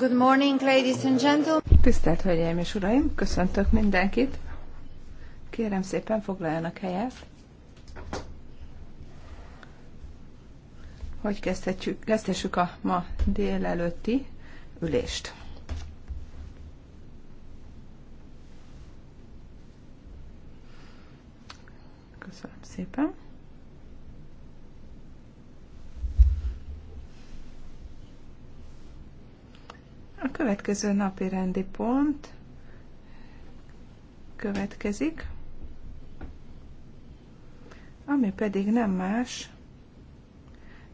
Good morning, ladies and gentlemen. Tisztelt Hölgyeim és Uraim, köszöntök mindenkit. Kérem szépen foglaljanak helyet. Hogy kezdhetjük, kezdhessük a ma délelőtti ülést. Köszönöm szépen. következő napi rendi pont következik, ami pedig nem más,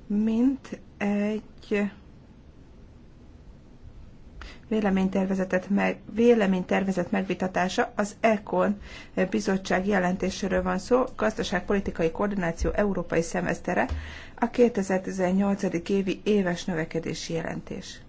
mint egy véleménytervezetet meg, véleménytervezet megvitatása az ECON bizottság jelentéséről van szó, gazdaságpolitikai koordináció európai szemesztere, a 2018. évi éves növekedési jelentés.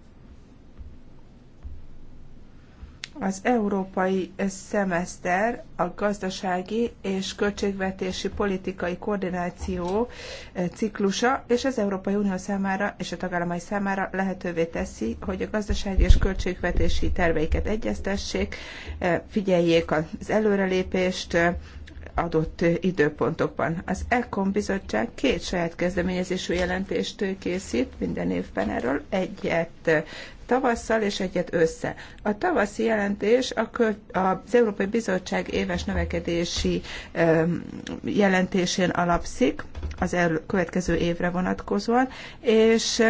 Az európai szemeszter a gazdasági és költségvetési politikai koordináció eh, ciklusa, és az Európai Unió számára és a tagállamai számára lehetővé teszi, hogy a gazdasági és költségvetési terveiket egyeztessék, eh, figyeljék az előrelépést, adott időpontokban. Az ECOM bizottság két saját kezdeményezésű jelentést készít minden évben erről, egyet tavasszal és egyet össze. A tavaszi jelentés a költ, az Európai Bizottság éves növekedési jelentésén alapszik az el, következő évre vonatkozóan, és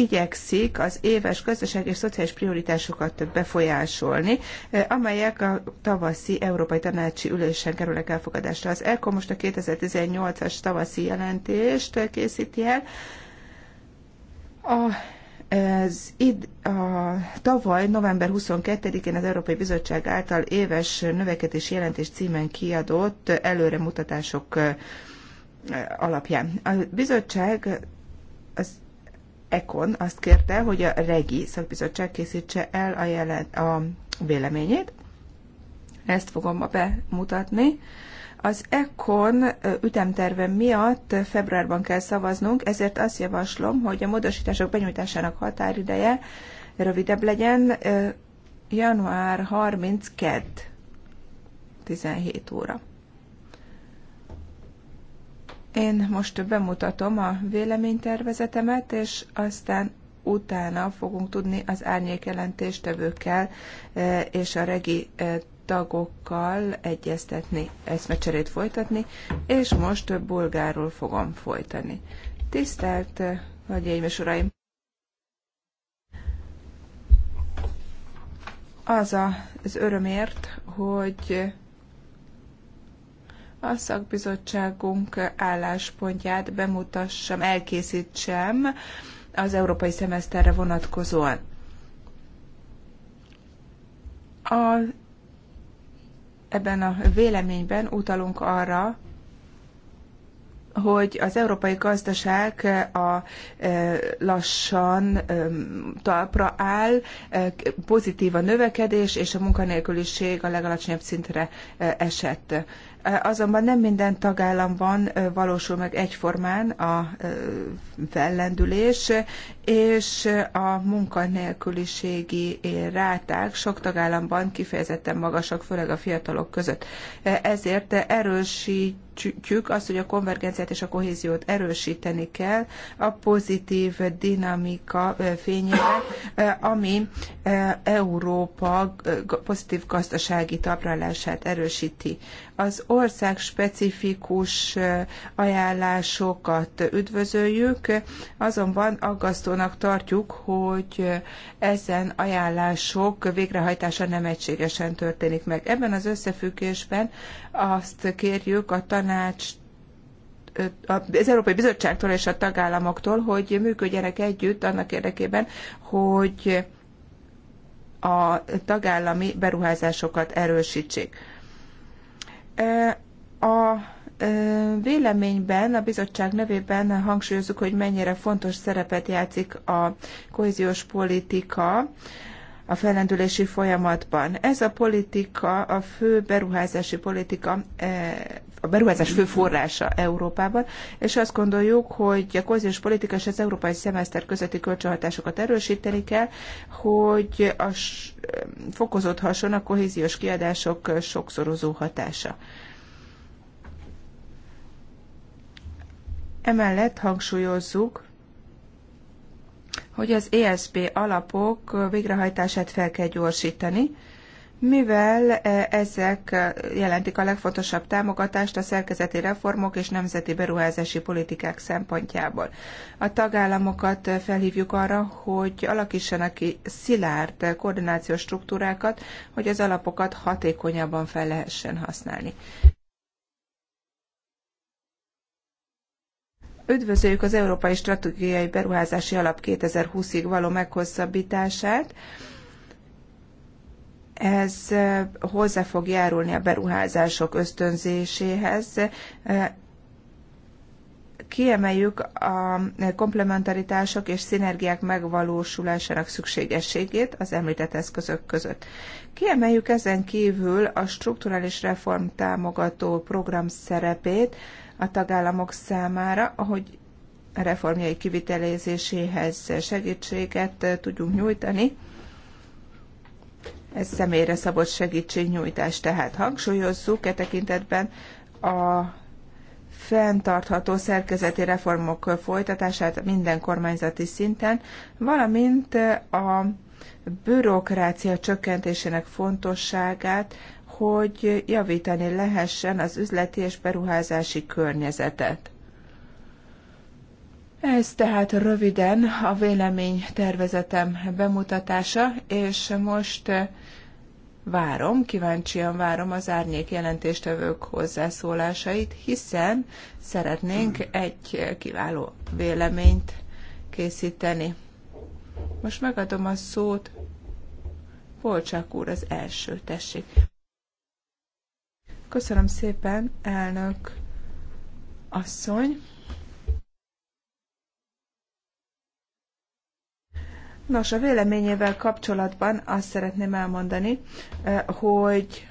igyekszik az éves gazdaság és szociális prioritásokat befolyásolni, eh, amelyek a tavaszi Európai Tanácsi Ülésen kerülnek elfogadásra. Az ECO most a 2018-as tavaszi jelentést eh, készíti el. A ez id, a, tavaly november 22-én az Európai Bizottság által éves növekedési jelentés címen kiadott előremutatások eh, alapján. A bizottság az Ekon azt kérte, hogy a Regi szakbizottság készítse el a, jelen, a véleményét. Ezt fogom ma bemutatni. Az ECON ütemterve miatt februárban kell szavaznunk, ezért azt javaslom, hogy a módosítások benyújtásának határideje rövidebb legyen, január 32, 17 óra. Én most bemutatom a véleménytervezetemet, és aztán utána fogunk tudni az árnyékjelentéstevőkkel e, és a regi e, tagokkal egyeztetni, eszmecserét folytatni, és most bulgárul fogom folytani. Tisztelt e, Hölgyeim és Uraim! Az a, az örömért, hogy a szakbizottságunk álláspontját bemutassam, elkészítsem az európai szemeszterre vonatkozóan. A, ebben a véleményben utalunk arra, hogy az európai gazdaság a e, lassan e, talpra áll, e, pozitív a növekedés, és a munkanélküliség a legalacsonyabb szintre esett azonban nem minden tagállamban valósul meg egyformán a fellendülés, és a munkanélküliségi ráták sok tagállamban kifejezetten magasak, főleg a fiatalok között. Ezért erősít értjük azt, hogy a konvergenciát és a kohéziót erősíteni kell a pozitív dinamika fényében, ami Európa pozitív gazdasági taprálását erősíti. Az ország specifikus ajánlásokat üdvözöljük, azonban aggasztónak tartjuk, hogy ezen ajánlások végrehajtása nem egységesen történik meg. Ebben az összefüggésben azt kérjük a tanács az Európai Bizottságtól és a tagállamoktól, hogy működjenek együtt annak érdekében, hogy a tagállami beruházásokat erősítsék. A véleményben, a bizottság nevében hangsúlyozzuk, hogy mennyire fontos szerepet játszik a kohéziós politika a fellendülési folyamatban. Ez a politika, a fő beruházási politika, eh, a beruházás fő forrása Európában, és azt gondoljuk, hogy a kohéziós politika és az európai szemeszter közötti kölcsönhatásokat erősíteni kell, hogy a, eh, fokozódhasson a kohéziós kiadások sokszorozó hatása. Emellett hangsúlyozzuk, hogy az ESB alapok végrehajtását fel kell gyorsítani, mivel e, ezek e, jelentik a legfontosabb támogatást a szerkezeti reformok és nemzeti beruházási politikák szempontjából. A tagállamokat felhívjuk arra, hogy alakítsanak ki szilárd koordinációs struktúrákat, hogy az alapokat hatékonyabban fel lehessen használni. Üdvözöljük az Európai Stratégiai Beruházási Alap 2020-ig való meghosszabbítását. Ez hozzá fog járulni a beruházások ösztönzéséhez. Kiemeljük a komplementaritások és szinergiák megvalósulásának szükségességét az említett eszközök között. Kiemeljük ezen kívül a strukturális reform támogató program szerepét, a tagállamok számára, ahogy a reformjai kivitelezéséhez segítséget eh, tudjunk nyújtani. Ez személyre szabott segítségnyújtás, tehát hangsúlyozzuk e tekintetben a fenntartható szerkezeti reformok folytatását minden kormányzati szinten, valamint eh, a bürokrácia csökkentésének fontosságát hogy javítani lehessen az üzleti és beruházási környezetet. Ez tehát röviden a vélemény tervezetem bemutatása, és most várom, kíváncsian várom az árnyék jelentéstevők hozzászólásait, hiszen szeretnénk egy kiváló véleményt készíteni. Most megadom a szót Polcsák úr az első, tessék. Köszönöm szépen, elnök asszony. Nos, a véleményével kapcsolatban azt szeretném elmondani, eh, hogy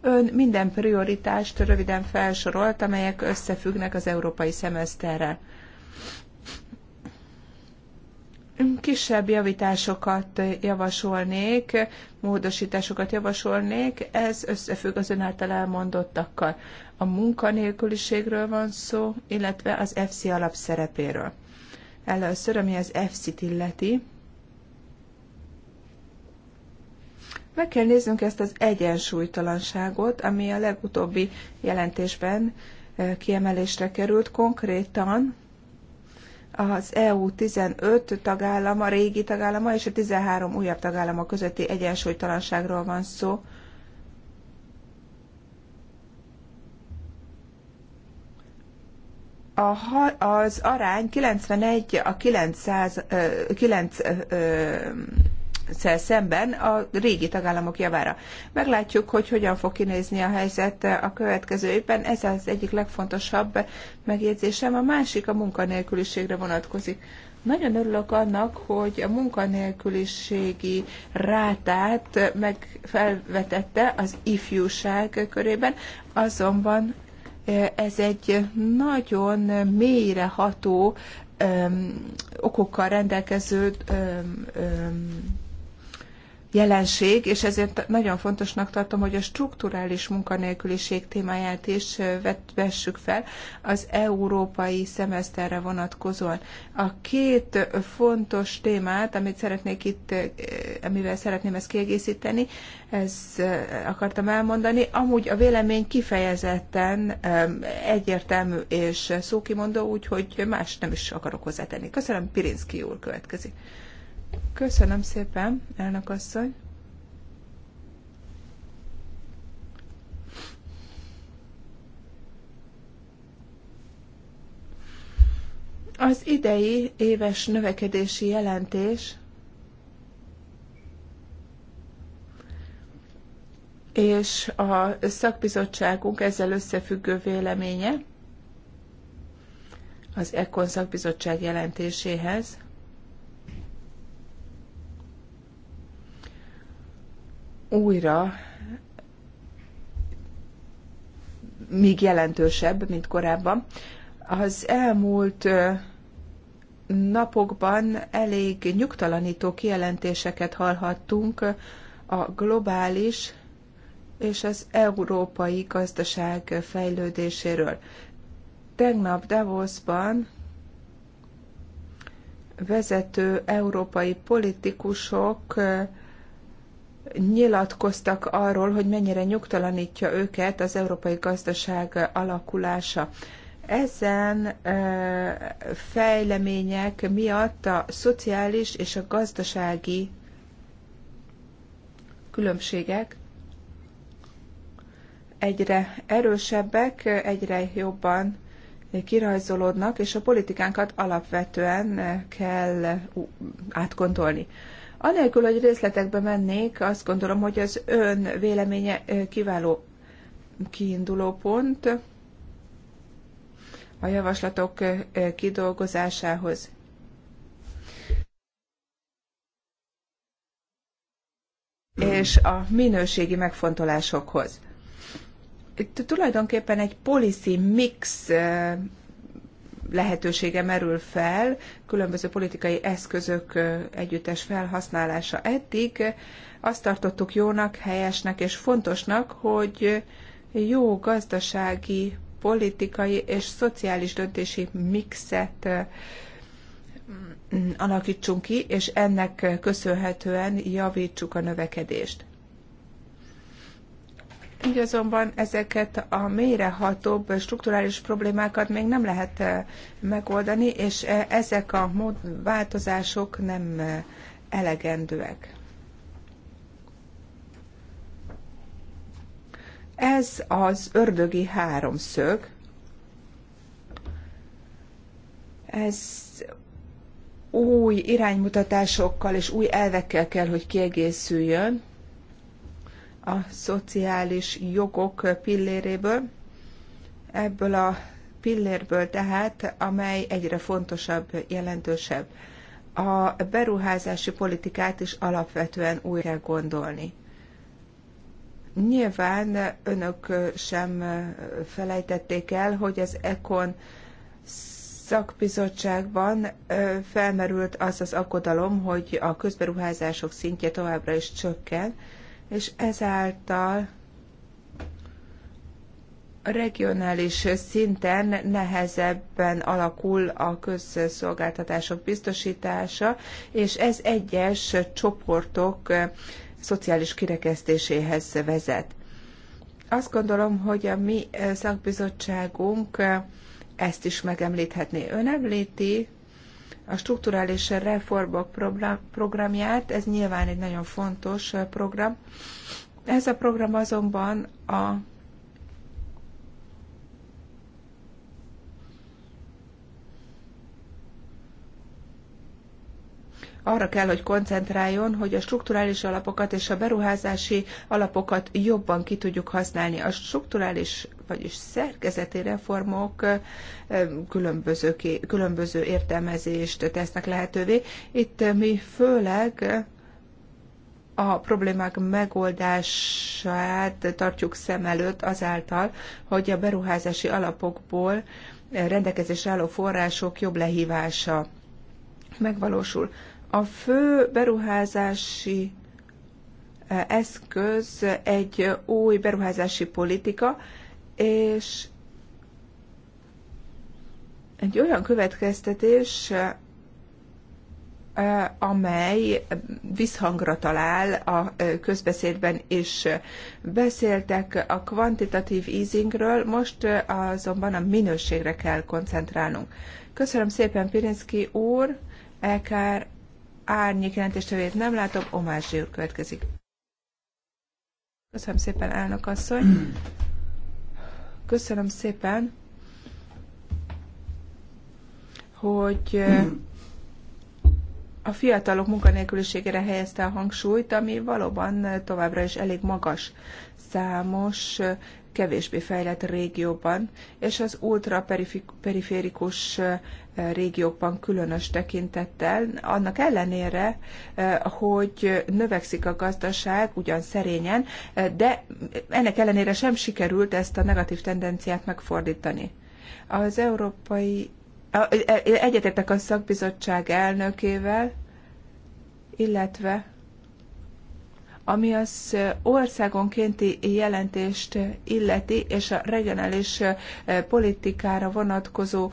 ön minden prioritást röviden felsorolt, amelyek összefüggnek az európai szemeszterrel. Kisebb javításokat javasolnék, módosításokat javasolnék, ez összefügg az ön által elmondottakkal. A munkanélküliségről van szó, illetve az FC szerepéről. Először, ami az FC-t illeti, meg kell néznünk ezt az egyensúlytalanságot, ami a legutóbbi jelentésben eh, kiemelésre került konkrétan, az EU 15 tagállama, régi tagállama és a 13 újabb tagállama közötti egyensúlytalanságról van szó. a, az arány 91 a 9, 9 szemben a régi tagállamok javára. Meglátjuk, hogy hogyan fog kinézni a helyzet a következő évben. Ez az egyik legfontosabb megjegyzésem. A másik a munkanélküliségre vonatkozik. Nagyon örülök annak, hogy a munkanélküliségi rátát megfelvetette az ifjúság körében, azonban e, ez egy nagyon mélyre ható okokkal rendelkező öm, öm, jelenség, és ezért nagyon fontosnak tartom, hogy a strukturális munkanélküliség témáját is vessük fel az európai szemeszterre vonatkozóan. A két fontos témát, amit szeretnék itt, amivel szeretném ezt kiegészíteni, ezt akartam elmondani. Amúgy a vélemény kifejezetten egyértelmű és szókimondó, úgyhogy más nem is akarok hozzátenni. Köszönöm, Pirinszki úr következik. Köszönöm szépen, elnök asszony. Az idei éves növekedési jelentés és a szakbizottságunk ezzel összefüggő véleménye az ECON szakbizottság jelentéséhez újra még jelentősebb, mint korábban. Az elmúlt napokban elég nyugtalanító kijelentéseket hallhattunk a globális és az európai gazdaság fejlődéséről. Tegnap Davosban vezető európai politikusok nyilatkoztak arról, hogy mennyire nyugtalanítja őket az európai gazdaság alakulása. Ezen fejlemények miatt a szociális és a gazdasági különbségek egyre erősebbek, egyre jobban kirajzolódnak, és a politikánkat alapvetően kell átgondolni. Anélkül, hogy részletekbe mennék, azt gondolom, hogy az ön véleménye kiváló kiinduló pont a javaslatok kidolgozásához. és a minőségi megfontolásokhoz. Itt tulajdonképpen egy policy mix lehetősége merül fel, különböző politikai eszközök együttes felhasználása. Eddig azt tartottuk jónak, helyesnek és fontosnak, hogy jó gazdasági, politikai és szociális döntési mixet alakítsunk ki, és ennek köszönhetően javítsuk a növekedést. Így azonban ezeket a mélyrehatóbb strukturális problémákat még nem lehet eh, megoldani, és eh, ezek a változások nem eh, elegendőek. Ez az ördögi háromszög. Ez új iránymutatásokkal és új elvekkel kell, hogy kiegészüljön a szociális jogok pilléréből, ebből a pillérből tehát, amely egyre fontosabb, jelentősebb. A beruházási politikát is alapvetően újra kell gondolni. Nyilván önök sem felejtették el, hogy az ECON szakbizottságban felmerült az az aggodalom, hogy a közberuházások szintje továbbra is csökken, és ezáltal regionális szinten nehezebben alakul a közszolgáltatások biztosítása, és ez egyes csoportok szociális kirekesztéséhez vezet. Azt gondolom, hogy a mi szakbizottságunk ezt is megemlíthetné. Ön említi a strukturális reformok programját, ez nyilván egy nagyon fontos program. Ez a program azonban a arra kell, hogy koncentráljon, hogy a strukturális alapokat és a beruházási alapokat jobban ki tudjuk használni. A strukturális, vagyis szerkezeti reformok különböző, különböző értelmezést tesznek lehetővé. Itt mi főleg a problémák megoldását tartjuk szem előtt azáltal, hogy a beruházási alapokból rendelkezésre álló források jobb lehívása megvalósul. A fő beruházási e, eszköz egy új beruházási politika, és egy olyan következtetés, e, amely visszhangra talál a e, közbeszédben is. Beszéltek a kvantitatív easingről, most azonban a minőségre kell koncentrálnunk. Köszönöm szépen Pirinszki úr, Ekár árnyék jelentéstevét nem látom, Omás úr következik. Köszönöm szépen, elnök asszony. Köszönöm szépen, hogy a fiatalok munkanélküliségére helyezte a hangsúlyt, ami valóban továbbra is elég magas. Számos kevésbé fejlett régióban, és az ultraperiférikus régiókban különös tekintettel, annak ellenére, hogy növekszik a gazdaság, ugyan szerényen, de ennek ellenére sem sikerült ezt a negatív tendenciát megfordítani. Az európai e, e, Egyetetek a szakbizottság elnökével, illetve ami az országonkénti jelentést illeti, és a regionális politikára vonatkozó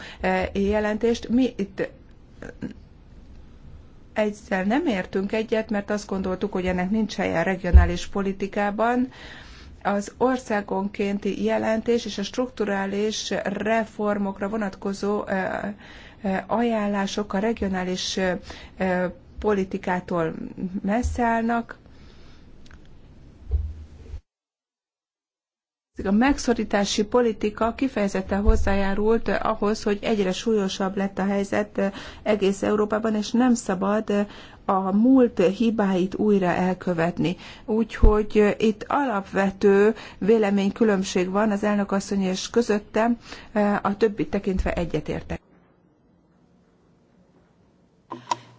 jelentést. Mi itt egyszer nem értünk egyet, mert azt gondoltuk, hogy ennek nincs helye a regionális politikában. Az országonkénti jelentés és a strukturális reformokra vonatkozó ajánlások a regionális politikától messze állnak, A megszorítási politika kifejezetten hozzájárult eh, ahhoz, hogy egyre súlyosabb lett a helyzet eh, egész Európában, és nem szabad eh, a múlt hibáit újra elkövetni. Úgyhogy itt alapvető véleménykülönbség van az elnökasszony és közöttem, a többi tekintve egyetértek.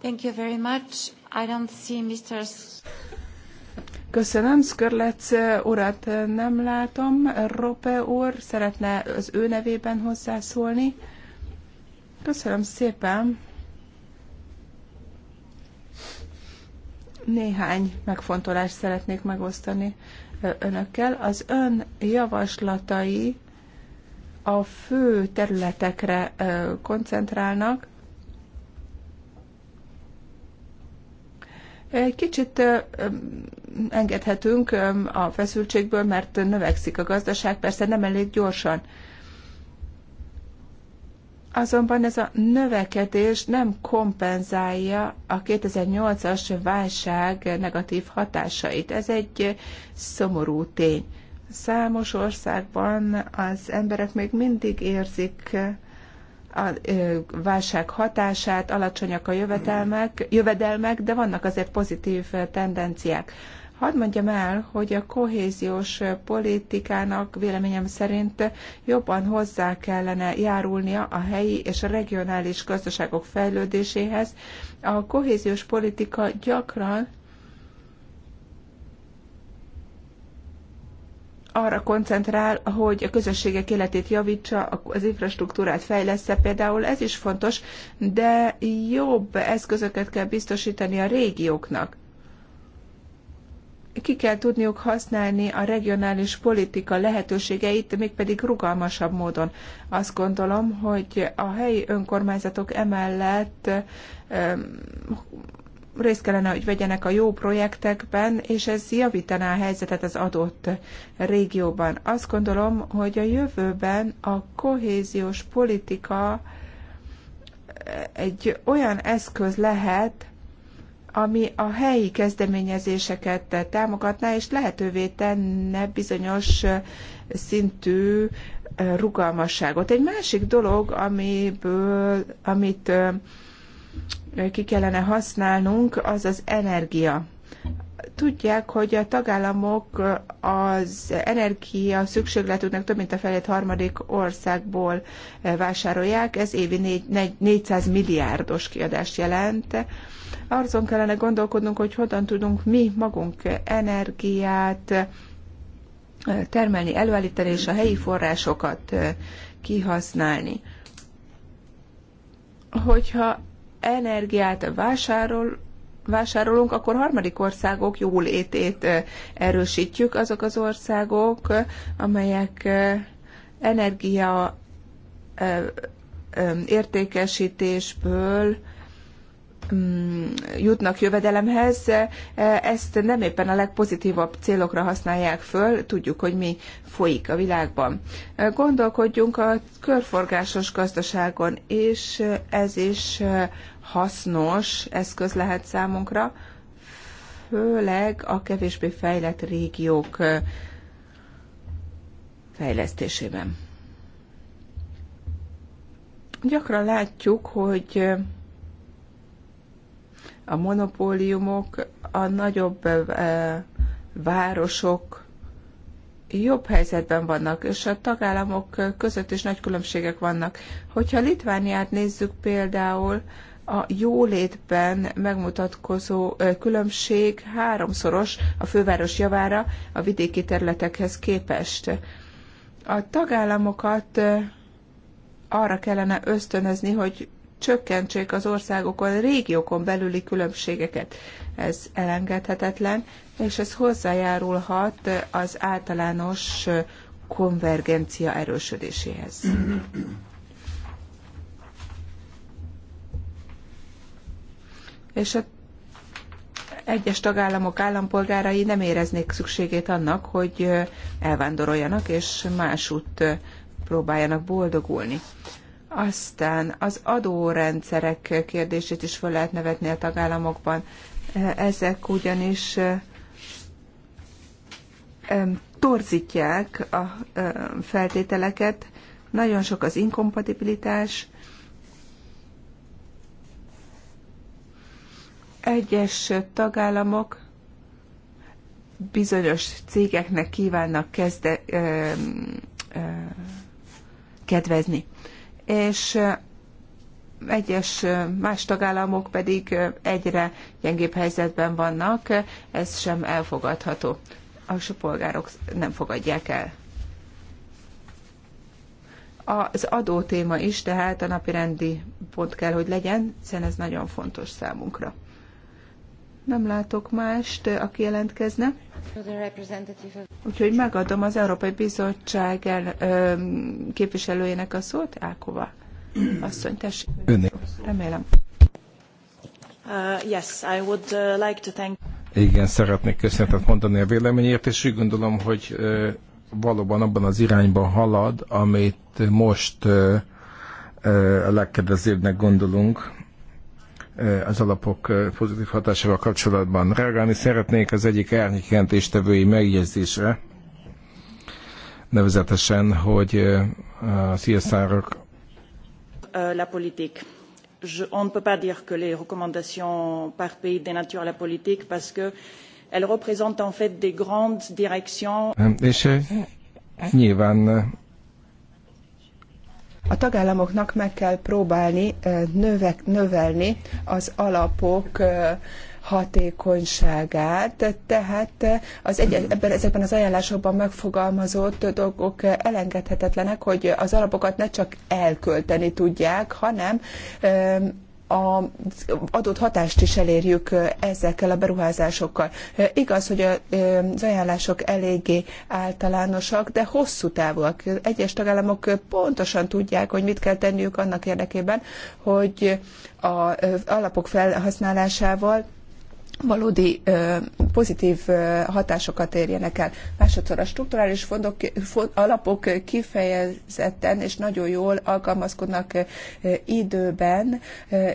Thank you very much. I don't see Mr. Köszönöm, Skörlec urat nem látom. Rope úr szeretne az ő nevében hozzászólni. Köszönöm szépen. Néhány megfontolást szeretnék megosztani önökkel. Az ön javaslatai a fő területekre koncentrálnak, Egy kicsit engedhetünk a feszültségből, mert növekszik a gazdaság, persze nem elég gyorsan. Azonban ez a növekedés nem kompenzálja a 2008-as válság negatív hatásait. Ez egy szomorú tény. Számos országban az emberek még mindig érzik a válság hatását, alacsonyak a jövedelmek, jövedelmek, de vannak azért pozitív tendenciák. Hadd mondjam el, hogy a kohéziós politikának véleményem szerint jobban hozzá kellene járulnia a helyi és a regionális gazdaságok fejlődéséhez. A kohéziós politika gyakran arra koncentrál, hogy a közösségek életét javítsa, az infrastruktúrát fejlesz például, ez is fontos, de jobb eszközöket kell biztosítani a régióknak. Ki kell tudniuk használni a regionális politika lehetőségeit, mégpedig rugalmasabb módon. Azt gondolom, hogy a helyi önkormányzatok emellett részt kellene, hogy vegyenek a jó projektekben, és ez javítaná a helyzetet az adott régióban. Azt gondolom, hogy a jövőben a kohéziós politika egy olyan eszköz lehet, ami a helyi kezdeményezéseket támogatná, és lehetővé tenne bizonyos szintű rugalmasságot. Egy másik dolog, amiből, amit ki kellene használnunk, az az energia. Tudják, hogy a tagállamok az energia szükségletüknek több mint a felét harmadik országból eh, vásárolják, ez évi 400 milliárdos kiadást jelent. Arzon kellene gondolkodnunk, hogy hogyan tudunk mi magunk energiát eh, termelni, előállítani és a helyi forrásokat eh, kihasználni. Hogyha energiát vásárol, vásárolunk, akkor harmadik országok jólétét erősítjük. Azok az országok, amelyek energia értékesítésből mm, jutnak jövedelemhez, e, ezt nem éppen a legpozitívabb célokra használják föl, tudjuk, hogy mi folyik a világban. E, gondolkodjunk a körforgásos gazdaságon, és ez is e, hasznos eszköz lehet számunkra, főleg a kevésbé fejlett régiók fejlesztésében. Gyakran látjuk, hogy a monopóliumok a nagyobb eh, városok jobb helyzetben vannak, és a tagállamok között is nagy különbségek vannak. Hogyha Litvániát nézzük például, a jólétben megmutatkozó eh, különbség háromszoros a főváros javára a vidéki területekhez képest. A tagállamokat eh, arra kellene ösztönözni, hogy csökkentsék az országokon, a régiókon belüli különbségeket. Ez elengedhetetlen, és ez hozzájárulhat az általános konvergencia erősödéséhez. és a egyes tagállamok állampolgárai nem éreznék szükségét annak, hogy elvándoroljanak és másút próbáljanak boldogulni. Aztán az adórendszerek kérdését is föl lehet nevetni a tagállamokban. Ezek ugyanis torzítják a feltételeket, nagyon sok az inkompatibilitás, egyes tagállamok bizonyos cégeknek kívánnak kezde, ö, ö, kedvezni és egyes más tagállamok pedig egyre gyengébb helyzetben vannak, ez sem elfogadható. A polgárok nem fogadják el. Az adó téma is, tehát a napirendi pont kell, hogy legyen, hiszen ez nagyon fontos számunkra. Nem látok mást, aki jelentkezne. Úgyhogy megadom az Európai Bizottság el, ö, képviselőjének a szót, Ákova. Asszony, tessék. Önnek. Remélem. Uh, yes, I would uh, like to thank... Igen, szeretnék köszönetet mondani a véleményért, és úgy gondolom, hogy uh, valóban abban az irányban halad, amit most uh, a legkedvezőbbnek gondolunk Eh, az alapok eh, pozitív hatásával kapcsolatban. Reagálni szeretnék az egyik jelentéstevői megjegyzésre, nevezetesen, hogy eh, a CSR-ok euh, la politique. Je, on ne peut pas dire que les recommandations par pays dénaturent la politique parce que elles représentent en fait des grandes directions. És nyilván a tagállamoknak meg kell próbálni növek, növelni az alapok hatékonyságát, tehát az egy, ebben, ezekben az ajánlásokban megfogalmazott dolgok elengedhetetlenek, hogy az alapokat ne csak elkölteni tudják, hanem az adott hatást is elérjük ezekkel a beruházásokkal. Igaz, hogy az ajánlások eléggé általánosak, de hosszú távúak. Egyes tagállamok pontosan tudják, hogy mit kell tenniük annak érdekében, hogy az alapok felhasználásával valódi pozitív hatásokat érjenek el. Másodszor a strukturális fondok, alapok kifejezetten és nagyon jól alkalmazkodnak időben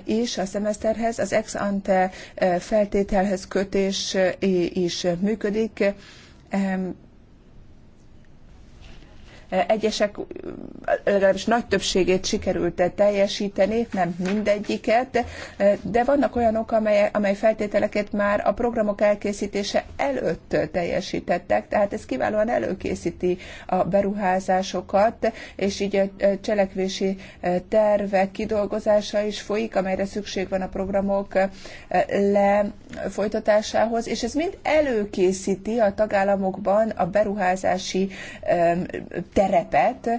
és a szemeszterhez, az ex ante feltételhez kötés is működik Egyesek legalábbis nagy többségét sikerült teljesíteni, nem mindegyiket, de vannak olyanok, amely, amely feltételeket már a programok elkészítése előtt teljesítettek, tehát ez kiválóan előkészíti a beruházásokat, és így a cselekvési tervek kidolgozása is folyik, amelyre szükség van a programok lefolytatásához, és ez mind előkészíti a tagállamokban a beruházási terveket, terepet,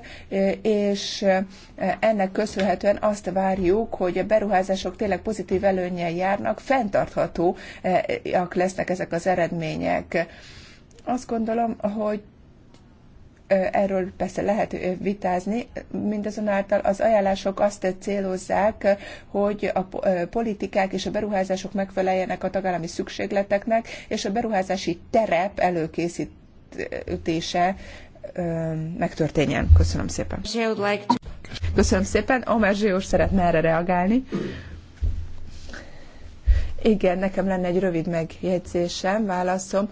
és ennek köszönhetően azt várjuk, hogy a beruházások tényleg pozitív előnyel járnak, fenntarthatóak lesznek ezek az eredmények. Azt gondolom, hogy erről persze lehet vitázni, mindazonáltal az ajánlások azt célozzák, hogy a politikák és a beruházások megfeleljenek a tagállami szükségleteknek, és a beruházási terep előkészítése megtörténjen. Köszönöm szépen. Köszönöm szépen. Omer Zsiós szeretne erre reagálni. Igen, nekem lenne egy rövid megjegyzésem, válaszom.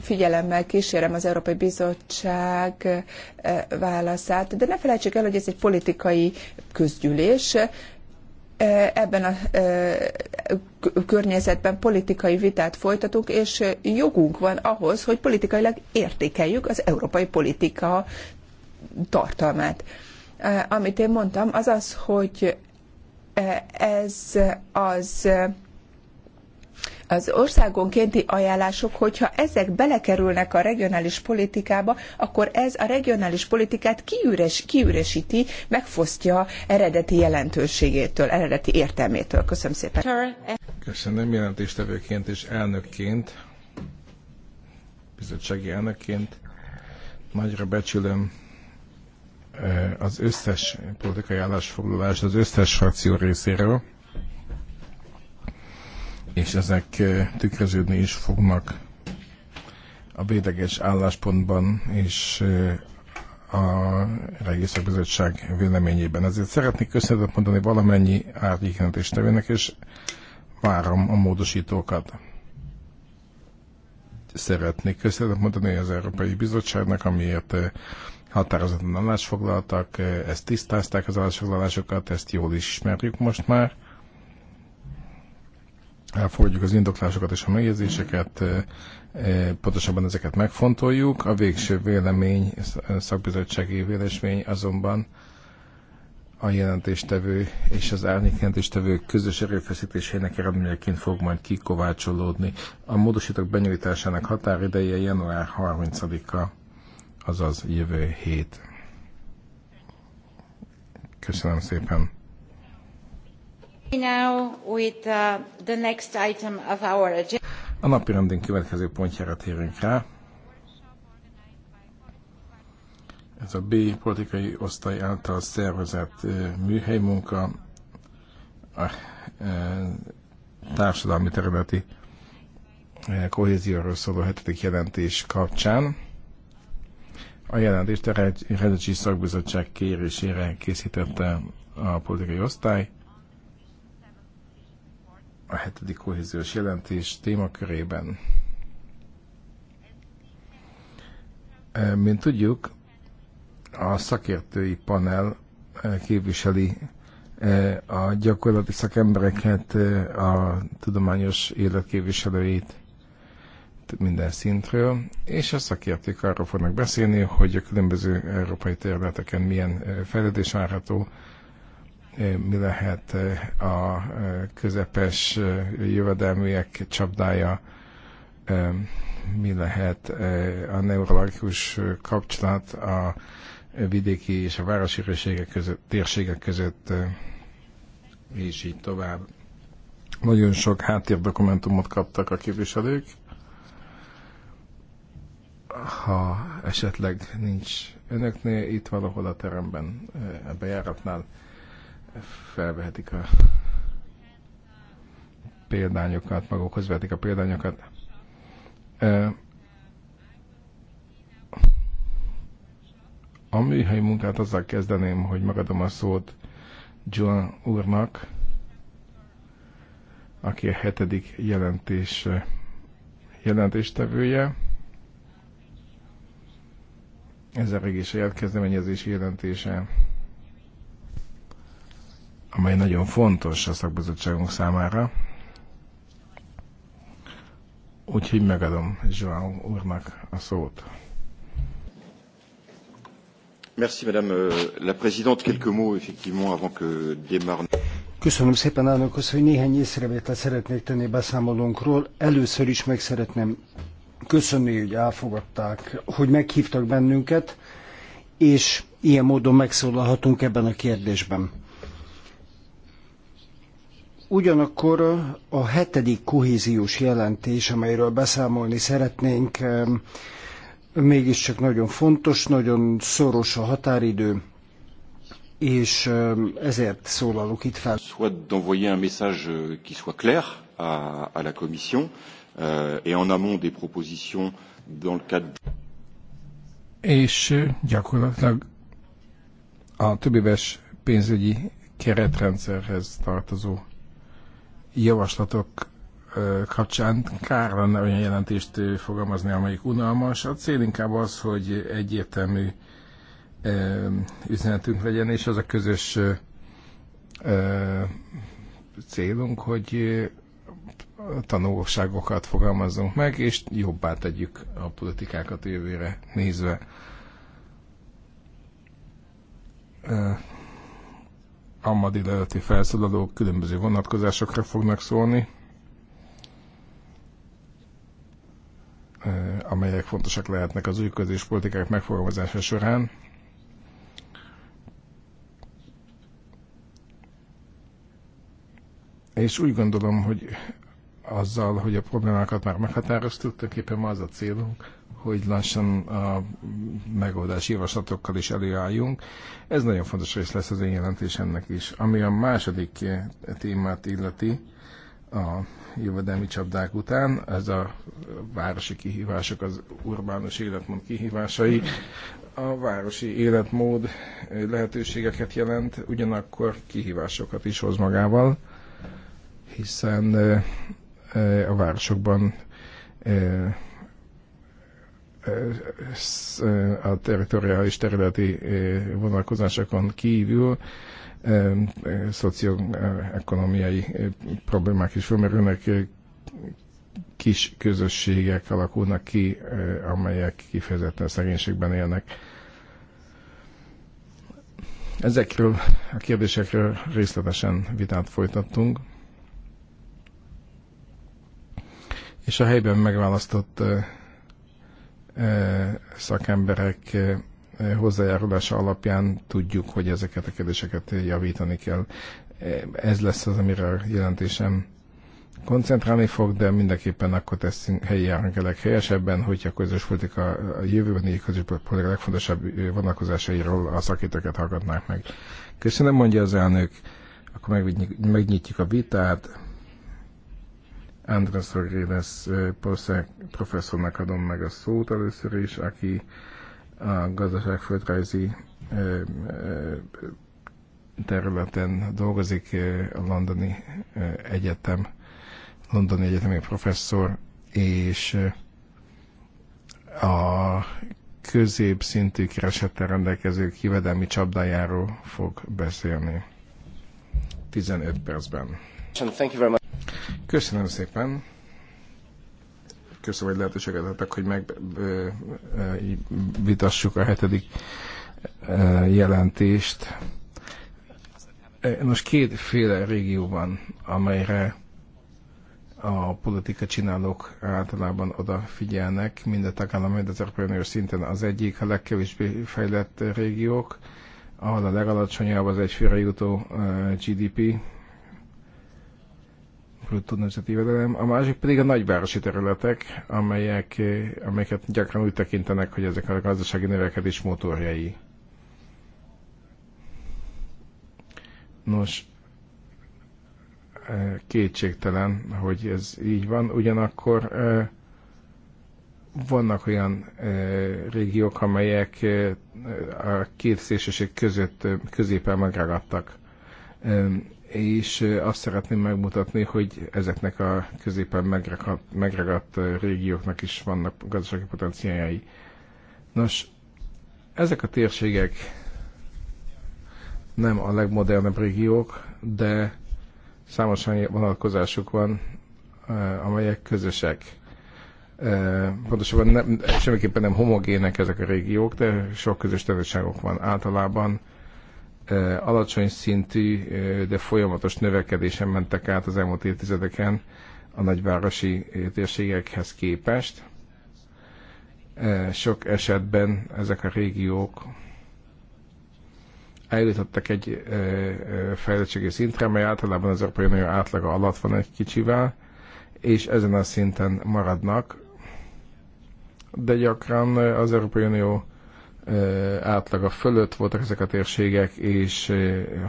Figyelemmel kísérem az Európai Bizottság válaszát, de ne felejtsük el, hogy ez egy politikai közgyűlés, ebben a környezetben politikai vitát folytatunk, és jogunk van ahhoz, hogy politikailag értékeljük az európai politika tartalmát. Amit én mondtam, az az, hogy ez az az országonkénti ajánlások, hogyha ezek belekerülnek a regionális politikába, akkor ez a regionális politikát kiüres, kiüresíti, megfosztja eredeti jelentőségétől, eredeti értelmétől. Köszönöm szépen. Köszönöm jelentéstevőként és elnökként, bizottsági elnökként. Nagyra becsülöm eh, az összes politikai állásfoglalást az összes frakció részéről és ezek tükröződni is fognak a védeges álláspontban és a Regészek Bizottság véleményében. Ezért szeretnék köszönetet mondani valamennyi tevének, és várom a módosítókat. Szeretnék köszönetet mondani az Európai Bizottságnak, amiért határozottan állásfoglaltak, ezt tisztázták az állásfoglalásokat, ezt jól ismerjük most már elfogadjuk az indoklásokat és a megjegyzéseket, eh, eh, pontosabban ezeket megfontoljuk. A végső vélemény, szakbizottsági vélemény azonban a jelentéstevő és az árnyék jelentéstevő közös erőfeszítésének eredményeként fog majd kikovácsolódni. A módosítók benyújtásának határideje január 30-a, azaz jövő hét. Köszönöm szépen! Uh, a napirendünk következő pontjára térünk rá. Ez a B politikai osztály által szervezett műhelymunka a társadalmi területi kohézióról szóló hetedik jelentés kapcsán. A jelentést a Redzsi Szakbizottság kérésére készítette a politikai osztály a hetedik kohéziós jelentés témakörében. E, mint tudjuk, a szakértői panel e, képviseli e, a gyakorlati szakembereket, a tudományos életképviselőit minden szintről, és a szakértők arról fognak beszélni, hogy a különböző európai területeken milyen fejlődés várható, Eh, hát, eh, eh, mi lehet a közepes jövedelműek csapdája, mi lehet a neurologikus kapcsolat a vidéki és a városi között, térségek között, és így tovább. Nagyon sok háttérdokumentumot kaptak a képviselők. Ha esetleg nincs önöknél, itt valahol a teremben, a bejáratnál felvehetik a példányokat, magukhoz vetik a példányokat. A műhelyi munkát azzal kezdeném, hogy megadom a szót John úrnak, aki a hetedik jelentés jelentéstevője. Ez a régi saját kezdeményezési jelentése amely nagyon fontos a szakbizottságunk számára. Úgyhogy megadom João úrnak a szót. Merci, Madame euh, la Présidente. Quelques mots, effectivement, avant que démarre. Köszönöm szépen, elnök hogy néhány észrevétel szeretnék tenni beszámolónkról. Először is meg szeretném köszönni, hogy elfogadták, hogy meghívtak bennünket, és ilyen módon megszólalhatunk ebben a kérdésben. Ugyanakkor a hetedik kohéziós jelentés, amelyről beszámolni szeretnénk, mégiscsak nagyon fontos, nagyon szoros a határidő, és ezért szólalok itt fel. Soit d'envoyer un message euh, qui soit clair à, à la Commission euh, et en amont des propositions dans le cadre. És euh, gyakorlatilag a többéves pénzügyi keretrendszerhez tartozó javaslatok kapcsán kár lenne olyan jelentést fogalmazni, amelyik unalmas. A cél inkább az, hogy egyértelmű üzenetünk legyen, és az a közös célunk, hogy tanulságokat fogalmazzunk meg, és jobbá tegyük a politikákat jövőre nézve a ma felszólalók különböző vonatkozásokra fognak szólni, eh, amelyek fontosak lehetnek az új közéspolitikák megfogalmazása során. És úgy gondolom, hogy azzal, hogy a problémákat már meghatároztuk, tulajdonképpen ma az a célunk, hogy lassan a megoldás javaslatokkal is előálljunk. Ez nagyon fontos rész lesz az én jelentésemnek is. Ami a második témát illeti, a jövedelmi csapdák után, ez a városi kihívások, az urbánus életmód kihívásai, a városi életmód lehetőségeket jelent, ugyanakkor kihívásokat is hoz magával, hiszen eh, a városokban eh, a territoriális területi vonalkozásokon kívül szocioekonomiai problémák is felmerülnek, kis közösségek alakulnak ki, amelyek kifejezetten szegénységben élnek. Ezekről a kérdésekről részletesen vitát folytattunk, és a helyben megválasztott szakemberek hozzájárulása alapján tudjuk, hogy ezeket a kérdéseket javítani kell. Ez lesz az, amire a jelentésem koncentrálni fog, de mindenképpen akkor teszünk, helyi járunk a leghelyesebben, hogyha a közös politika, a a közös politika legfontosabb vonalkozásairól a szakítőket hallgatnák meg. Köszönöm, mondja az elnök, akkor megnyitjuk a vitát. Andras Rédesz professzornak adom meg a szót először is, aki a gazdaságföldrajzi területen dolgozik a Londoni Egyetem, Londoni Egyetemi professzor, és a középszintű keresettel rendelkező kivedelmi csapdájáról fog beszélni. 15 percben. Thank you very much. Köszönöm szépen. Köszönöm, hogy lehetőséget adtak, hogy megvitassuk a hetedik jelentést. E, nos, kétféle régió van, amelyre a politika csinálók általában odafigyelnek, mind a tagállam, mind az Európai szinten. Az egyik a legkevésbé fejlett régiók, ahol a legalacsonyabb az egyfőre jutó GDP brut nemzeti jövedelem, a másik pedig a nagyvárosi területek, amelyek, eh, amelyeket gyakran úgy tekintenek, hogy ezek a gazdasági növekedés motorjai. Nos, eh, kétségtelen, hogy ez így van, ugyanakkor eh, vannak olyan régiók, amelyek a két szélsőség között középen megragadtak és azt szeretném megmutatni, hogy ezeknek a középen megragadt, megragadt régióknak is vannak gazdasági potenciájai. Nos, ezek a térségek nem a legmodernebb régiók, de számos vonatkozásuk van, amelyek közösek. Pontosabban nem, semmiképpen nem homogének ezek a régiók, de sok közös tevőságok van általában alacsony szintű, de folyamatos növekedésen mentek át az elmúlt évtizedeken a nagyvárosi térségekhez képest. Sok esetben ezek a régiók eljutottak egy fejlettségi szintre, mely általában az Európai Unió átlaga alatt van egy kicsivel, és ezen a szinten maradnak, de gyakran az Európai Unió átlaga fölött voltak ezek a térségek, és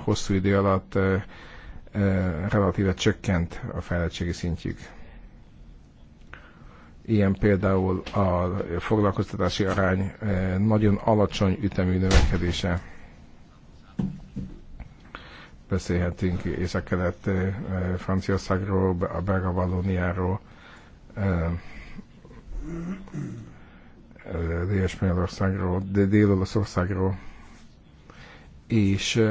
hosszú idő alatt relatíve csökkent a fejlettségi szintjük. Ilyen például a foglalkoztatási arány nagyon alacsony ütemű növekedése. Beszélhetünk észak-kelet Franciaországról, a Belga Valóniáról, Dél-Spanyolországról, Dél-Olaszországról, és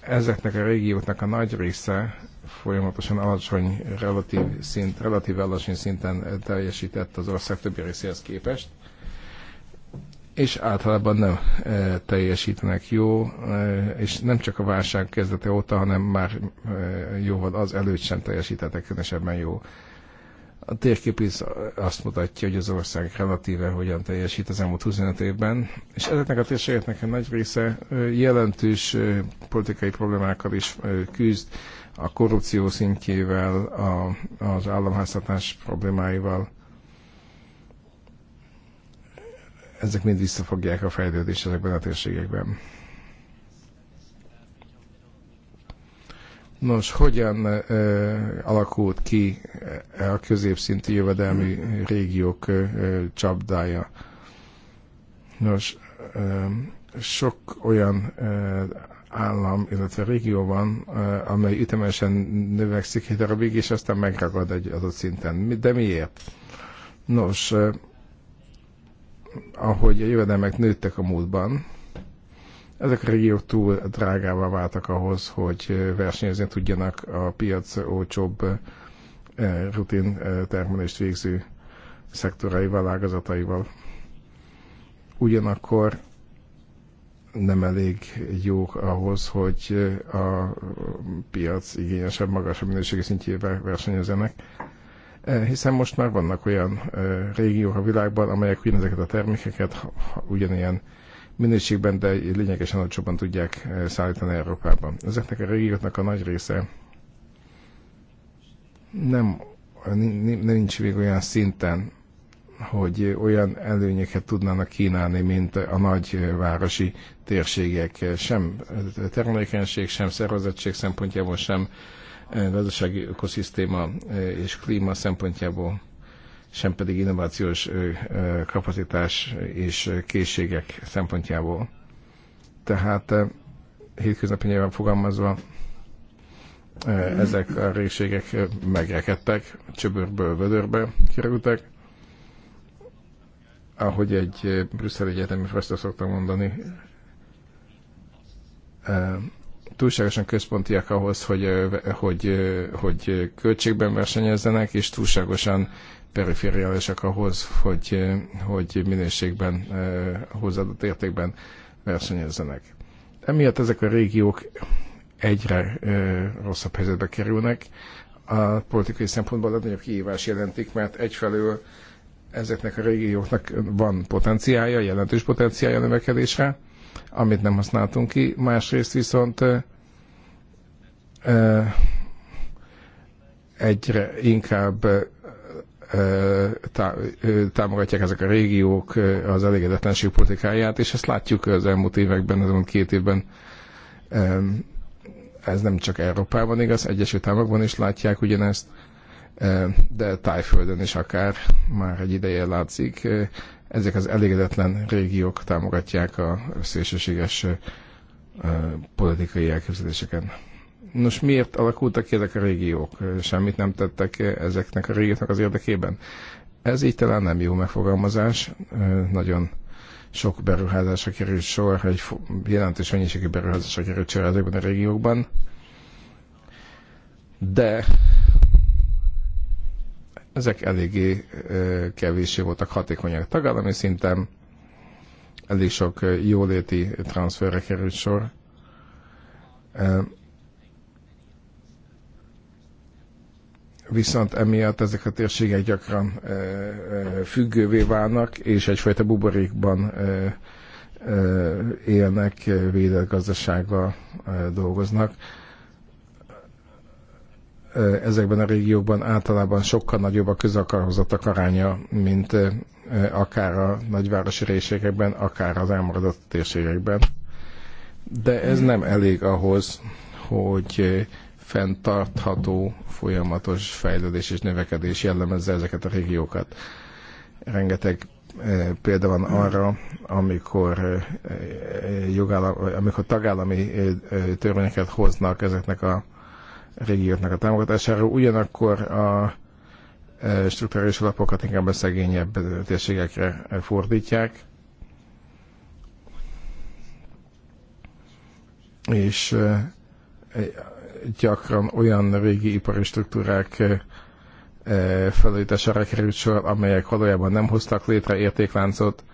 ezeknek a régióknak a nagy része folyamatosan alacsony, relatív, szint, relatív alacsony szinten teljesített az ország többi részéhez képest, és általában nem e, teljesítenek jó, e, és nem csak a válság kezdete óta, hanem már e, jóval az előtt sem teljesítettek különösebben jó. A térkép is azt mutatja, hogy az ország relatíve hogyan teljesít az elmúlt 25 évben, és ezeknek a térségeknek a nagy része jelentős politikai problémákkal is küzd, a korrupció szintjével, a, az államháztatás problémáival. Ezek mind visszafogják a fejlődést ezekben a térségekben. Nos, hogyan ö, alakult ki a középszintű jövedelmi régiók ö, csapdája? Nos, ö, sok olyan ö, állam, illetve régió van, ö, amely ütemesen növekszik egy darabig, és aztán megragad egy adott szinten. De miért? Nos, ö, ahogy a jövedelmek nőttek a múltban, ezek a régiók túl drágává váltak ahhoz, hogy versenyezni tudjanak a piac olcsóbb rutin termelést végző szektoraival, ágazataival. Ugyanakkor nem elég jó ahhoz, hogy a piac igényesebb, magasabb minőségi szintjével versenyezenek, hiszen most már vannak olyan régiók a világban, amelyek ugyanezeket a termékeket ugyanilyen minőségben, de lényegesen olcsóban tudják eh, szállítani Európában. Ezeknek a régióknak a nagy része nem, nincs még olyan szinten, hogy olyan előnyeket tudnának kínálni, mint a nagy eh, városi térségek. Sem eh, termelékenység, sem szervezettség szempontjából, sem gazdasági ökoszisztéma és klíma szempontjából sem pedig innovációs kapacitás és készségek szempontjából. Tehát hétköznapi nyelven fogalmazva ezek a régségek megrekedtek, csöbörből vödörbe kerültek. Ahogy egy brüsszel egyetemi professzor szoktam mondani, túlságosan központiak ahhoz, hogy, hogy, hogy költségben versenyezzenek, és túlságosan perifériálisak ahhoz, hogy, eh, hogy minőségben, eh, hozzáadott értékben versenyezzenek. Emiatt ezek a régiók egyre eh, rosszabb helyzetbe kerülnek, a politikai szempontból nagyobb kihívás jelentik, mert egyfelől ezeknek a régióknak van potenciája, jelentős potenciája növekedésre, amit nem használtunk ki, másrészt viszont egyre inkább támogatják ezek a régiók az elégedetlenség politikáját, és ezt látjuk az elmúlt években, az elmúlt két évben. Ez nem csak Európában igaz, Egyesült Államokban is látják ugyanezt, de Tájföldön is akár már egy ideje látszik. Ezek az elégedetlen régiók támogatják a szélsőséges politikai elképzeléseket. Nos, miért alakultak ki ezek a régiók? Semmit nem tettek ezeknek a régióknak az érdekében? Ez így talán nem jó megfogalmazás, nagyon sok beruházásra került sor, egy jelentős mennyiségű beruházásra került sor ezekben a régiókban, de ezek eléggé kevéssé voltak hatékonyak tagállami szinten, elég sok jóléti transferre került sor. viszont emiatt ezek a térségek gyakran függővé válnak, és egyfajta buborékban élnek, védett gazdasággal dolgoznak. Ezekben a régiókban általában sokkal nagyobb a közakarhozottak aránya, mint akár a nagyvárosi részségekben, akár az elmaradott térségekben. De ez mm. nem elég ahhoz, hogy fenntartható, folyamatos fejlődés és növekedés jellemezze ezeket a régiókat. Rengeteg eh, példa van arra, amikor, eh, jogállam, amikor tagállami eh, törvényeket hoznak ezeknek a régióknak a támogatására, ugyanakkor a strukturális alapokat inkább a szegényebb térségekre fordítják. És gyakran olyan régi ipari struktúrák eh, eh, felújítására került sor, amelyek valójában nem hoztak létre értékláncot,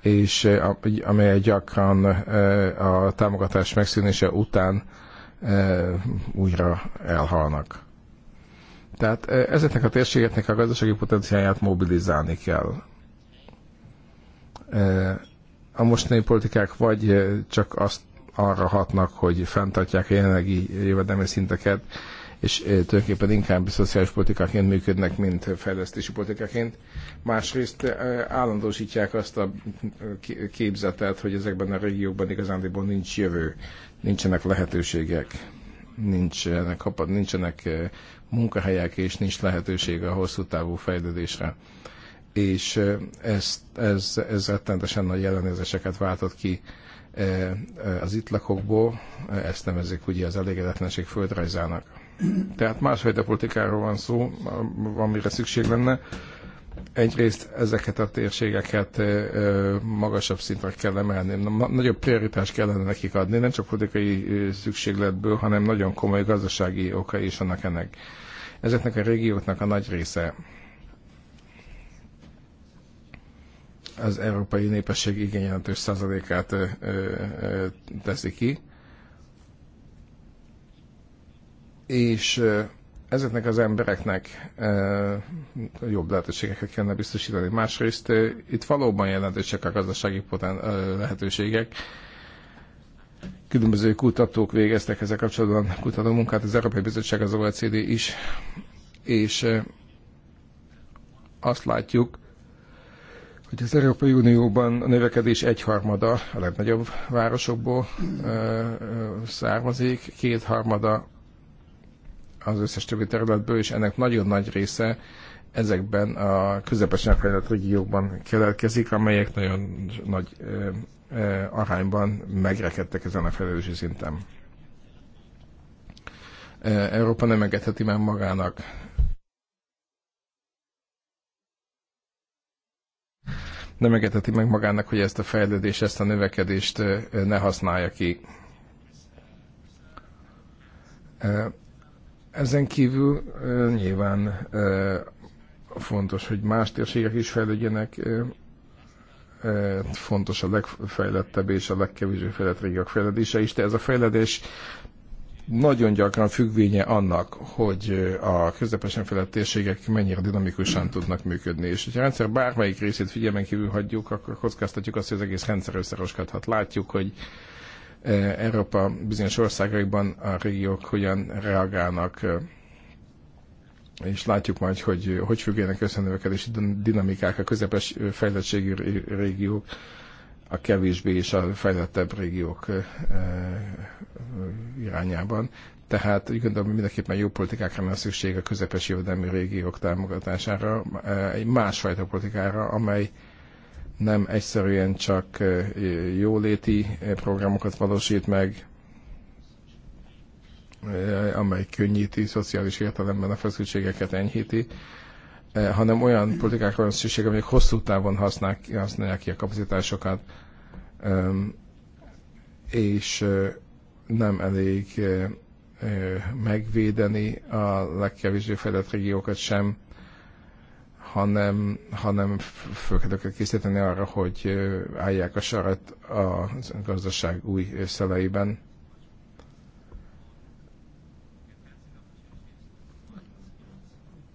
és eh, amelyek gyakran a támogatás megszűnése után újra elhalnak. Tehát ezeknek a térségeknek a gazdasági potenciáját mobilizálni kell. A mostani politikák vagy csak azt arra hatnak, hogy fenntartják a jelenlegi jövedelmi szinteket, és eh, tulajdonképpen inkább szociális politikáként működnek, mint fejlesztési politikáként. Másrészt eh, állandósítják azt a eh, képzetet, hogy ezekben a régiókban igazándiból nincs jövő, nincsenek lehetőségek, nincsenek, nincsenek munkahelyek, és nincs lehetőség a hosszú távú fejlődésre. És ez, ez, ez rettentesen nagy jelenézeseket váltott ki E, e, az itt lakókból, e, ezt nevezik ugye az elégedetlenség földrajzának. Tehát másfajta politikáról van szó, amire szükség lenne. Egyrészt ezeket a térségeket magasabb szintre kell emelni, nagyobb prioritást kellene nekik adni, nem csak politikai szükségletből, hanem nagyon komoly gazdasági oka is annak ennek. Ezeknek a régióknak a nagy része az európai népesség igényelentős százalékát teszi ki. És ezeknek az embereknek jobb lehetőségeket kellene biztosítani. Másrészt itt valóban jelentősek a gazdasági potán lehetőségek. Különböző kutatók végeztek ezzel kapcsolatban kutató munkát, az Európai Bizottság, az OECD is, és azt látjuk, hogy az Európai Unióban a növekedés egyharmada a legnagyobb városokból ö, származik, kétharmada az összes többi területből, és ennek nagyon nagy része ezekben a közepes fejlett régiókban keletkezik, amelyek nagyon nagy ö, ö, arányban megrekedtek ezen a felelősi szinten. Európa nem engedheti meg magának nem engedheti meg magának, hogy ezt a fejlődést, ezt a növekedést ne használja ki. Ezen kívül nyilván fontos, hogy más térségek is fejlődjenek, fontos a legfejlettebb és a legkevésbé fejlett régiók fejlődése is, de ez a fejledés nagyon gyakran függvénye annak, hogy a közepesen felett térségek mennyire dinamikusan tudnak működni. És ha a rendszer bármelyik részét figyelmen kívül hagyjuk, akkor kockáztatjuk azt, hogy az egész rendszer összeroskodhat. Látjuk, hogy Európa bizonyos országaiban a régiók hogyan reagálnak és látjuk majd, hogy hogy függének össze növekedési dinamikák a közepes fejlettségű régiók a kevésbé és a fejlettebb régiók irányában. Tehát úgy gondolom, hogy mindenképpen jó politikákra van szükség a közepes jövedelmi régiók támogatására, egy másfajta politikára, amely nem egyszerűen csak jóléti programokat valósít meg, amely könnyíti szociális értelemben a feszültségeket, enyhíti, Eh, hanem olyan politikákra van szükség, amelyek hosszú távon használják, használják ki a kapacitásokat, és eh, nem elég eh, megvédeni a legkevésbé fejlett régiókat sem, hanem, hanem föl kell őket készíteni arra, hogy állják a sarat a gazdaság új szeleiben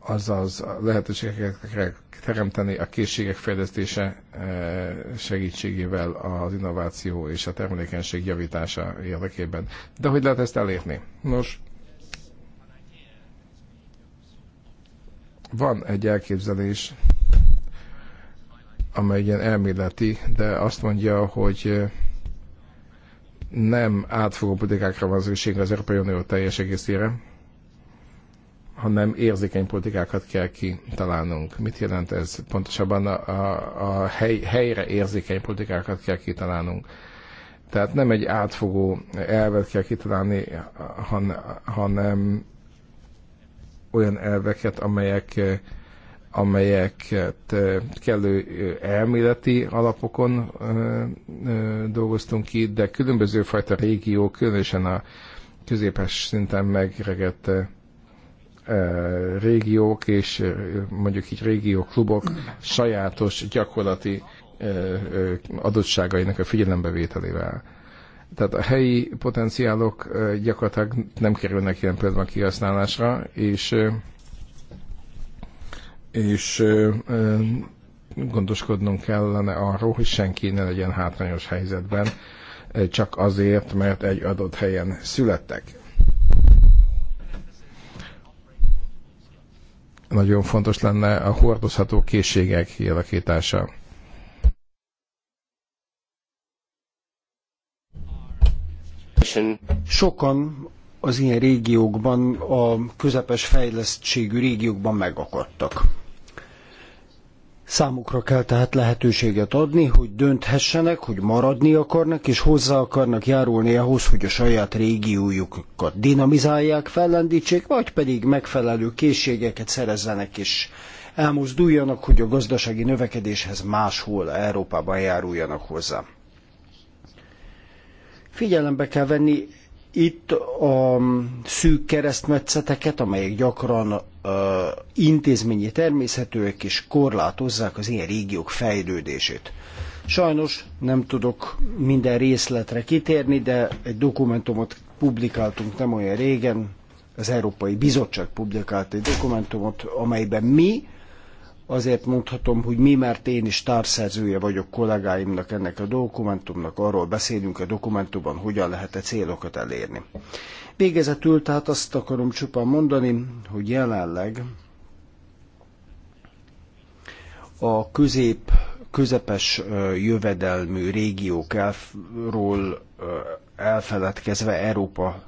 azaz lehetőségeket teremteni a készségek fejlesztése eh, segítségével az innováció és a termelékenység javítása érdekében. De hogy lehet ezt elérni? Nos, van egy elképzelés, amely ilyen elméleti, de azt mondja, hogy eh, nem átfogó politikákra van szükség az Európai Unió teljes egészére, hanem érzékeny politikákat kell kitalálnunk. Mit jelent ez? Pontosabban a, a, a hely, helyre érzékeny politikákat kell kitalálnunk. Tehát nem egy átfogó elvet kell kitalálni, han, hanem olyan elveket, amelyek amelyeket kellő elméleti alapokon dolgoztunk ki, de különböző fajta régiók, különösen a középes szinten megregett régiók és mondjuk így régióklubok sajátos gyakorlati adottságainak a figyelembevételével. Tehát a helyi potenciálok gyakorlatilag nem kerülnek ilyen például kihasználásra, és és gondoskodnunk kellene arról, hogy senki ne legyen hátrányos helyzetben, csak azért, mert egy adott helyen születtek. nagyon fontos lenne a hordozható készségek kialakítása. Sokan az ilyen régiókban, a közepes fejlesztségű régiókban megakadtak. Számukra kell tehát lehetőséget adni, hogy dönthessenek, hogy maradni akarnak, és hozzá akarnak járulni ahhoz, hogy a saját régiójukat dinamizálják, fellendítsék, vagy pedig megfelelő készségeket szerezzenek, és elmozduljanak, hogy a gazdasági növekedéshez máshol Európában járuljanak hozzá. Figyelembe kell venni itt a szűk keresztmetszeteket, amelyek gyakran intézményi természetűek és korlátozzák az ilyen régiók fejlődését. Sajnos nem tudok minden részletre kitérni, de egy dokumentumot publikáltunk nem olyan régen, az Európai Bizottság publikált egy dokumentumot, amelyben mi Azért mondhatom, hogy mi, mert én is társzerzője vagyok kollégáimnak ennek a dokumentumnak, arról beszélünk a dokumentumban, hogyan lehet a -e célokat elérni. Végezetül tehát azt akarom csupán mondani, hogy jelenleg a közép, közepes jövedelmű régiókról elfeledkezve Európa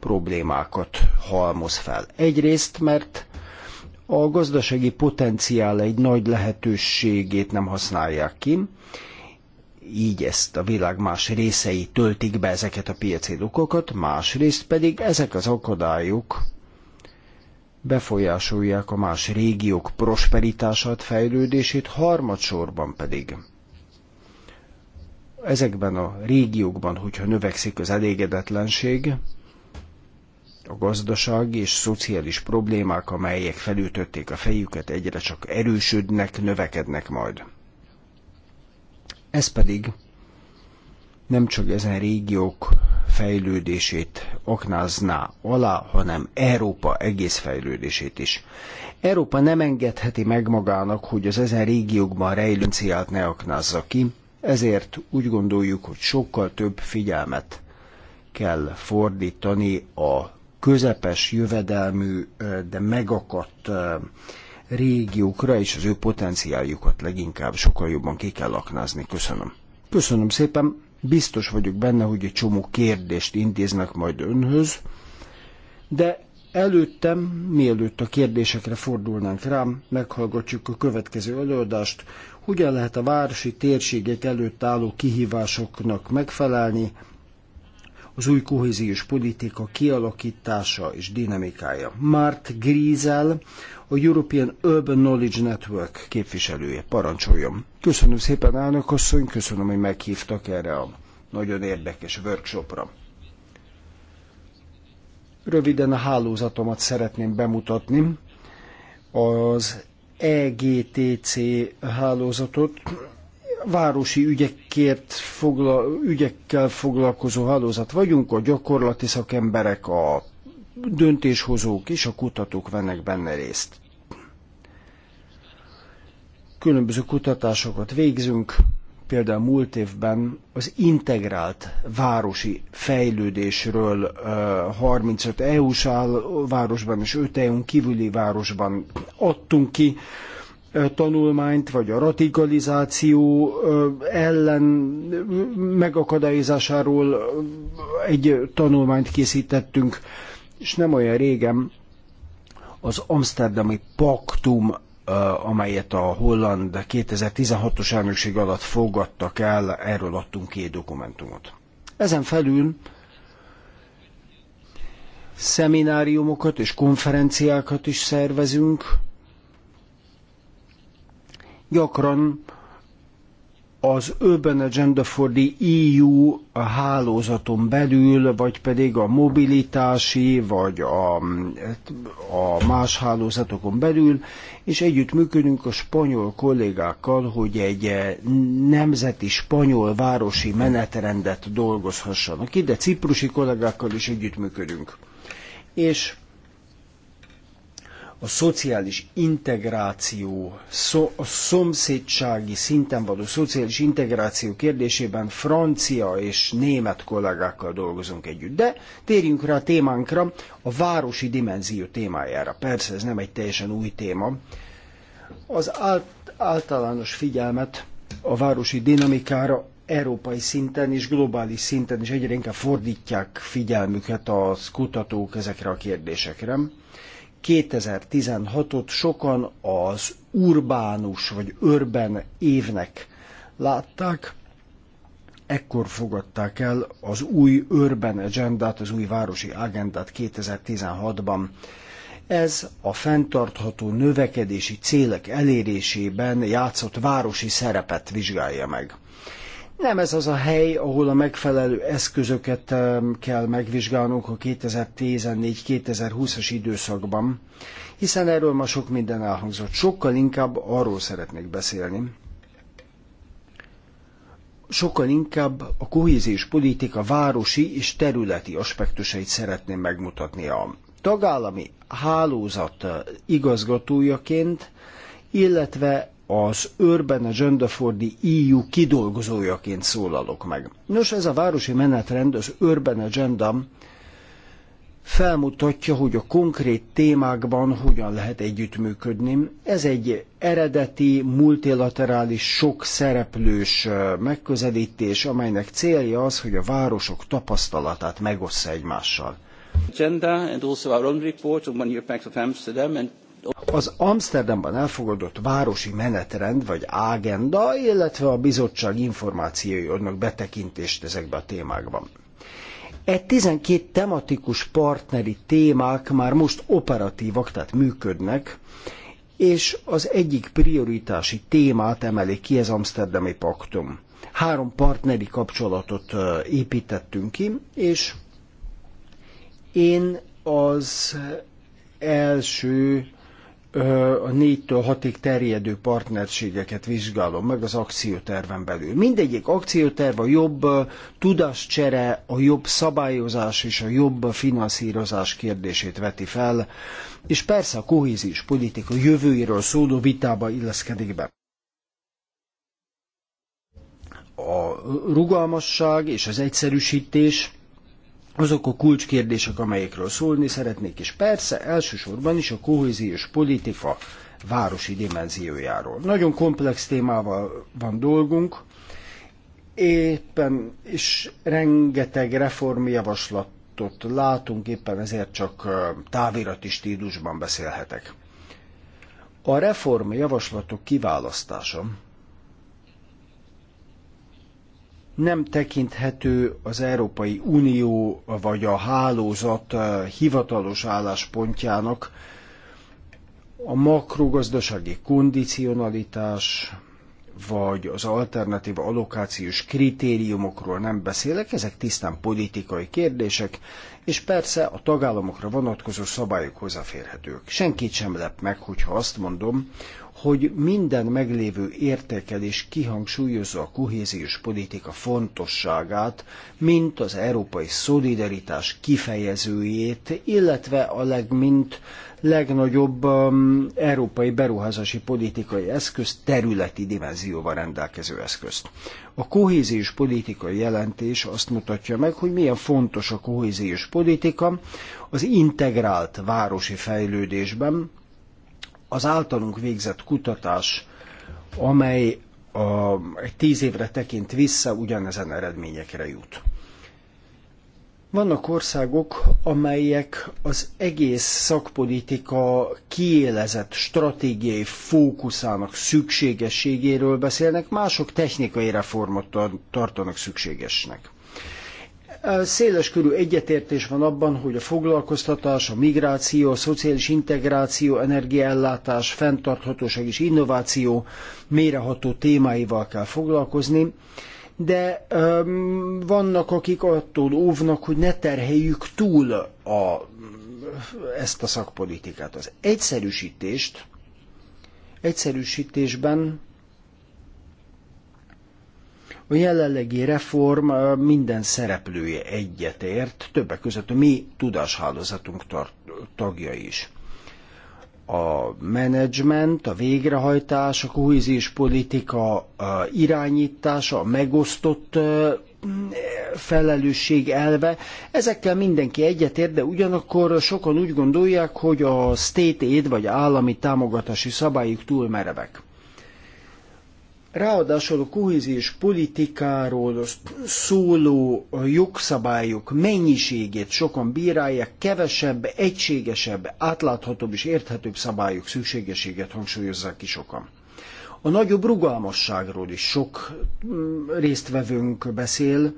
problémákat halmoz fel. Egyrészt, mert a gazdasági potenciál egy nagy lehetőségét nem használják ki, így ezt a világ más részei töltik be ezeket a piaci lukokat, másrészt pedig ezek az akadályok befolyásolják a más régiók prosperitását, fejlődését, harmadsorban pedig ezekben a régiókban, hogyha növekszik az elégedetlenség, a gazdasági és szociális problémák, amelyek felütötték a fejüket, egyre csak erősödnek, növekednek majd. Ez pedig nem csak ezen régiók fejlődését aknázná alá, hanem Európa egész fejlődését is. Európa nem engedheti meg magának, hogy az ezen régiókban rejlő ciát ne aknázza ki, ezért úgy gondoljuk, hogy sokkal több figyelmet kell fordítani a közepes jövedelmű, de megakadt régiókra és az ő potenciáljukat leginkább sokkal jobban ki kell aknázni. Köszönöm. Köszönöm szépen. Biztos vagyok benne, hogy egy csomó kérdést intéznek majd önhöz, de előttem, mielőtt a kérdésekre fordulnánk rám, meghallgatjuk a következő előadást, hogyan lehet a városi térségek előtt álló kihívásoknak megfelelni, az új kohéziós politika kialakítása és dinamikája. Mart Grizel, a European Urban Knowledge Network képviselője. Parancsoljon! Köszönöm szépen, elnök asszony, köszönöm, hogy meghívtak erre a nagyon érdekes workshopra. Röviden a hálózatomat szeretném bemutatni. Az EGTC hálózatot, városi ügyekért ügyekkel foglalkozó hálózat vagyunk, a gyakorlati szakemberek, a döntéshozók és a kutatók vennek benne részt. Különböző kutatásokat végzünk, például múlt évben az integrált városi fejlődésről 35 EU-s városban és 5 EU-n kívüli városban adtunk ki tanulmányt, vagy a radikalizáció ellen megakadályozásáról egy tanulmányt készítettünk, és nem olyan régen az Amsterdami Paktum, amelyet a holland 2016-os elnökség alatt fogadtak el, erről adtunk két dokumentumot. Ezen felül szemináriumokat és konferenciákat is szervezünk, gyakran az Urban Agenda for the EU a hálózaton belül, vagy pedig a mobilitási, vagy a, a más hálózatokon belül, és együtt működünk a spanyol kollégákkal, hogy egy nemzeti spanyol városi menetrendet dolgozhassanak. Ide ciprusi kollégákkal is együtt működünk. És a szociális integráció, a szomszédsági szinten való szociális integráció kérdésében francia és német kollégákkal dolgozunk együtt. De térjünk rá a témánkra, a városi dimenzió témájára. Persze ez nem egy teljesen új téma. Az általános figyelmet a városi dinamikára európai szinten és globális szinten is egyre inkább fordítják figyelmüket a kutatók ezekre a kérdésekre 2016-ot sokan az urbánus vagy örben évnek látták, ekkor fogadták el az új Urban Agendát, az új városi agendát 2016-ban. Ez a fenntartható növekedési célek elérésében játszott városi szerepet vizsgálja meg. Nem ez az a hely, ahol a megfelelő eszközöket kell megvizsgálnunk a 2014-2020-as időszakban, hiszen erről ma sok minden elhangzott. Sokkal inkább arról szeretnék beszélni, sokkal inkább a kohéziós politika városi és területi aspektusait szeretném megmutatni a tagállami hálózat igazgatójaként, illetve az Urban Agenda for the EU kidolgozójaként szólalok meg. Nos, ez a városi menetrend, az Urban Agenda felmutatja, hogy a konkrét témákban hogyan lehet együttműködni. Ez egy eredeti, multilaterális, sok szereplős megközelítés, amelynek célja az, hogy a városok tapasztalatát megossza egymással. Agenda and also our own report on One Year of Amsterdam and az Amsterdamban elfogadott városi menetrend vagy ágenda, illetve a bizottság információi adnak betekintést ezekbe a témákban. E 12 tematikus partneri témák már most operatívak, tehát működnek, és az egyik prioritási témát emeli ki az Amsterdami Paktum. Három partneri kapcsolatot építettünk ki, és én az első a négytől hatig terjedő partnerségeket vizsgálom meg az akcióterven belül. Mindegyik akcióterv a jobb tudáscsere, a jobb szabályozás és a jobb finanszírozás kérdését veti fel, és persze a kohézis politika jövőjéről szóló vitába illeszkedik be. A rugalmasság és az egyszerűsítés azok a kulcskérdések, amelyekről szólni szeretnék, és persze elsősorban is a kohéziós politika városi dimenziójáról. Nagyon komplex témával van dolgunk, éppen és rengeteg reformjavaslatot látunk, éppen ezért csak távirati stílusban beszélhetek. A reformjavaslatok kiválasztása nem tekinthető az Európai Unió vagy a hálózat eh, hivatalos álláspontjának. A makrogazdasági kondicionalitás vagy az alternatív allokációs kritériumokról nem beszélek, ezek tisztán politikai kérdések, és persze a tagállamokra vonatkozó szabályok hozzáférhetők. Senkit sem lep meg, hogyha azt mondom, hogy minden meglévő értékelés kihangsúlyozza a kohéziós politika fontosságát, mint az európai szolidaritás kifejezőjét, illetve a legmint legnagyobb um, európai beruházási politikai eszköz területi dimenzióval rendelkező eszközt. A kohéziós politikai jelentés azt mutatja meg, hogy milyen fontos a kohéziós politika az integrált városi fejlődésben, az általunk végzett kutatás, amely a, egy tíz évre tekint vissza, ugyanezen eredményekre jut. Vannak országok, amelyek az egész szakpolitika kiélezett stratégiai fókuszának szükségességéről beszélnek, mások technikai reformot tartanak szükségesnek széles körű egyetértés van abban, hogy a foglalkoztatás, a migráció, a szociális integráció, energiaellátás, fenntarthatóság és innováció méreható témáival kell foglalkozni, de um, vannak, akik attól óvnak, hogy ne terheljük túl a, ezt a szakpolitikát. Az egyszerűsítést, egyszerűsítésben a jelenlegi reform minden szereplője egyetért, többek között a mi tudáshálózatunk tagja is. A menedzsment, a végrehajtás, a kohéziós politika a irányítása, a megosztott felelősség elve. Ezekkel mindenki egyetért, de ugyanakkor sokan úgy gondolják, hogy a state aid vagy állami támogatási szabályok túl merevek. Ráadásul a kohéziós politikáról szóló jogszabályok mennyiségét sokan bírálják, kevesebb, egységesebb, átláthatóbb és érthetőbb szabályok szükségességet hangsúlyozzák ki sokan. A nagyobb rugalmasságról is sok mm, résztvevőnk beszél,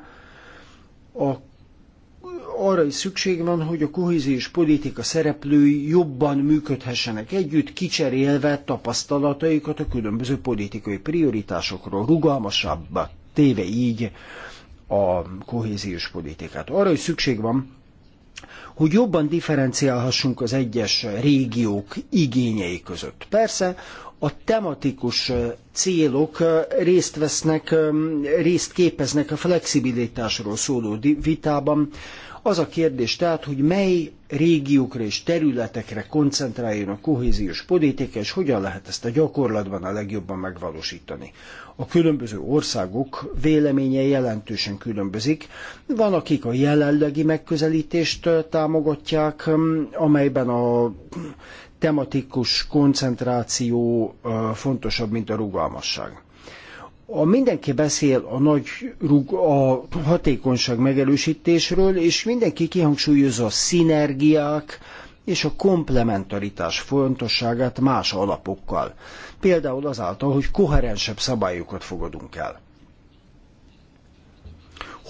a arra is szükség van, hogy a kohéziós politika szereplői jobban működhessenek együtt, kicserélve tapasztalataikat a különböző politikai prioritásokról, rugalmasabbá téve így a kohéziós politikát. Arra is szükség van, hogy jobban differenciálhassunk az egyes régiók igényei között. Persze a tematikus célok részt vesznek, részt képeznek a flexibilitásról szóló vitában, az a kérdés tehát, hogy mely régiókra és területekre koncentráljon a kohéziós politika, és hogyan lehet ezt a gyakorlatban a legjobban megvalósítani. A különböző országok véleménye jelentősen különbözik. Van, akik a jelenlegi megközelítést támogatják, amelyben a tematikus koncentráció fontosabb, mint a rugalmasság. A mindenki beszél a nagy rug a hatékonyság megelősítésről, és mindenki kihangsúlyozza a szinergiák és a komplementaritás fontosságát más alapokkal. Például azáltal, hogy koherensebb szabályokat fogadunk el.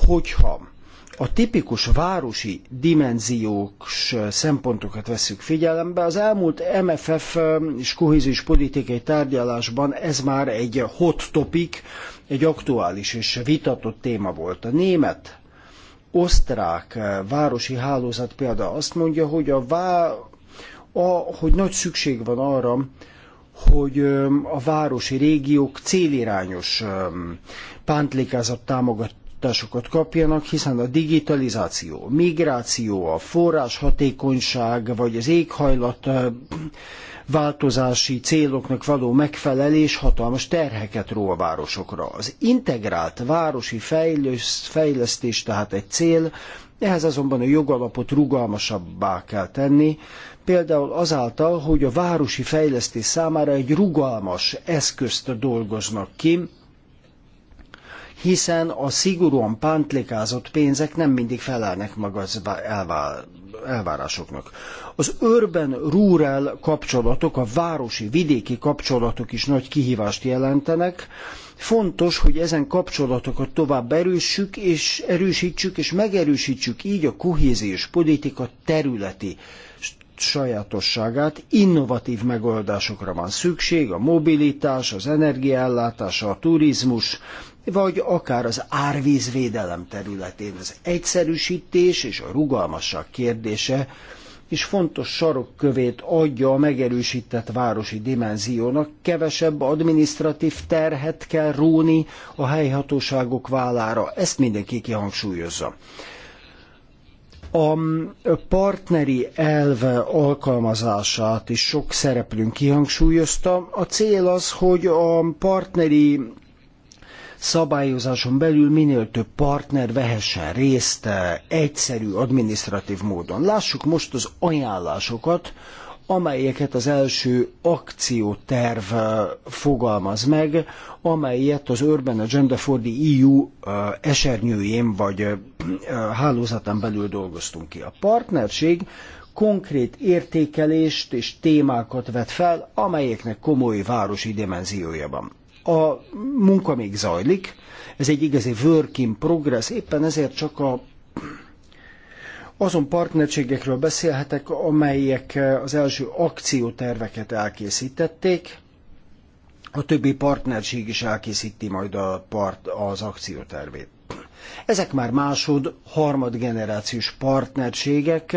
Hogyha a tipikus városi dimenziós szempontokat veszük figyelembe, az elmúlt MFF és kohéziós politikai tárgyalásban ez már egy hot topic, egy aktuális és vitatott téma volt. A német osztrák városi hálózat példa azt mondja, hogy a, vá... a hogy nagy szükség van arra, hogy a városi régiók célirányos pántlikázott támogat, támogatásokat kapjanak, hiszen a digitalizáció, a migráció, a forráshatékonyság vagy az éghajlat változási céloknak való megfelelés hatalmas terheket ró a városokra. Az integrált városi fejlesztés tehát egy cél, ehhez azonban a jogalapot rugalmasabbá kell tenni, például azáltal, hogy a városi fejlesztés számára egy rugalmas eszközt dolgoznak ki, hiszen a szigorúan pántlikázott pénzek nem mindig felelnek meg az elvárásoknak. Az urban-rural kapcsolatok, a városi-vidéki kapcsolatok is nagy kihívást jelentenek, Fontos, hogy ezen kapcsolatokat tovább erőssük és erősítsük, és megerősítsük így a kohéziós politika területi sajátosságát, innovatív megoldásokra van szükség, a mobilitás, az energiaellátás, a turizmus vagy akár az árvízvédelem területén. Az egyszerűsítés és a rugalmasság kérdése és fontos sarokkövét adja a megerősített városi dimenziónak, kevesebb administratív terhet kell róni a helyhatóságok vállára, ezt mindenki kihangsúlyozza. A partneri elv alkalmazását is sok szereplőnk kihangsúlyozta. A cél az, hogy a partneri szabályozáson belül minél több partner vehessen részt eh, egyszerű adminisztratív módon. Lássuk most az ajánlásokat, amelyeket az első akcióterv eh, fogalmaz meg, amelyet az Urban Agenda for the EU eh, esernyőjén vagy hálózatán belül dolgoztunk ki. A partnerség konkrét értékelést és témákat vet fel, amelyeknek komoly városi dimenziója van a munka még zajlik, ez egy igazi work in progress, éppen ezért csak a azon partnerségekről beszélhetek, amelyek az első akcióterveket elkészítették, a többi partnerség is elkészíti majd a part, az akciótervét. Ezek már másod, harmad generációs partnerségek,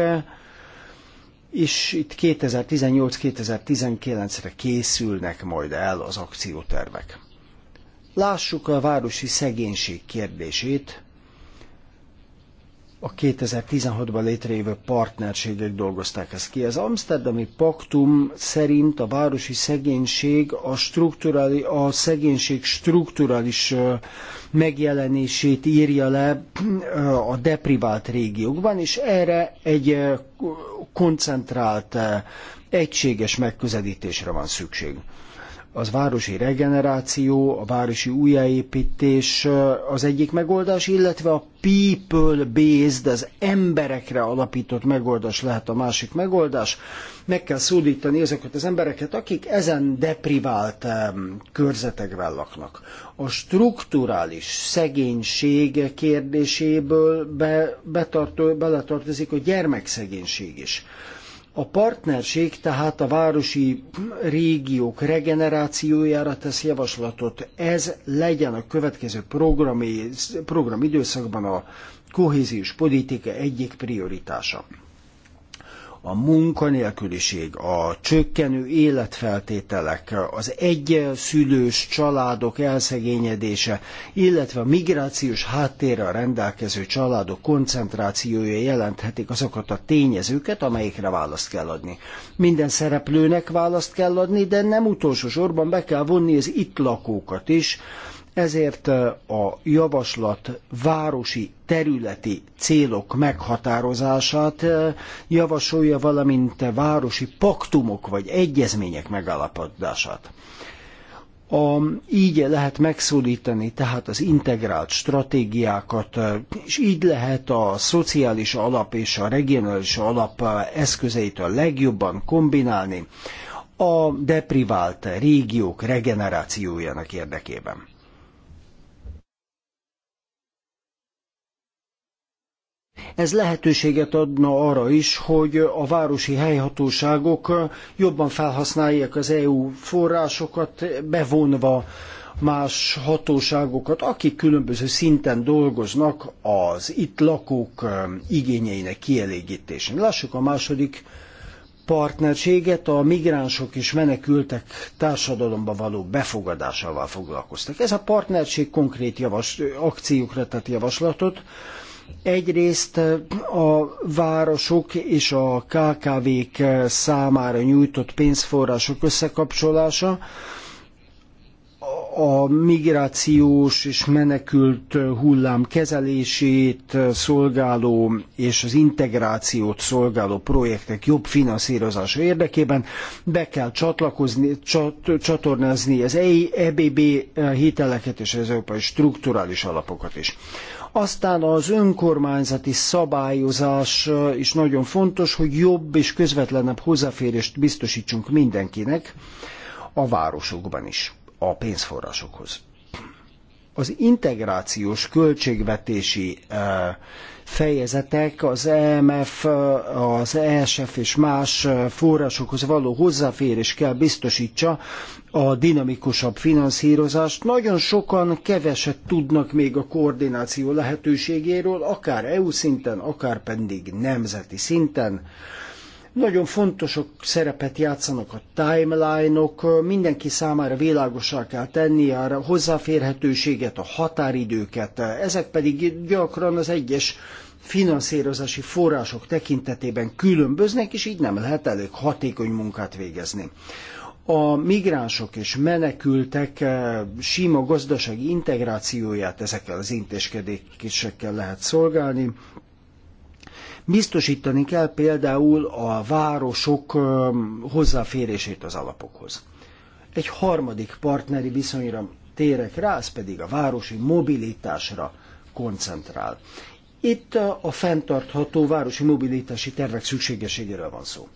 és itt 2018-2019-re készülnek majd el az akciótervek. Lássuk a városi szegénység kérdését, a 2016-ban létrejövő partnerségek dolgozták ezt ki. Az Amsterdami Paktum szerint a városi szegénység a, strukturali, a szegénység strukturális megjelenését írja le a deprivált régiókban, és erre egy koncentrált, egységes megközelítésre van szükség az városi regeneráció, a városi újjáépítés eh, az egyik megoldás, illetve a people-based, az emberekre alapított megoldás lehet a másik megoldás. Meg kell szólítani ezeket az embereket, akik ezen deprivált eh, körzetekben laknak. A strukturális szegénység kérdéséből be, betartó, beletartozik a gyermekszegénység is a partnerség tehát a városi régiók regenerációjára tesz javaslatot. Ez legyen a következő programi, programidőszakban a kohéziós politika egyik prioritása a munkanélküliség, a csökkenő életfeltételek, az egyszülős családok elszegényedése, illetve a migrációs háttérrel rendelkező családok koncentrációja jelenthetik azokat a tényezőket, amelyekre választ kell adni. Minden szereplőnek választ kell adni, de nem utolsó sorban be kell vonni az itt lakókat is, ezért a javaslat városi területi célok meghatározását javasolja, valamint városi paktumok vagy egyezmények megállapodását. A, így lehet megszólítani tehát az integrált stratégiákat, és így lehet a szociális alap és a regionális alap eszközeit a legjobban kombinálni a deprivált régiók regenerációjának érdekében. Ez lehetőséget adna arra is, hogy a városi helyhatóságok jobban felhasználják az EU forrásokat, bevonva más hatóságokat, akik különböző szinten dolgoznak az itt lakók um, igényeinek kielégítésén. Lássuk a második partnerséget a migránsok és menekültek társadalomba való befogadásával foglalkoztak. Ez a partnerség konkrét javas, akciókra tett javaslatot, Egyrészt a városok és a KKV-k számára nyújtott pénzforrások összekapcsolása, a migrációs és menekült hullám kezelését szolgáló és az integrációt szolgáló projektek jobb finanszírozása érdekében be kell csatlakozni, csat, csatornázni az EBB e hiteleket és az európai strukturális alapokat is. Aztán az önkormányzati szabályozás is nagyon fontos, hogy jobb és közvetlenebb hozzáférést biztosítsunk mindenkinek a városokban is a pénzforrásokhoz. Az integrációs költségvetési fejezetek az EMF, az ESF és más forrásokhoz való hozzáférés kell biztosítsa a dinamikusabb finanszírozást. Nagyon sokan keveset tudnak még a koordináció lehetőségéről, akár EU szinten, akár pedig nemzeti szinten. Nagyon fontosok szerepet játszanak a timeline-ok, mindenki számára világosá kell tenni a hozzáférhetőséget, a határidőket, ezek pedig gyakran az egyes finanszírozási források tekintetében különböznek, és így nem lehet elég hatékony munkát végezni. A migránsok és menekültek eh, sima gazdasági integrációját ezekkel az intézkedésekkel lehet szolgálni, Biztosítani kell például a városok hozzáférését az alapokhoz. Egy harmadik partneri viszonyra térek rá, ez pedig a városi mobilitásra koncentrál. Itt a fenntartható városi mobilitási tervek szükségességéről van szó.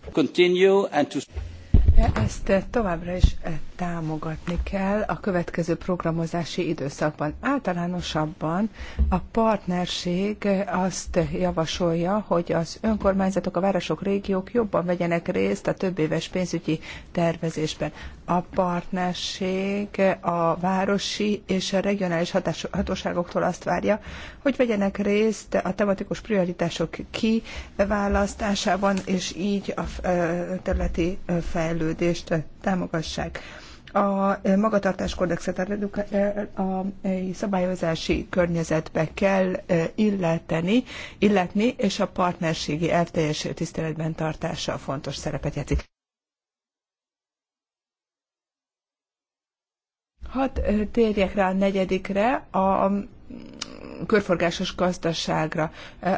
Ezt továbbra is e, támogatni kell a következő programozási időszakban. Általánosabban a partnerség e, azt javasolja, hogy az önkormányzatok, a városok, régiók jobban vegyenek részt a többéves pénzügyi tervezésben. A partnerség e, a városi és a regionális hatóságoktól azt várja, hogy vegyenek részt a tematikus prioritások kiválasztásában, és így a területi fejlődésben fejlődést támogassák. A e, magatartáskódexet a e, e, szabályozási környezetbe kell illetni, illetni, és a partnerségi elv tiszteletben tartása fontos szerepet játszik. Hadd térjek rá a negyedikre, a körforgásos gazdaságra.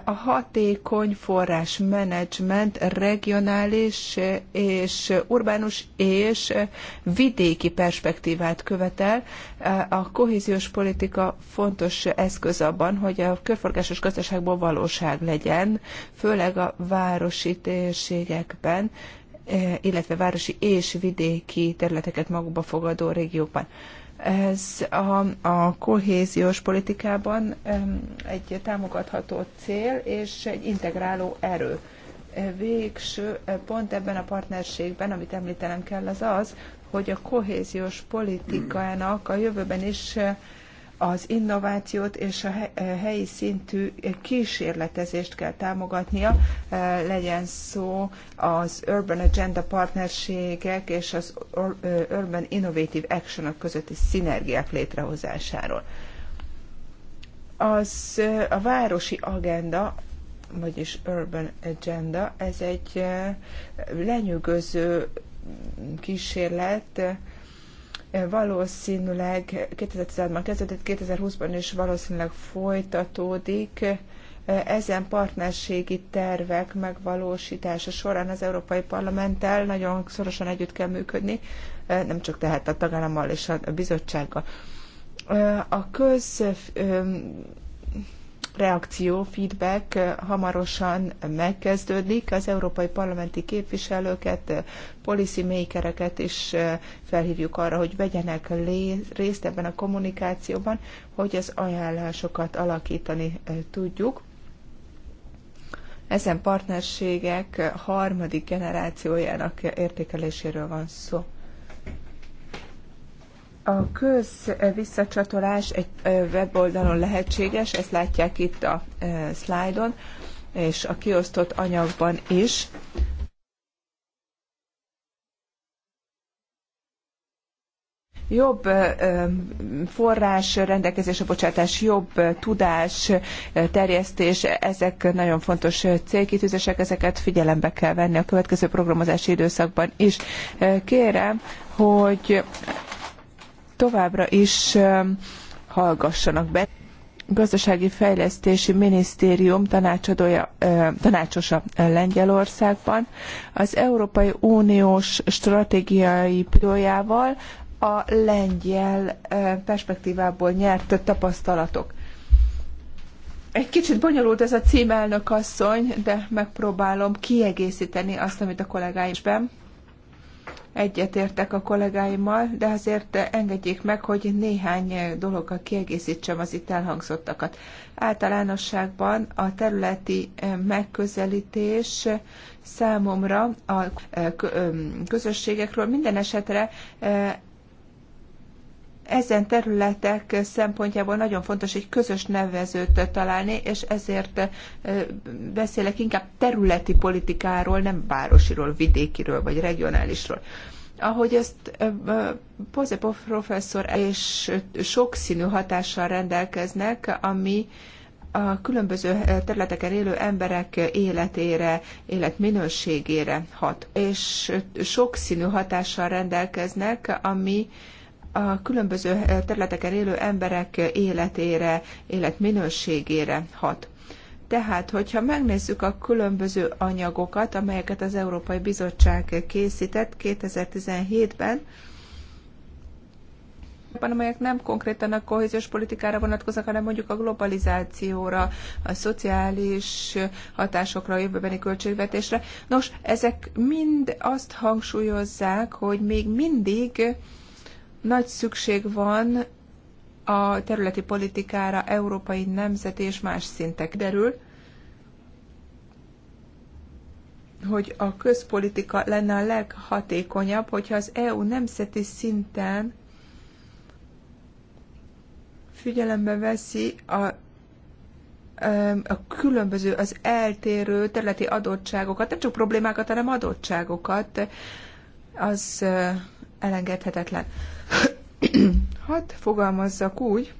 A hatékony forrás menedzsment regionális és urbánus és vidéki perspektívát követel. A kohéziós politika fontos eszköz abban, hogy a körforgásos gazdaságból valóság legyen, főleg a városi térségekben, illetve városi és vidéki területeket magukba fogadó régiókban. Ez a, a kohéziós politikában egy támogatható cél és egy integráló erő. E, végső e, pont ebben a partnerségben, amit említenem kell, az az, hogy a kohéziós politikának a jövőben is az innovációt és a eh, helyi szintű eh, kísérletezést kell támogatnia, eh, legyen szó az Urban Agenda partnerségek és az Urban Innovative action -ok közötti szinergiák létrehozásáról. Az, a városi agenda vagyis Urban Agenda, ez egy lenyűgöző kísérlet, valószínűleg 2016-ban kezdődött, 2020-ban is valószínűleg folytatódik. Ezen partnerségi tervek megvalósítása során az Európai Parlamenttel nagyon szorosan együtt kell működni, nem csak tehát a tagállammal és a bizottsággal. A köz reakció, feedback hamarosan megkezdődik. Az európai parlamenti képviselőket, policy makereket is felhívjuk arra, hogy vegyenek részt ebben a kommunikációban, hogy az ajánlásokat alakítani tudjuk. Ezen partnerségek harmadik generációjának értékeléséről van szó. A visszacsatolás egy weboldalon lehetséges, ezt látják itt a szlájdon, és a kiosztott anyagban is. jobb forrás rendelkezésre bocsátás, jobb tudás, terjesztés, ezek nagyon fontos célkitűzések, ezeket figyelembe kell venni a következő programozási időszakban is. Kérem, hogy továbbra is hallgassanak be. Gazdasági Fejlesztési Minisztérium tanácsadója, tanácsosa Lengyelországban az Európai Uniós stratégiai pilójával a lengyel perspektívából nyert tapasztalatok. Egy kicsit bonyolult ez a címelnök asszony, de megpróbálom kiegészíteni azt, amit a kollégáim ben egyetértek a kollégáimmal, de azért engedjék meg, hogy néhány dologgal kiegészítsem az itt elhangzottakat. Általánosságban a területi eh, megközelítés számomra a eh, eh, közösségekről minden esetre ezen területek szempontjából nagyon fontos egy közös nevezőt találni, és ezért beszélek inkább területi politikáról, nem városiról, vidékiről vagy regionálisról ahogy ezt Pozepov professzor és sokszínű hatással rendelkeznek, ami a különböző területeken élő emberek életére, életminőségére hat. És sokszínű hatással rendelkeznek, ami a különböző területeken élő emberek életére, életminőségére hat. Tehát, hogyha megnézzük a különböző anyagokat, amelyeket az Európai Bizottság készített 2017-ben, amelyek nem konkrétan a kohéziós politikára vonatkoznak, hanem mondjuk a globalizációra, a szociális hatásokra, a jövőbeni költségvetésre. Nos, ezek mind azt hangsúlyozzák, hogy még mindig nagy szükség van a területi politikára európai nemzeti és más szintek derül, hogy a közpolitika lenne a leghatékonyabb, hogyha az EU nemzeti szinten figyelembe veszi a a különböző, az eltérő területi adottságokat, nem csak problémákat, hanem adottságokat, az elengedhetetlen. Hadd fogalmazzak úgy,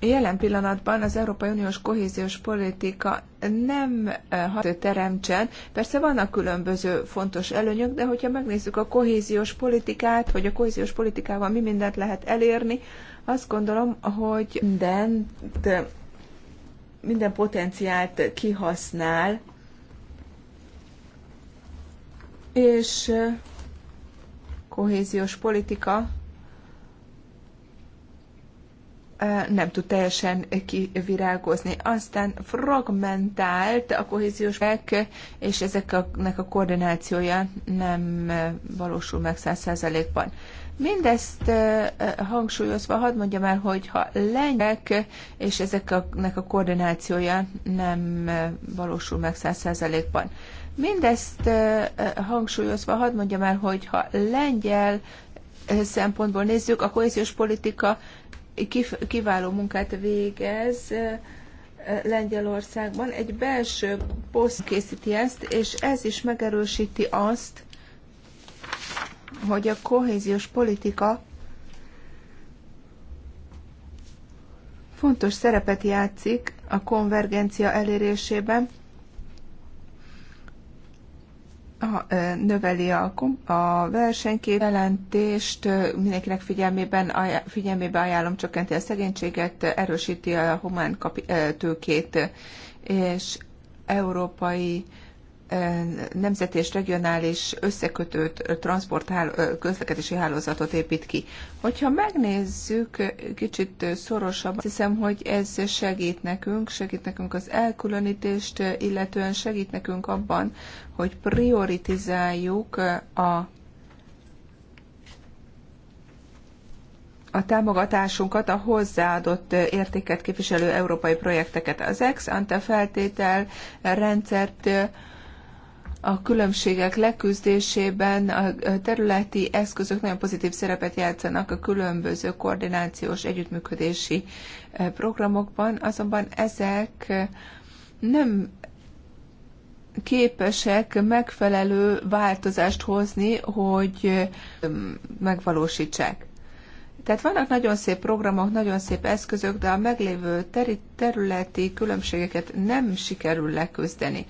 Jelen pillanatban az Európai Uniós kohéziós politika nem eh, hat teremtsen. Persze vannak különböző fontos előnyök, de hogyha megnézzük a kohéziós politikát, hogy a kohéziós politikával mi mindent lehet elérni, azt gondolom, hogy mindent, eh, minden potenciált kihasznál és kohéziós politika nem tud teljesen kivirágozni. Aztán fragmentált a kohéziós és ezeknek a koordinációja nem valósul meg száz százalékban. Mindezt hangsúlyozva, hadd mondjam el, hogy ha lengyelek, és ezeknek a koordinációja nem valósul meg száz százalékban. Mindezt hangsúlyozva hadd mondjam el, hogy ha lengyel szempontból nézzük, a kohéziós politika kiváló munkát végez Lengyelországban. Egy belső poszt készíti ezt, és ez is megerősíti azt, hogy a kohéziós politika fontos szerepet játszik a konvergencia elérésében, a, növeli a, a versenykép jelentést, mindenkinek figyelmében, figyelmébe ajánlom, csökkenti a szegénységet, erősíti a humán kapi, tőkét, és európai nemzeti és regionális összekötő transport közlekedési hálózatot épít ki. Hogyha megnézzük kicsit szorosabban, hiszem, hogy ez segít nekünk, segít nekünk az elkülönítést, illetően segít nekünk abban, hogy prioritizáljuk a a támogatásunkat a hozzáadott értéket képviselő európai projekteket. Az ex ante feltétel rendszert a különbségek leküzdésében a területi eszközök nagyon pozitív szerepet játszanak a különböző koordinációs együttműködési e, programokban, azonban ezek e, nem képesek megfelelő változást hozni, hogy e, megvalósítsák. Tehát vannak nagyon szép programok, nagyon szép eszközök, de a meglévő területi különbségeket nem sikerül leküzdeni.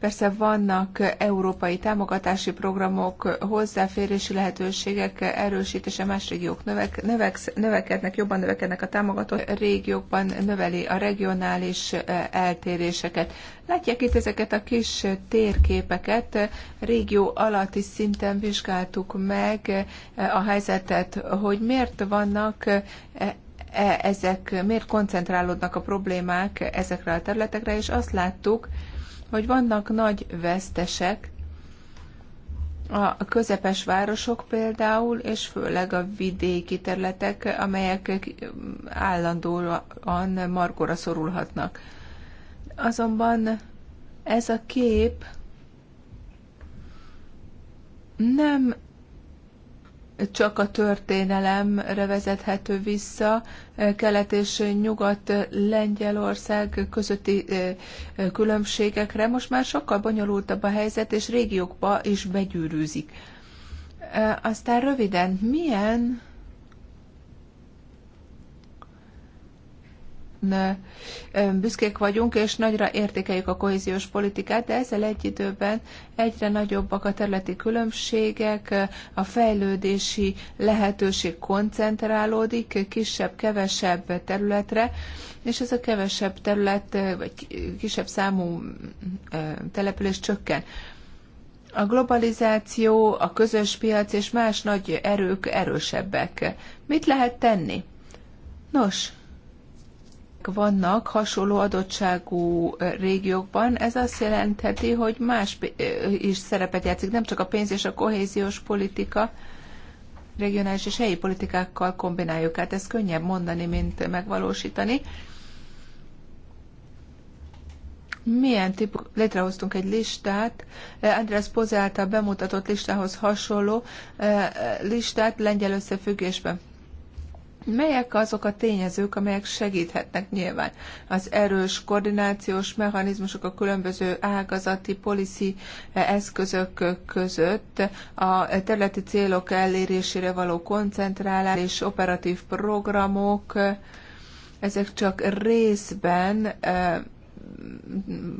Persze vannak európai támogatási programok, hozzáférési lehetőségek erősítése, más régiók növek, növeksz, növekednek, jobban növekednek a támogató régiókban, növeli a regionális e, eltéréseket. Látják itt ezeket a kis térképeket, régió alatti szinten vizsgáltuk meg e, a helyzetet, hogy miért vannak e, ezek, miért koncentrálódnak a problémák ezekre a területekre, és azt láttuk, hogy vannak nagy vesztesek, a közepes városok például, és főleg a vidéki területek, amelyek állandóan margóra szorulhatnak. Azonban ez a kép nem csak a történelemre vezethető vissza. Eh, Kelet és Nyugat Lengyelország közötti eh, eh, különbségekre. Most már sokkal bonyolultabb a helyzet, és régiókba is begyűrűzik. Aztán röviden, milyen büszkék vagyunk, és nagyra értékeljük a kohéziós politikát, de ezzel egy időben egyre nagyobbak a területi különbségek, a fejlődési lehetőség koncentrálódik kisebb, kevesebb területre, és ez a kevesebb terület, vagy kisebb számú település csökken. A globalizáció, a közös piac és más nagy erők erősebbek. Mit lehet tenni? Nos, vannak hasonló adottságú régiókban. Ez azt jelentheti, hogy más is szerepet játszik, nem csak a pénz és a kohéziós politika, regionális és helyi politikákkal kombináljuk. Hát ez könnyebb mondani, mint megvalósítani. Milyen típus, létrehoztunk egy listát, András Poze által bemutatott listához hasonló listát lengyel összefüggésben. Melyek azok a tényezők, amelyek segíthetnek nyilván? Az erős koordinációs mechanizmusok a különböző ágazati policy eszközök között, a területi célok elérésére való koncentrálás és operatív programok, ezek csak részben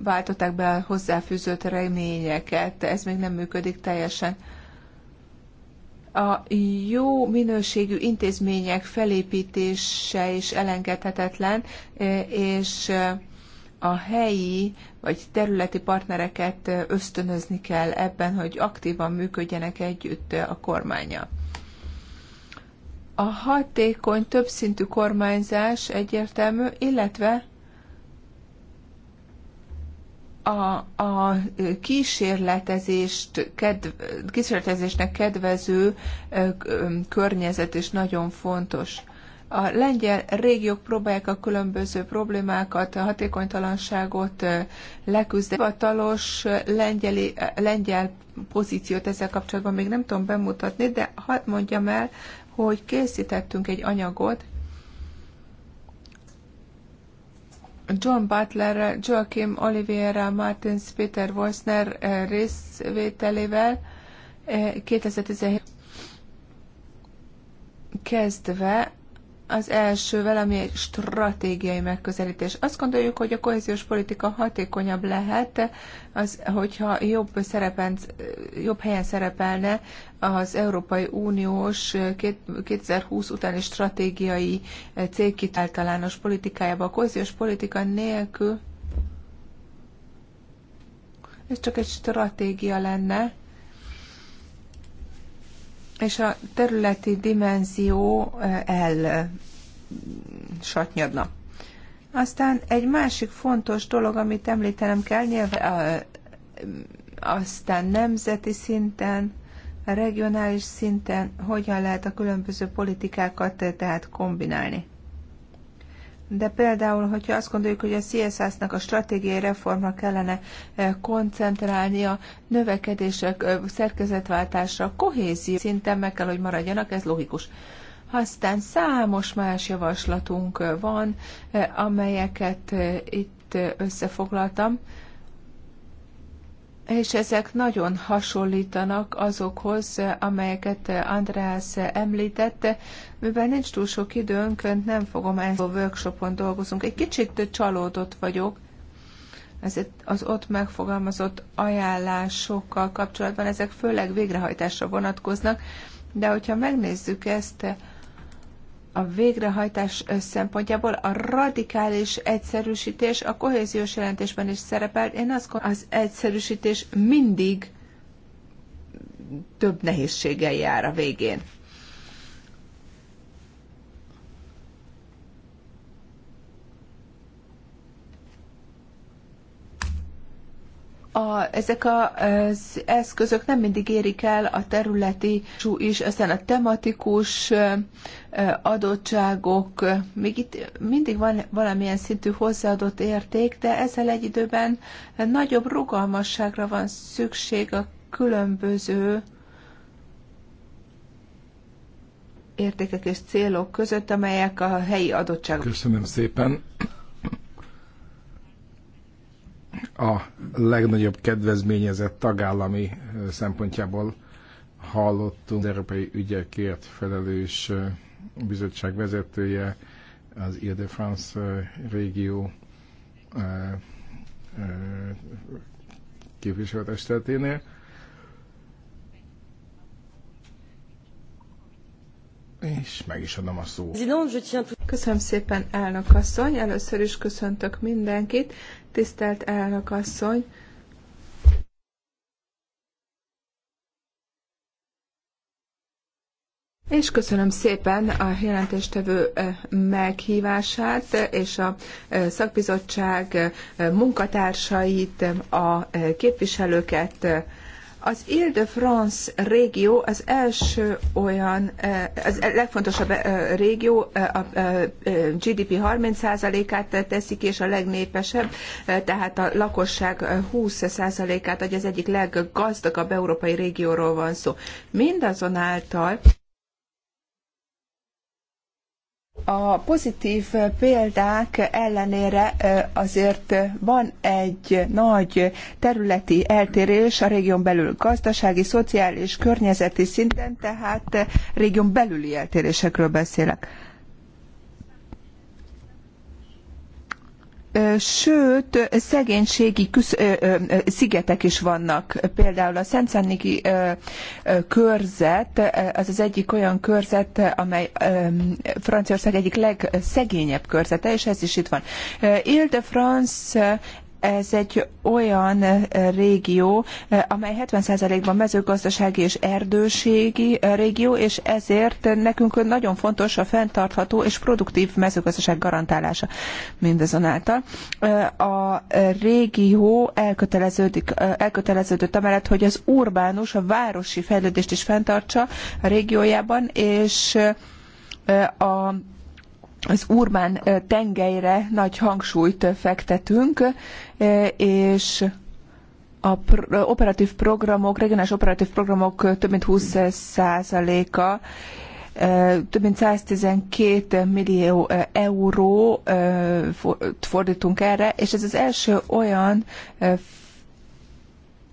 váltották be a hozzáfűzött reményeket, ez még nem működik teljesen a jó minőségű intézmények felépítése is elengedhetetlen, e, és e, a helyi vagy területi partnereket e, ösztönözni kell ebben, hogy aktívan működjenek együtt a kormánya. A hatékony többszintű kormányzás egyértelmű, illetve a, a kísérletezést, kedv, kísérletezésnek kedvező környezet is nagyon fontos. A lengyel régiók próbálják a különböző problémákat, a hatékonytalanságot leküzdeni. Hivatalos lengyeli, lengyel pozíciót ezzel kapcsolatban még nem tudom bemutatni, de hadd mondjam el, hogy készítettünk egy anyagot, John Butler, Joachim Oliveira, Martins, Peter Wolsner eh, részvételével 2017 eh, kezdve az elsővel, ami egy stratégiai megközelítés. Azt gondoljuk, hogy a kohéziós politika hatékonyabb lehet, az, hogyha jobb, szerepen, jobb helyen szerepelne az Európai Uniós 2020 utáni stratégiai célkitáltalános politikájába. A kohéziós politika nélkül ez csak egy stratégia lenne, és a területi dimenzió el satnyadna. Aztán egy másik fontos dolog, amit említenem kell, nyilván aztán nemzeti szinten, regionális szinten hogyan lehet a különböző politikákat tehát kombinálni. De például, hogyha azt gondoljuk, hogy a CSS-nak a stratégiai reformra kellene eh, koncentrálnia, növekedések, eh, szerkezetváltásra, kohézió szinten meg kell, hogy maradjanak, ez logikus. Aztán számos más javaslatunk eh, van, amelyeket itt összefoglaltam és ezek nagyon hasonlítanak azokhoz, amelyeket András említette, Mivel nincs túl sok időnk, nem fogom ezt a workshopon dolgozunk. Egy kicsit csalódott vagyok ez az ott megfogalmazott ajánlásokkal kapcsolatban. Ezek főleg végrehajtásra vonatkoznak, de hogyha megnézzük ezt a végrehajtás szempontjából a radikális egyszerűsítés a kohéziós jelentésben is szerepel. Én azt gondolom, az egyszerűsítés mindig több nehézséggel jár a végén. a, ezek a, az eszközök nem mindig érik el a területi is, aztán a tematikus adottságok, még itt mindig van valamilyen szintű hozzáadott érték, de ezzel egy időben nagyobb rugalmasságra van szükség a különböző értékek és célok között, amelyek a helyi adottságok. Köszönöm szépen a legnagyobb kedvezményezett tagállami szempontjából hallottunk az európai ügyekért felelős bizottság vezetője, az Ile de France régió képviselőtesteténél. És meg is adom a szót. Köszönöm szépen, elnök asszony. Először is köszöntök mindenkit. Tisztelt elnök asszony! És köszönöm szépen a jelentéstevő meghívását és a szakbizottság munkatársait, a képviselőket, az Ile-de-France régió az első olyan, eh, az legfontosabb eh, régió, eh, a GDP 30%-át teszik, és a legnépesebb, tehát a lakosság 20%-át, hogy az egyik leggazdagabb európai régióról van szó. Mindazonáltal a pozitív példák ellenére azért van egy nagy területi eltérés a régión belül gazdasági, szociális, környezeti szinten, tehát régión belüli eltérésekről beszélek. sőt, szegénységi küsz, szigetek is vannak. Például a Szentszenniki körzet, az az egyik olyan körzet, amely Franciaország egyik legszegényebb körzete, és ez is itt van. Ile de France ez egy olyan eh, régió, eh, amely 70%-ban mezőgazdasági és erdőségi eh, régió, és ezért nekünk nagyon fontos a fenntartható és produktív mezőgazdaság garantálása mindazonáltal. A régió elköteleződik, elköteleződött amellett, hogy az urbánus, a városi fejlődést is fenntartsa a régiójában, és a az urbán tengelyre nagy hangsúlyt fektetünk, és a operatív programok, regionális operatív programok több mint 20%-a, több mint 112 millió euró fordítunk erre, és ez az első olyan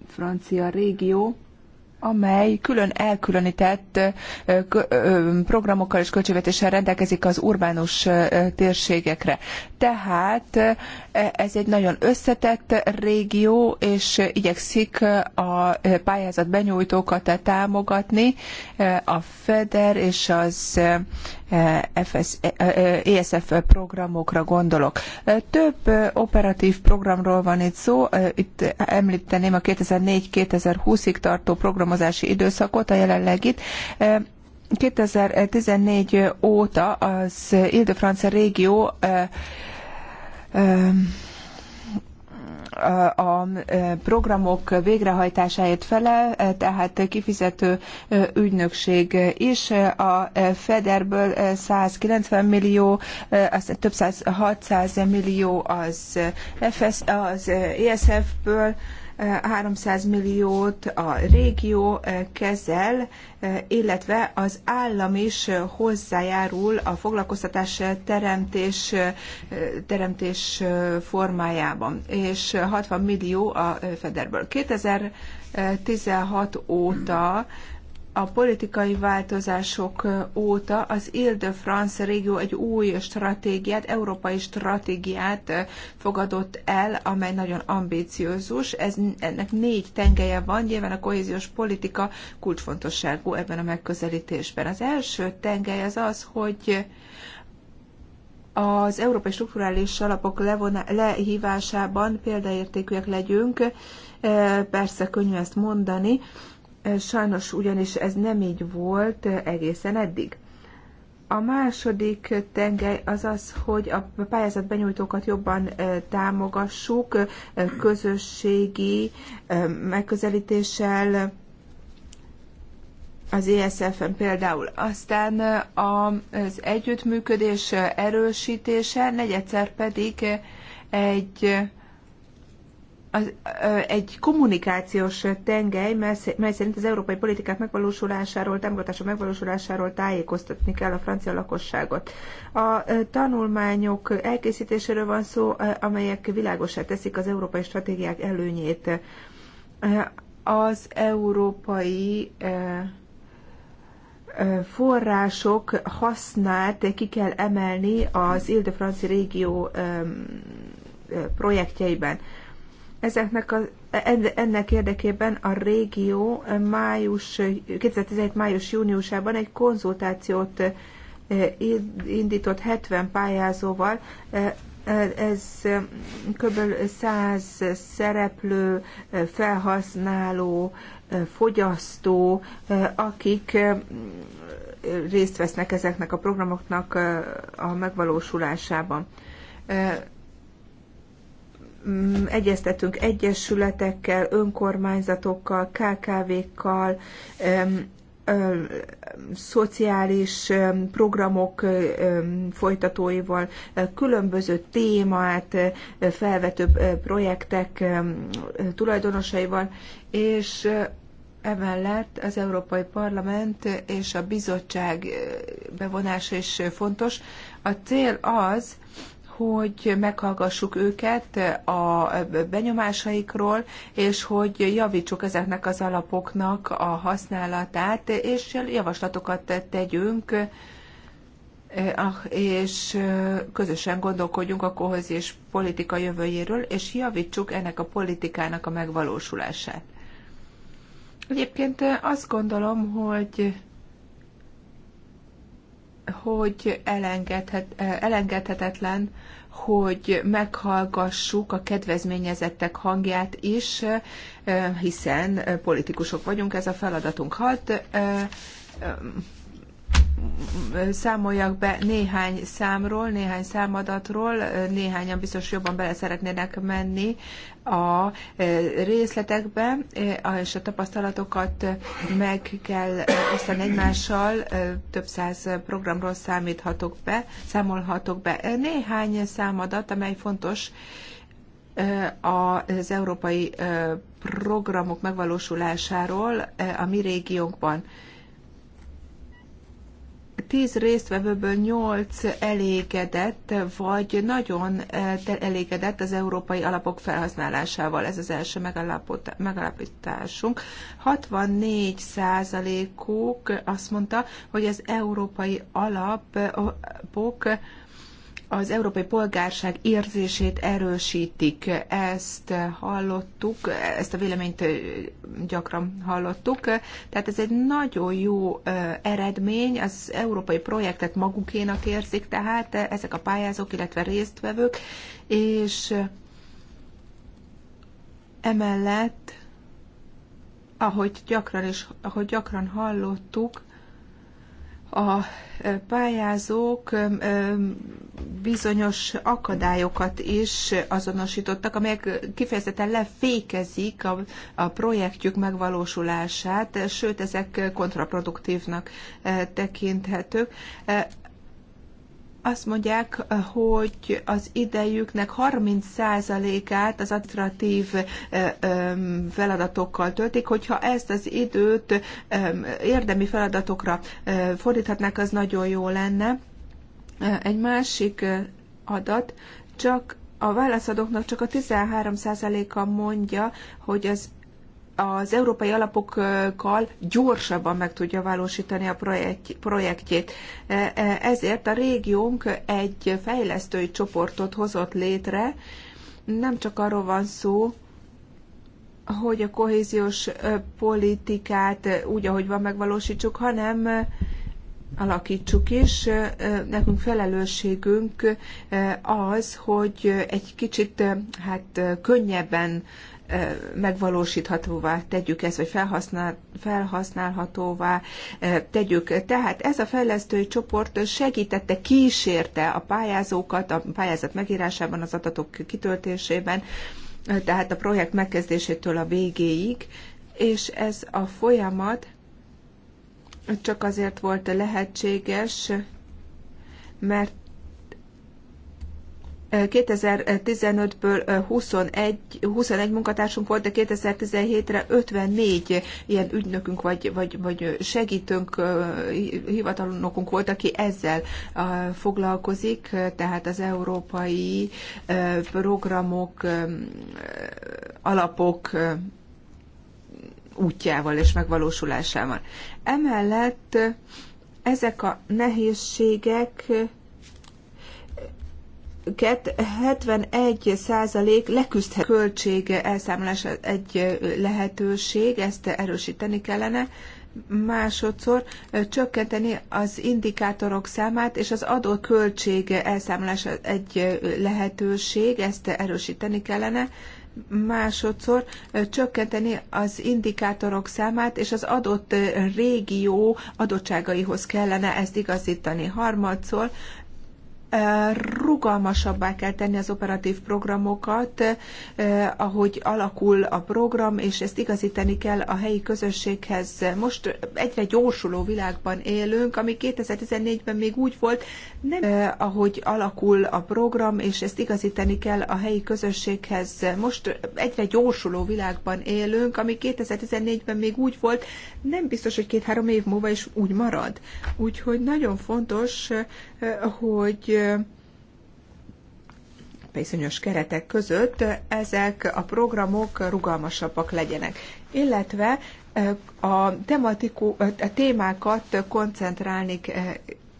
francia régió, amely külön elkülönített programokkal és költségvetéssel rendelkezik az urbánus térségekre. Tehát ez egy nagyon összetett régió, és igyekszik a pályázat benyújtókat támogatni. A FEDER és az FS, ESF programokra gondolok. Több operatív programról van itt szó, itt említeném a 2004-2020-ig tartó programot alkalmazási időszakot, a jelenlegit. 2014 óta az Ile-de-France régió a programok végrehajtásáért felel, tehát kifizető ügynökség is. A Federből 190 millió, aztán több száz, 600 millió az, FS, az ESF-ből, 300 milliót a régió eh, kezel, eh, illetve az állam is eh, hozzájárul a foglalkoztatás teremtés, teremtés formájában, és 60 millió a Federből. 2016 óta a politikai változások óta az Ile-de-France régió egy új stratégiát, európai stratégiát fogadott el, amely nagyon ambíciózus. Ez, ennek négy tengelye van, nyilván a kohéziós politika kulcsfontosságú ebben a megközelítésben. Az első tengely az az, hogy az európai strukturális alapok levona, lehívásában példaértékűek legyünk, persze könnyű ezt mondani, Sajnos ugyanis ez nem így volt egészen eddig. A második tengely az az, hogy a pályázat benyújtókat jobban támogassuk közösségi megközelítéssel, az ESF-en például. Aztán az együttműködés erősítése, negyedszer pedig egy az, egy kommunikációs tengely, mely szerint az európai politikák megvalósulásáról, támogatása megvalósulásáról tájékoztatni kell a francia lakosságot. A tanulmányok elkészítéséről van szó, amelyek világosá teszik az európai stratégiák előnyét. Az európai források hasznát ki kell emelni az Ile-de-France régió projektjeiben. Ezeknek a, ennek érdekében a régió május, 2017. május-júniusában egy konzultációt eh, indított 70 pályázóval, eh, eh, ez kb. 100 szereplő, felhasználó, fogyasztó, akik részt vesznek ezeknek a programoknak a megvalósulásában. Mm, egyeztetünk egyesületekkel, önkormányzatokkal, KKV-kkal, szociális programok folytatóival, különböző témát felvető projektek tulajdonosaival, és emellett az Európai Parlament és a bizottság bevonása is fontos. A cél az, hogy meghallgassuk őket a benyomásaikról, és hogy javítsuk ezeknek az alapoknak a használatát, és javaslatokat tegyünk, eh, ah, és eh, közösen gondolkodjunk a kohéziós politika jövőjéről, és javítsuk ennek a politikának a megvalósulását. Egyébként eh, azt gondolom, hogy hogy elengedhet, elengedhetetlen, hogy meghallgassuk a kedvezményezettek hangját is, hiszen politikusok vagyunk, ez a feladatunk. Hadd számoljak be néhány számról, néhány számadatról, néhányan biztos jobban bele szeretnének menni a e, részletekbe, e, és a tapasztalatokat meg kell osztani egymással, e, több száz programról számíthatok be, számolhatok be. Néhány számadat, amely fontos, az európai programok megvalósulásáról a mi régiónkban tíz résztvevőből nyolc elégedett, vagy nagyon eh, elégedett az európai alapok felhasználásával. Ez az első megalapításunk. 64 százalékuk azt mondta, hogy az európai alapok az európai polgárság érzését erősítik. Ezt hallottuk, ezt a véleményt gyakran hallottuk. Tehát ez egy nagyon jó eredmény, az európai projektet magukénak érzik, tehát ezek a pályázók, illetve résztvevők, és emellett, ahogy gyakran, és, ahogy gyakran hallottuk, a pályázók bizonyos akadályokat is azonosítottak, amelyek kifejezetten lefékezik a, a projektjük megvalósulását, sőt, ezek kontraproduktívnak tekinthetők azt mondják, eh, hogy az idejüknek 30%-át az attraktív eh, feladatokkal töltik, hogyha ezt az időt érdemi feladatokra eh, fordíthatnák, az nagyon jó lenne. Egy másik adat, csak a válaszadóknak csak a 13%-a mondja, hogy az az európai alapokkal gyorsabban meg tudja valósítani a projektjét. E, e, ezért a régiónk egy fejlesztői csoportot hozott létre. Nem csak arról van szó, hogy a kohéziós politikát úgy, ahogy van, megvalósítsuk, hanem alakítsuk is. Nekünk felelősségünk az, hogy egy kicsit hát könnyebben megvalósíthatóvá tegyük ezt, vagy felhasznál, felhasználhatóvá tegyük. Tehát ez a fejlesztői csoport segítette, kísérte a pályázókat a pályázat megírásában, az adatok kitöltésében, tehát a projekt megkezdésétől a végéig, és ez a folyamat csak azért volt lehetséges, mert 2015-ből 21, 21 munkatársunk volt, de 2017-re 54 ilyen ügynökünk vagy, vagy, vagy segítőnk, hivatalnokunk volt, aki ezzel foglalkozik, tehát az európai programok, alapok útjával és megvalósulásával. Emellett ezek a nehézségek 71 százalék leküzdhet költség elszámolása egy lehetőség, ezt erősíteni kellene, másodszor csökkenteni az indikátorok számát, és az adó költség elszámolása egy lehetőség, ezt erősíteni kellene, másodszor csökkenteni az indikátorok számát, és az adott régió adottságaihoz kellene ezt igazítani. Harmadszor rugalmasabbá kell tenni az operatív programokat, ahogy alakul a program, és ezt igazítani kell a helyi közösséghez. Most egyre gyorsuló világban élünk, ami 2014-ben még úgy volt, nem ahogy alakul a program, és ezt igazítani kell a helyi közösséghez. Most egyre gyorsuló világban élünk, ami 2014-ben még úgy volt, nem biztos, hogy két-három év múlva is úgy marad. Úgyhogy nagyon fontos, hogy bizonyos keretek között ezek a programok rugalmasabbak legyenek, illetve eh, a, tematikú, eh, a témákat koncentrálni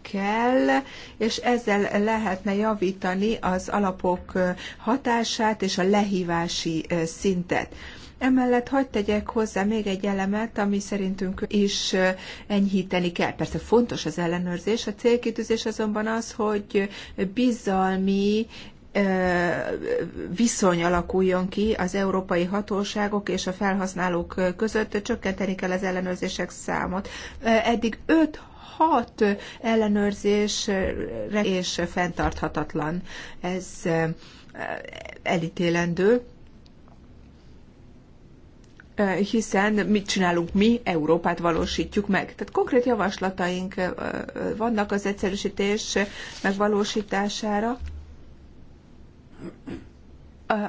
kell, és ezzel lehetne javítani az alapok eh, hatását és a lehívási szintet. Emellett hagyd tegyek hozzá még egy elemet, ami szerintünk is enyhíteni kell. Persze fontos az ellenőrzés, a célkitűzés azonban az, hogy bizalmi viszony alakuljon ki az európai hatóságok és a felhasználók között, csökkenteni kell az ellenőrzések számot. Eddig 5 hat ellenőrzésre és fenntarthatatlan. Ez elítélendő. Eh, hiszen mit csinálunk mi, Európát valósítjuk meg. Tehát konkrét javaslataink eh, eh, vannak az egyszerűsítés megvalósítására.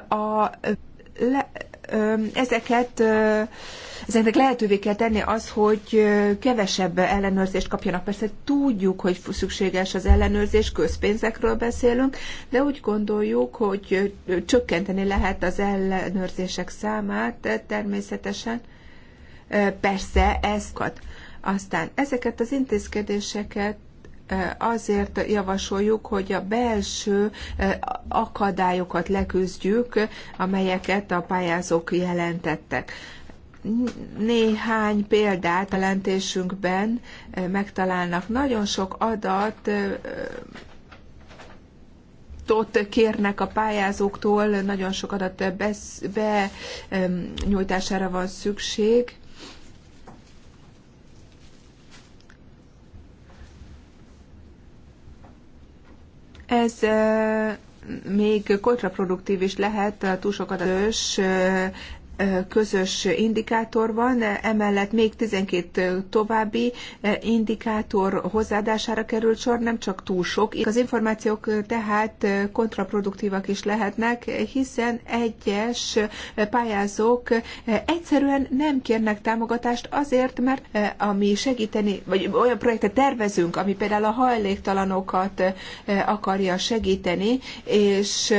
A, le, ezeket ezeknek lehetővé kell tenni az, hogy kevesebb ellenőrzést kapjanak. Persze tudjuk, hogy szükséges az ellenőrzés, közpénzekről beszélünk, de úgy gondoljuk, hogy csökkenteni lehet az ellenőrzések számát természetesen. Persze ezkat. Aztán ezeket az intézkedéseket azért javasoljuk, hogy a belső akadályokat leküzdjük, amelyeket a pályázók jelentettek néhány példát a lentésünkben megtalálnak. Nagyon sok adat ott kérnek a pályázóktól, nagyon sok adat benyújtására van szükség. Ez még kontraproduktív is lehet, túl sok adatős közös indikátor van, emellett még 12 további indikátor hozzáadására került sor, nem csak túl sok. Az információk tehát kontraproduktívak is lehetnek, hiszen egyes pályázók egyszerűen nem kérnek támogatást azért, mert ami segíteni, vagy olyan projektet tervezünk, ami például a hajléktalanokat akarja segíteni, és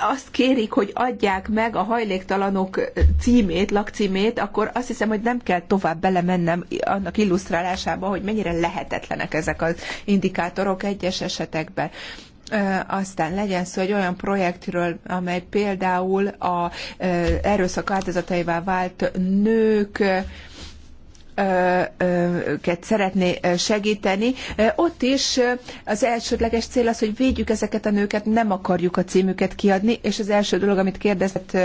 azt kérik, hogy adják meg a hajléktalanok címét, lakcímét, akkor azt hiszem, hogy nem kell tovább belemennem annak illusztrálásába, hogy mennyire lehetetlenek ezek az indikátorok egyes esetekben aztán legyen szó egy olyan projektről, amely például a erőszak áldozataivá vált nők, őket szeretné segíteni. Ott is az elsődleges cél az, hogy védjük ezeket a nőket, nem akarjuk a címüket kiadni, és az első dolog, amit kérdezett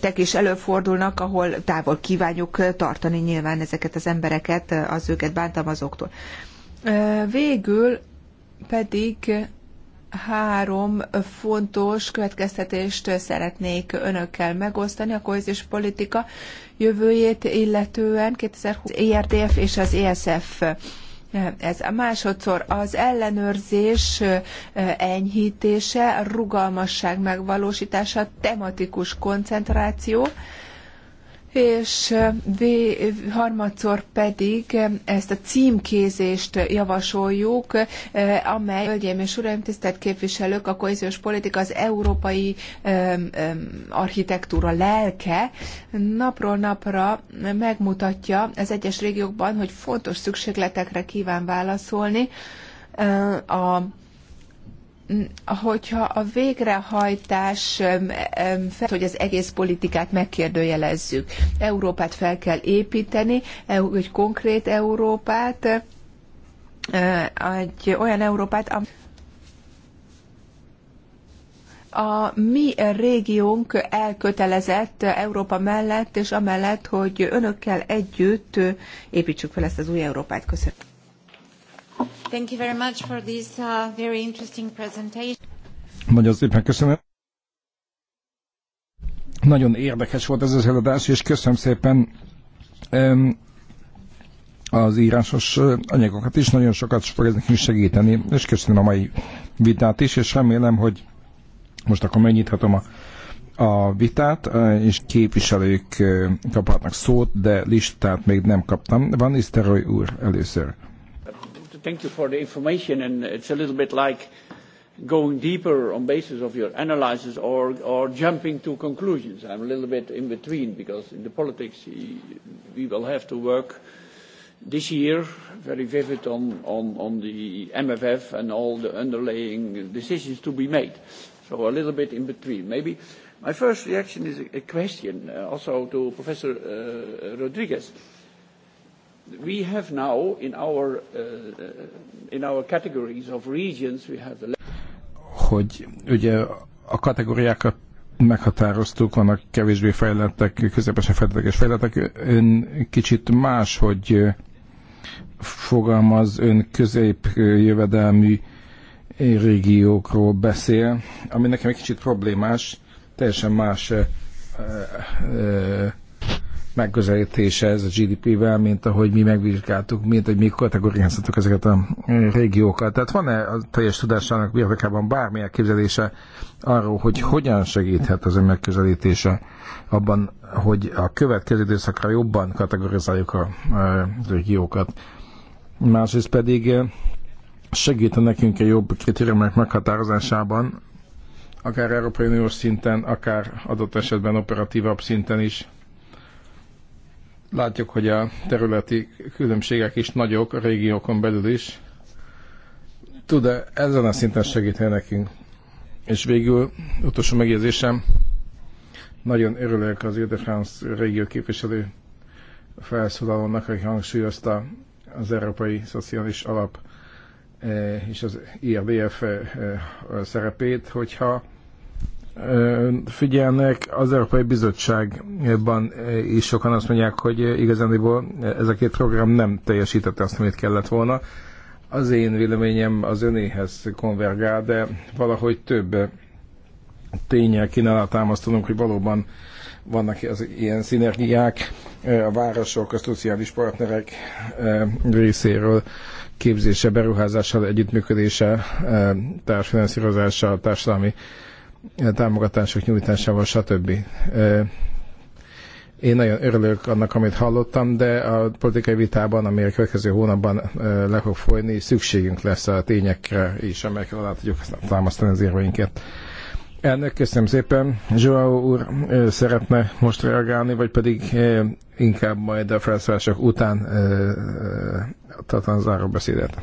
tek is előfordulnak, ahol távol kívánjuk tartani nyilván ezeket az embereket, az őket bántalmazóktól. Végül pedig három fontos következtetést szeretnék önökkel megosztani a kohéziós politika jövőjét illetően 2020 ERDF és az ESF ez a másodszor az ellenőrzés enyhítése, rugalmasság megvalósítása, tematikus koncentráció, és harmadszor pedig ezt a címkézést javasoljuk, amely, hölgyeim és uraim, tisztelt képviselők, a kohéziós politika az európai architektúra lelke napról napra megmutatja az egyes régiókban, hogy fontos szükségletekre kíván válaszolni a hogyha a végrehajtás, hogy az egész politikát megkérdőjelezzük. Európát fel kell építeni, egy konkrét Európát, e, egy olyan Európát, am- a mi régiónk elkötelezett Európa mellett, és amellett, hogy önökkel együtt építsük fel ezt az új Európát. Köszönöm. Thank you very much for this uh, very interesting presentation. Nagyon szépen köszönöm. Nagyon érdekes volt ez az előadás, és köszönöm szépen um, az írásos anyagokat is. Nagyon sokat fog ez nekünk segíteni, és köszönöm a mai vitát is, és remélem, hogy most akkor megnyithatom a a vitát, és képviselők kaphatnak szót, de listát még nem kaptam. Van Iszteroly úr először thank you for the information, and it's a little bit like going deeper on basis of your analysis or, or jumping to conclusions. I'm a little bit in between because in the politics we will have to work this year very vivid on, on, on the MFF and all the underlying decisions to be made. So a little bit in between. Maybe my first reaction is a question uh, also to Professor uh, Rodriguez we have now in our, uh, in our categories of regions we have the hogy ugye a kategóriákat meghatároztuk, vannak kevésbé fejlettek, közepesen fejlettek és fejlettek. Ön kicsit más, hogy uh, fogalmaz, ön középjövedelmű uh, régiókról beszél, ami nekem egy kicsit problémás, teljesen más megközelítése ez a GDP-vel, mint ahogy mi megvizsgáltuk, mint hogy mi kategorizáltuk ezeket a eh, régiókat. Tehát van-e a teljes tudásának birtokában bármi elképzelése arról, hogy hogyan segíthet az ön megközelítése abban, hogy a következő időszakra jobban kategorizáljuk a, eh, régiókat. Másrészt pedig eh, segít nekünk egy jobb kritériumok meghatározásában, akár Európai Uniós szinten, akár adott esetben operatívabb szinten is Látjuk, hogy a területi különbségek is nagyok a régiókon belül is. Tud-e ezen a szinten segíteni nekünk? És végül, utolsó megjegyzésem, nagyon örülök az Ile de France régió képviselő felszólalónak, aki hangsúlyozta az Európai Szociális Alap eh, és az IRDF eh, eh, szerepét, hogyha figyelnek. Az Európai Bizottságban is sokan azt mondják, hogy igazándiból ez a két program nem teljesítette azt, amit kellett volna. Az én véleményem az önéhez konvergál, de valahogy több tényel kéne alátámasztanunk, hogy valóban vannak az ilyen szinergiák a városok, a szociális partnerek részéről képzése, beruházással, együttműködése, társfinanszírozása, társadalmi támogatások nyújtásával, stb. Én nagyon örülök annak, amit hallottam, de a politikai vitában, ami a következő hónapban le fog folyni, szükségünk lesz a tényekre is, amelyekre alá tudjuk támasztani az érveinket. Elnök, köszönöm szépen. Joao úr szeretne most reagálni, vagy pedig inkább majd a felszólások után tartan záró beszédet.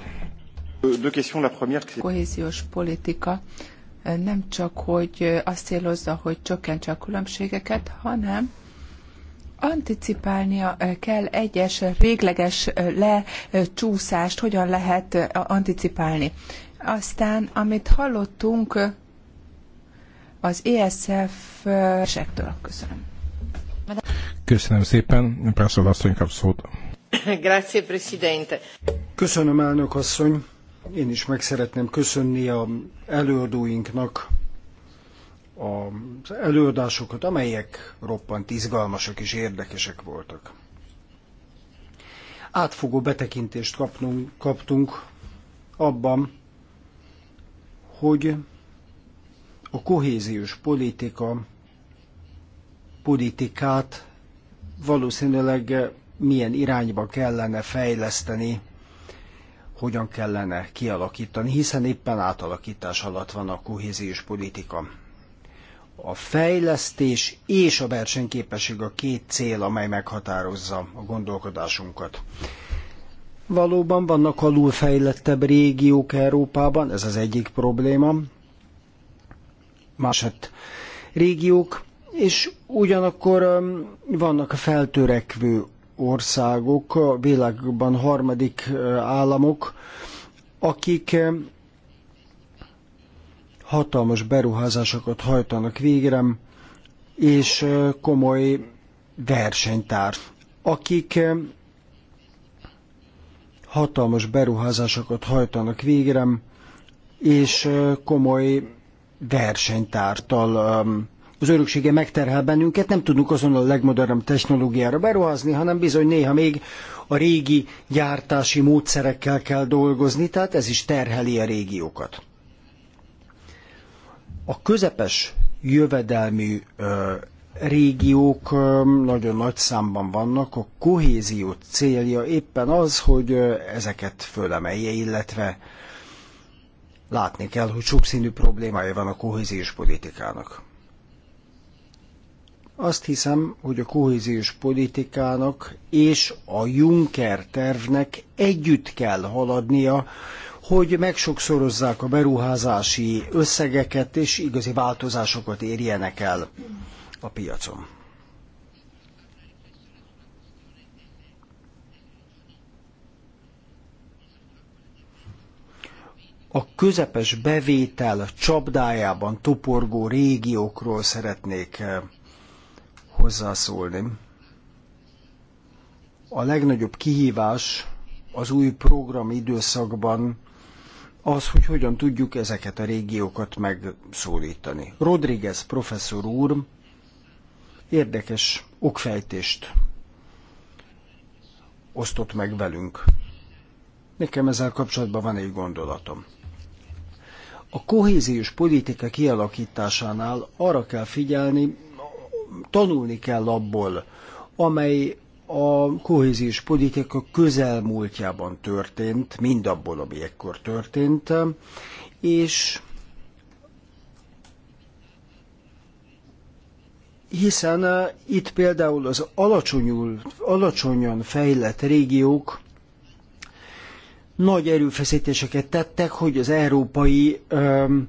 Kohéziós politika nem csak, hogy azt célozza, hogy csökkentse a különbségeket, hanem anticipálnia kell egyes végleges lecsúszást, hogyan lehet anticipálni. Aztán, amit hallottunk az ESF esektől. Köszönöm. Köszönöm szépen. Prászol asszony kap szót. Grazie, Presidente. Köszönöm, elnök asszony. Én is meg szeretném köszönni a előadóinknak az előadásokat, amelyek roppant izgalmasak és érdekesek voltak. Átfogó betekintést kapnunk, kaptunk abban, hogy a kohéziós politika politikát valószínűleg milyen irányba kellene fejleszteni hogyan kellene kialakítani, hiszen éppen átalakítás alatt van a kohéziós politika. A fejlesztés és a versenyképesség a két cél, amely meghatározza a gondolkodásunkat. Valóban vannak alulfejlettebb régiók Európában, ez az egyik probléma. Másod régiók, és ugyanakkor um, vannak a feltörekvő országok, a világban harmadik államok, akik hatalmas beruházásokat hajtanak végre, és komoly versenytár, akik hatalmas beruházásokat hajtanak végre, és komoly versenytártal az öröksége megterhel bennünket, nem tudunk azon a legmodernabb technológiára beruházni, hanem bizony néha még a régi gyártási módszerekkel kell dolgozni, tehát ez is terheli a régiókat. A közepes jövedelmű ö, régiók ö, nagyon nagy számban vannak, a kohézió célja éppen az, hogy ö, ezeket fölemelje, illetve látni kell, hogy sokszínű problémája van a kohéziós politikának. Azt hiszem, hogy a kohéziós politikának és a Juncker tervnek együtt kell haladnia, hogy megsokszorozzák a beruházási összegeket, és igazi változásokat érjenek el a piacon. a közepes bevétel csapdájában toporgó régiókról szeretnék hozzászólni. A legnagyobb kihívás az új program időszakban az, hogy hogyan tudjuk ezeket a régiókat megszólítani. Rodriguez professzor úr érdekes okfejtést osztott meg velünk. Nekem ezzel kapcsolatban van egy gondolatom. A kohéziós politika kialakításánál arra kell figyelni, tanulni kell abból, amely a kohéziós politika közelmúltjában történt, mind abból, ami ekkor történt, és hiszen uh, itt például az alacsonyul, alacsonyan fejlett régiók nagy erőfeszítéseket tettek, hogy az európai öm, um,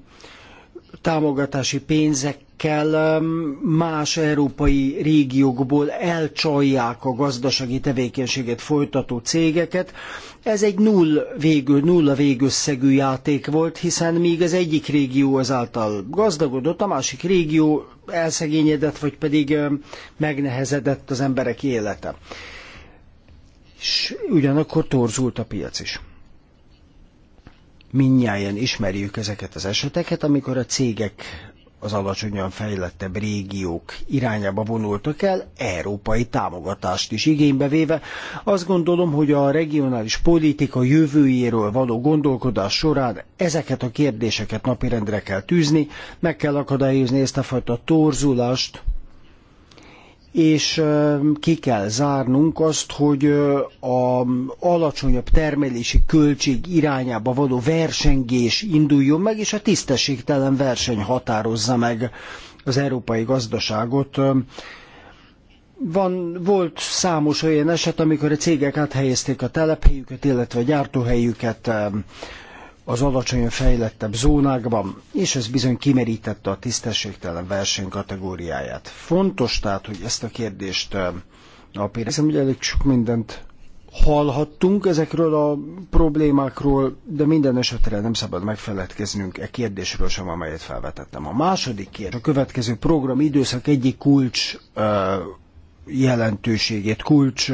támogatási pénzekkel más európai régiókból elcsalják a gazdasági tevékenységet folytató cégeket. Ez egy null végő, nulla végösszegű játék volt, hiszen míg az egyik régió ezáltal gazdagodott, a másik régió elszegényedett, vagy pedig megnehezedett az emberek élete. És ugyanakkor torzult a piac is. Mindnyáján ismerjük ezeket az eseteket, amikor a cégek az alacsonyan fejlettebb régiók irányába vonultak el, európai támogatást is igénybe véve. Azt gondolom, hogy a regionális politika jövőjéről való gondolkodás során ezeket a kérdéseket napirendre kell tűzni, meg kell akadályozni ezt a fajta torzulást, és ki kell zárnunk azt, hogy a alacsonyabb termelési költség irányába való versengés induljon meg, és a tisztességtelen verseny határozza meg az európai gazdaságot. Van, volt számos olyan eset, amikor a cégek áthelyezték a telephelyüket, illetve a gyártóhelyüket az alacsonyan fejlettebb zónákban, és ez bizony kimerítette a tisztességtelen verseny kategóriáját. Fontos tehát, hogy ezt a kérdést a hiszem, hogy elég sok mindent hallhattunk ezekről a problémákról, de minden esetre nem szabad megfeledkeznünk e kérdésről sem, amelyet felvetettem. A második kérdés, a következő program időszak egyik kulcs jelentőségét, kulcs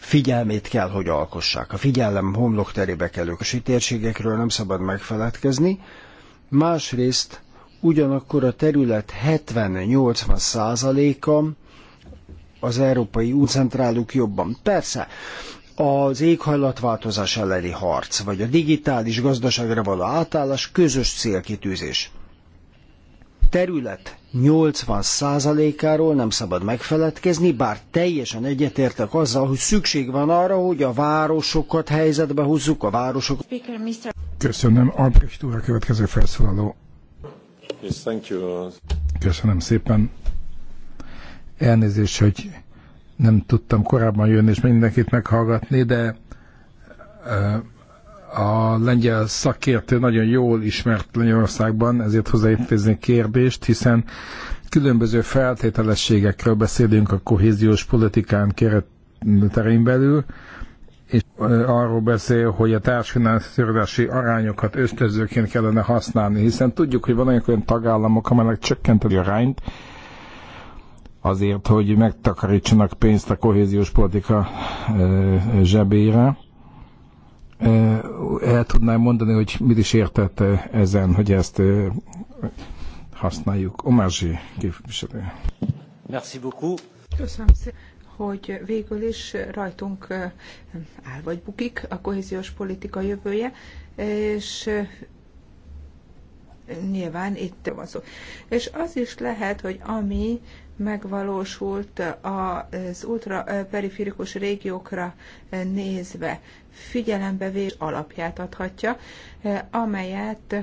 figyelmét kell, hogy alkossák. A figyelem homlokterébe terébe ők. A térségekről nem szabad megfeledkezni. Másrészt ugyanakkor a terület 70-80 százaléka az Európai Unicentráluk jobban. Persze, az éghajlatváltozás elleni harc, vagy a digitális gazdaságra való átállás közös célkitűzés terület 80%-áról nem szabad megfeledkezni, bár teljesen egyetértek azzal, hogy szükség van arra, hogy a városokat helyzetbe húzzuk a városokat. Köszönöm. Albrecht úr a következő felszólaló. Yes, thank you. Köszönöm szépen. Elnézést, hogy nem tudtam korábban jönni és mindenkit meghallgatni, de a lengyel szakértő nagyon jól ismert Lengyelországban, ezért hozzáintézni kérdést, hiszen különböző feltételességekről beszélünk a kohéziós politikán keretterén belül, és arról beszél, hogy a társfinanszírozási arányokat ösztözőként kellene használni, hiszen tudjuk, hogy vannak olyan tagállamok, amelyek csökkenteni arányt, azért, hogy megtakarítsanak pénzt a kohéziós politika zsebére el tudnám mondani, hogy mit is értette ezen, hogy ezt használjuk. Omázsi képviselő. Merci beaucoup. Köszönöm szépen hogy végül is rajtunk áll vagy bukik a kohéziós politika jövője, és nyilván itt van szó. És az is lehet, hogy ami megvalósult az ultraperiférikus régiókra nézve figyelembevés alapját adhatja, eh, amelyet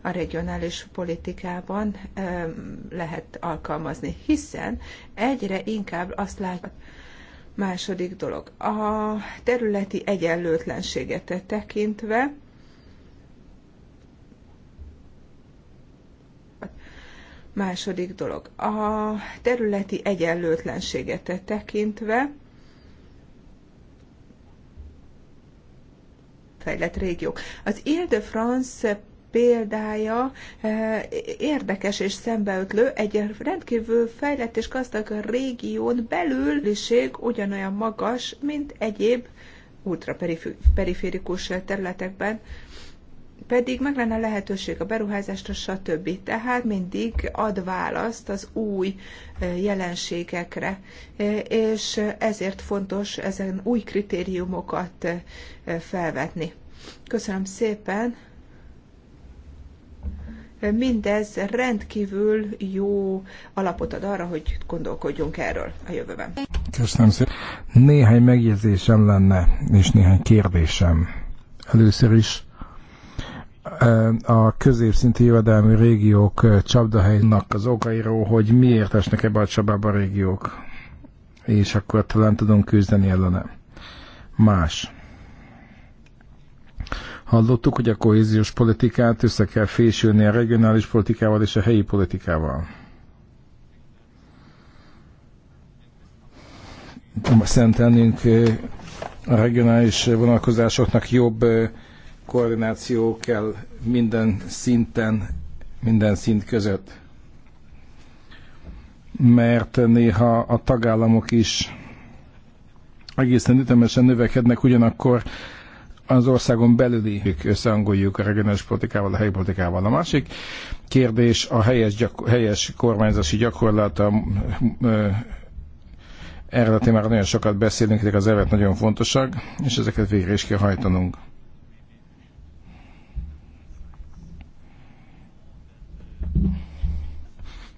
a regionális politikában eh, lehet alkalmazni, hiszen egyre inkább azt látjuk, Második dolog, a területi egyenlőtlenséget tekintve, Második dolog, a területi egyenlőtlenséget tekintve, fejlett régiók. Az Ile-de-France példája eh, érdekes és szembeötlő, egy rendkívül fejlett és gazdag régión belüliség ugyanolyan magas, mint egyéb ultraperiférikus területekben pedig meg lenne lehetőség a beruházásra, stb. Tehát mindig ad választ az új eh, jelenségekre, eh, és ezért fontos ezen új kritériumokat eh, felvetni. Köszönöm szépen! Mindez rendkívül jó alapot ad arra, hogy gondolkodjunk erről a jövőben. Köszönöm szépen. Néhány megjegyzésem lenne, és néhány kérdésem. Először is a középszinti jövedelmű régiók csapdahelynak az okairól, hogy miért esnek ebbe a csapába a régiók, és akkor talán tudunk küzdeni ellene. Más. Hallottuk, hogy a kohéziós politikát össze kell fésülni a regionális politikával és a helyi politikával. Szentelnünk a regionális vonalkozásoknak jobb koordináció kell minden szinten, minden szint között. Mert néha a tagállamok is egészen ütemesen növekednek, ugyanakkor az országon belüli összehangoljuk a regionális politikával, a helyi politikával. A másik kérdés a helyes, gyakor- helyes kormányzási gyakorlat, a, ö, erről a témáról nagyon sokat beszélünk, ezek az elvet nagyon fontosak, és ezeket végre is kell hajtanunk.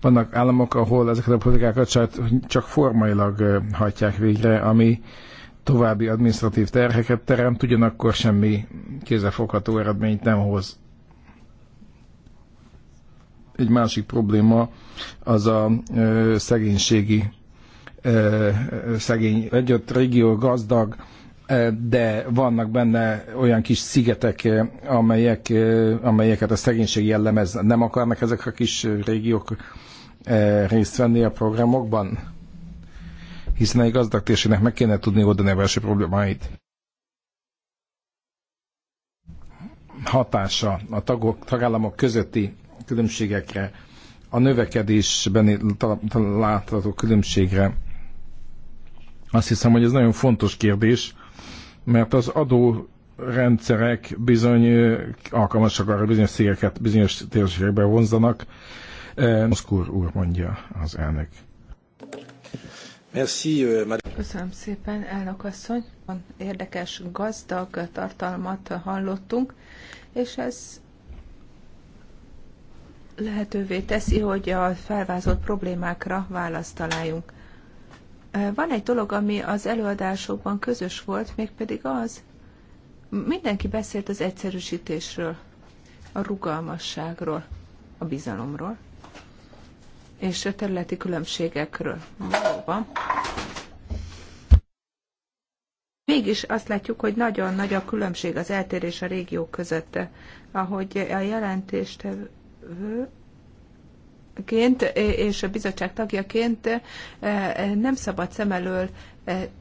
vannak államok, ahol ezeket a politikákat csak, csak formailag hajtják végre, ami további administratív terheket teremt, ugyanakkor semmi kézefogható eredményt nem hoz. Egy másik probléma az a ö, szegénységi ö, szegény, egy ott régió gazdag, de vannak benne olyan kis szigetek, amelyek, amelyeket a szegénység jellemez. Nem akarnak ezek a kis régiók részt venni a programokban? Hiszen egy gazdag térségnek meg kéne tudni oldani a problémáit. Hatása a tagok, tagállamok közötti különbségekre, a növekedésben látható különbségre. Azt hiszem, hogy ez nagyon fontos kérdés mert az adó rendszerek bizony alkalmasak arra bizonyos cégeket bizonyos térségekbe vonzanak. Moszkúr úr mondja az elnök. Köszönöm szépen, elnök asszony. Érdekes, gazdag tartalmat hallottunk, és ez lehetővé teszi, hogy a felvázolt problémákra választ találjunk. Van egy dolog, ami az előadásokban közös volt, mégpedig az, mindenki beszélt az egyszerűsítésről, a rugalmasságról, a bizalomról, és a területi különbségekről. Valóban. Mégis azt látjuk, hogy nagyon nagy a különbség, az eltérés a régiók között, ahogy a jelentést ként és a bizottság tagjaként nem szabad szem elől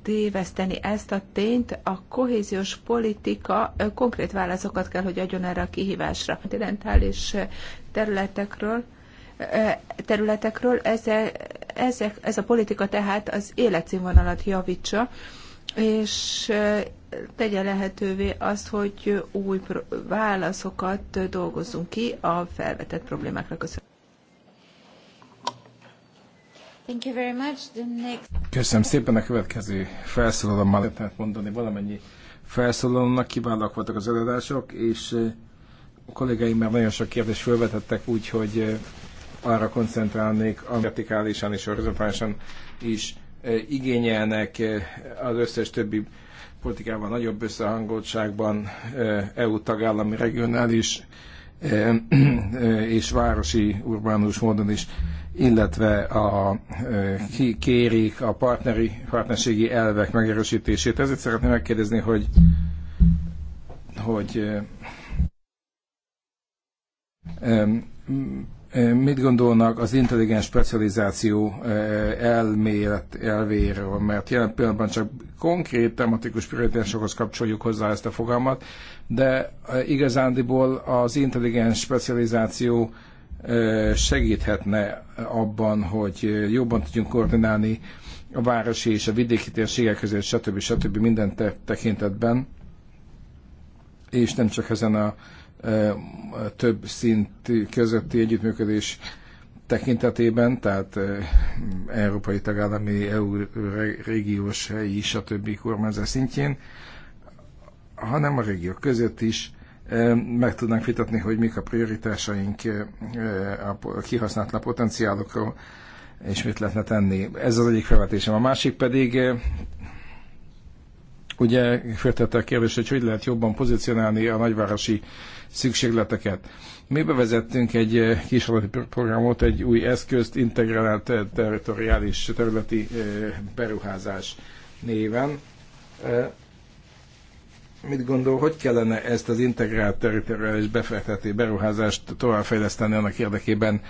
téveszteni ezt a tényt, a kohéziós politika konkrét válaszokat kell, hogy adjon erre a kihívásra. Kontinentális területekről területekről, ezek, ez, ez a politika tehát az életszínvonalat javítsa, és tegye lehetővé azt, hogy új válaszokat dolgozzunk ki a felvetett problémákra. Köszönöm. Köszönöm szépen a következő felszólalommal lehet mondani valamennyi felszólalónak, kiválóak voltak az előadások, és eh, a kollégáim már nagyon sok kérdést felvetettek, úgyhogy eh, arra koncentrálnék, a vertikálisan és horizontálisan is eh, igényelnek az összes többi politikában nagyobb összehangoltságban EU tagállami regionális és városi urbánus módon is illetve a, kérik a partneri, partnerségi elvek megerősítését. Ezért szeretném megkérdezni, hogy, hogy mit gondolnak az intelligens specializáció elmélet elvéről, mert jelen pillanatban csak konkrét tematikus prioritásokhoz kapcsoljuk hozzá ezt a fogalmat, de igazándiból az intelligens specializáció segíthetne abban, hogy jobban tudjunk koordinálni a városi és a vidéki térségek között, stb. stb. minden te- tekintetben, és nem csak ezen a több szint közötti együttműködés tekintetében, tehát európai tagállami, EU régiós, helyi, stb. kormányzás szintjén, hanem a régiók között is meg tudnánk vitatni, hogy mik a prioritásaink a kihasználatlan potenciálokról, és mit lehetne tenni. Ez az egyik felvetésem. A másik pedig, ugye feltette a kérdés, hogy hogy lehet jobban pozícionálni a nagyvárosi szükségleteket. Mi bevezettünk egy kísérleti programot, egy új eszközt, integrált territoriális területi beruházás néven mit gondol, hogy kellene ezt az integrált territoriális befektető beruházást továbbfejleszteni annak érdekében,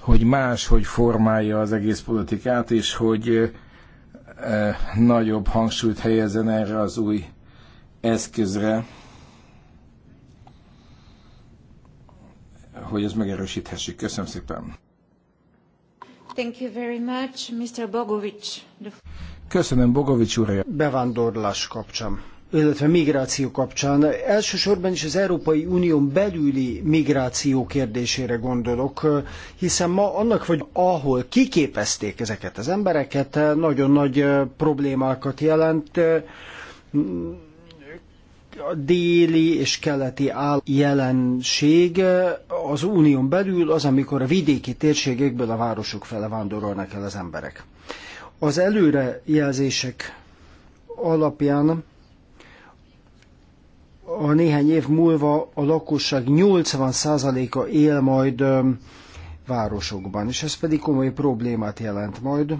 hogy más, hogy formálja az egész politikát, és hogy e, nagyobb hangsúlyt helyezzen erre az új eszközre, hogy ez megerősíthessük. Köszönöm szépen. Thank you very much, Mr. Bogovic. Köszönöm, Bogovics úr. Bevándorlás kapcsán illetve migráció kapcsán. Elsősorban is az Európai Unión belüli migráció kérdésére gondolok, hiszen ma annak vagy ahol kiképezték ezeket az embereket, nagyon nagy problémákat jelent a déli és keleti áll jelenség az unión belül az, amikor a vidéki térségekből a városok fele vándorolnak el az emberek. Az előrejelzések alapján a néhány év múlva a lakosság 80%-a él majd városokban, és ez pedig komoly problémát jelent majd.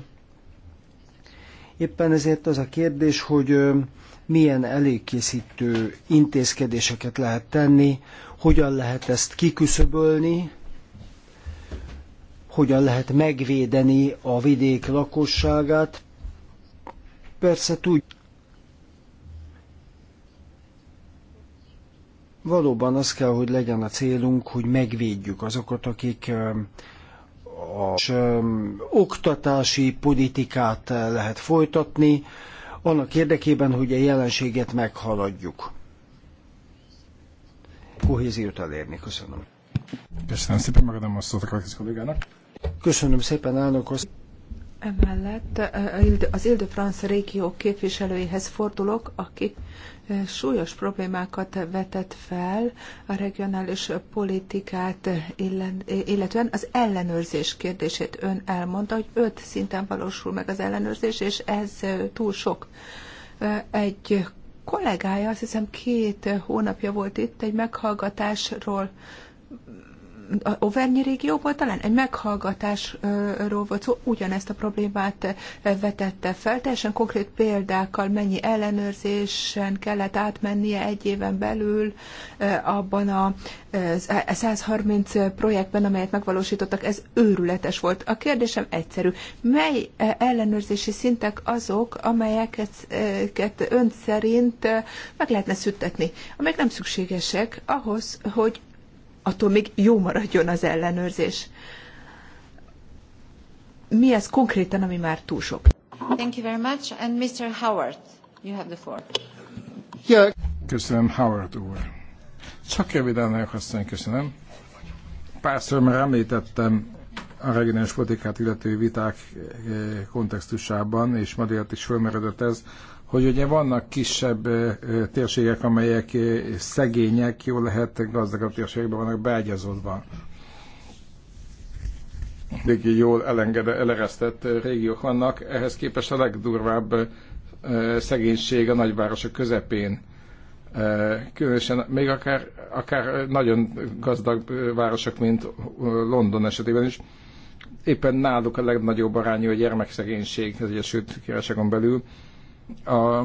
Éppen ezért az a kérdés, hogy milyen elégkészítő intézkedéseket lehet tenni, hogyan lehet ezt kiküszöbölni, hogyan lehet megvédeni a vidék lakosságát. Persze tudjuk, Valóban az kell, hogy legyen a célunk, hogy megvédjük azokat, akik a oktatási politikát lehet folytatni, annak érdekében, hogy a jelenséget meghaladjuk. Kohéziót elérni. Köszönöm. Köszönöm szépen, megadom a szót a kollégának. Köszönöm szépen, elnök Emellett az Ile de France régió képviselőihez fordulok, aki súlyos problémákat vetett fel a regionális politikát, illetően az ellenőrzés kérdését ön elmondta, hogy öt szinten valósul meg az ellenőrzés, és ez túl sok. Egy kollégája, azt hiszem két hónapja volt itt, egy meghallgatásról Overnyi régióból talán egy meghallgatásról volt szó, ugyanezt a problémát eh, vetette fel, teljesen konkrét példákkal, mennyi ellenőrzésen kellett átmennie egy éven belül eh, abban a 130 e, projektben, amelyet megvalósítottak, ez őrületes volt. A kérdésem egyszerű. Mely eh, ellenőrzési szintek azok, amelyeket ön szerint meg lehetne szüntetni, amelyek nem szükségesek ahhoz, hogy attól még jó maradjon az ellenőrzés. Mi ez konkrétan, ami már túl sok? Thank you very much. And Mr. Howard, you have the floor. Yeah. Köszönöm, Howard úr. Csak röviden elhasználni, köszönöm. Párszor már említettem a regionális politikát illető viták eh, kontextusában, és ma is fölmerült ez, hogy ugye vannak kisebb térségek, amelyek szegények, jó lehet gazdagabb térségekben vannak beágyazódva. Végig jól elenged, eleresztett régiók vannak, ehhez képest a legdurvább szegénység a nagyvárosok közepén. Különösen még akár, akár nagyon gazdag városok, mint London esetében is, éppen náluk a legnagyobb arányú a gyermekszegénység az Egyesült Királyságon belül a,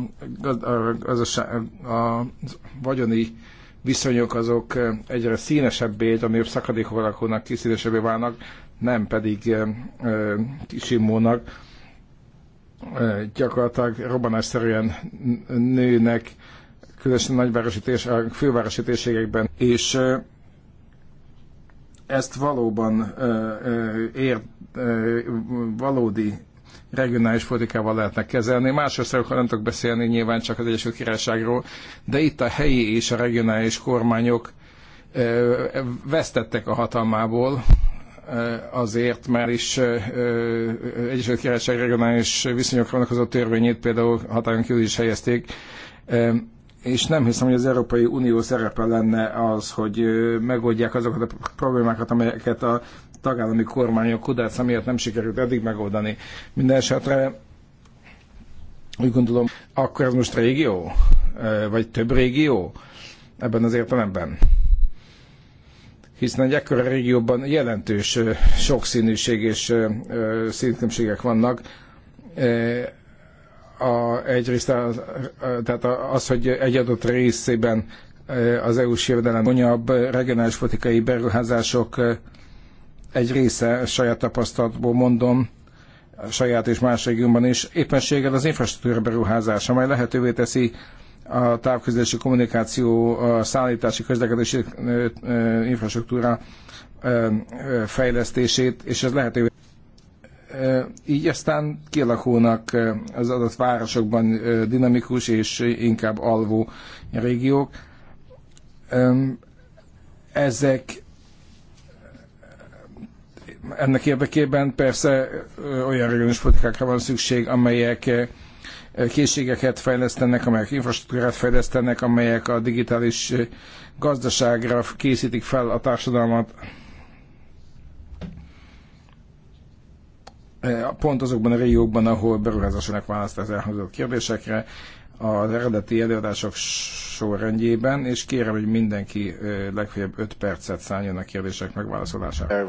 a, a vagyoni viszonyok azok eh, egyre színesebbé, a szakadékok alakulnak ki, színesebbé válnak, nem pedig ö, eh, E, eh, Gyakorlatilag robbanásszerűen nőnek, különösen nagyvárosi tés, a fővárosi térségekben, és e, ezt valóban e, ér, valódi regionális politikával lehetne kezelni. Más országokkal nem tudok beszélni, nyilván csak az Egyesült Királyságról, de itt a helyi és a regionális kormányok vesztettek a hatalmából, azért, mert is Egyesült Királyság regionális viszonyokra vonatkozó törvényét például hatályon kívül is helyezték, és nem hiszem, hogy az Európai Unió szerepe lenne az, hogy megoldják azokat a problémákat, amelyeket a tagállami kormányok kudarca miatt nem sikerült eddig megoldani. Minden esetre úgy gondolom, akkor ez most régió? Vagy több régió? Ebben az értelemben. Hiszen egy ekkora régióban jelentős sokszínűség és szintkülönbségek vannak, a, egyrészt a, tehát az, hogy egy adott részében az EU-s jövedelem vonyabb regionális politikai beruházások egy része saját tapasztalatból mondom, saját és más régiumban is, éppenséggel az infrastruktúra beruházás, amely lehetővé teszi a távközlési kommunikáció, a szállítási közlekedési infrastruktúra fejlesztését, és ez lehetővé így aztán kialakulnak az adott városokban dinamikus és inkább alvó régiók. Ezek ennek érdekében persze olyan regionális politikákra van szükség, amelyek készségeket fejlesztenek, amelyek infrastruktúrát fejlesztenek, amelyek a digitális gazdaságra készítik fel a társadalmat. Pont azokban a régiókban, ahol beruházásoknak választ az elhangzott kérdésekre, az eredeti előadások sorrendjében, és kérem, hogy mindenki legfeljebb 5 percet szálljon a kérdések megválaszolására.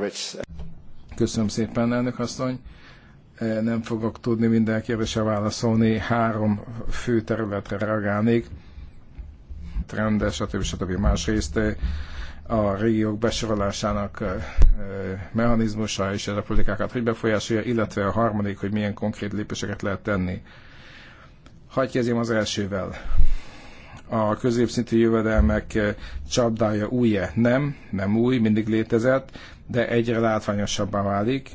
Köszönöm szépen, elnök asszony. E, nem fogok tudni minden kérdésre válaszolni. Három fő területre reagálnék. Trend, stb. stb. Másrészt e, a régiók besorolásának e, mechanizmusa és ez a politikákat hogy befolyásolja, illetve a harmadik, hogy milyen konkrét lépéseket lehet tenni. Hagyj kezdjem az elsővel a középszintű jövedelmek eh, csapdája új-e? Nem, nem új, mindig létezett, de egyre látványosabbá válik.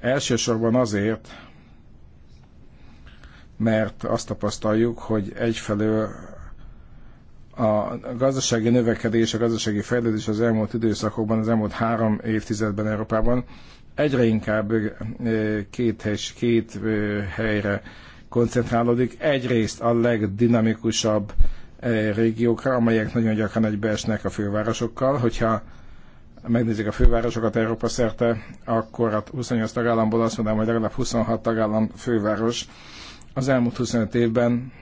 Elsősorban azért, mert azt tapasztaljuk, hogy egyfelől a gazdasági növekedés, a gazdasági fejlődés az elmúlt időszakokban, az elmúlt három évtizedben Európában egyre inkább eh, két, hely, két eh, helyre koncentrálódik. Egyrészt a legdinamikusabb E, régiókra, amelyek nagyon gyakran egybeesnek a fővárosokkal. Hogyha megnézzük a fővárosokat Európa szerte, akkor a 28 tagállamból azt mondanám, hogy legalább 26 tagállam főváros az elmúlt 25 évben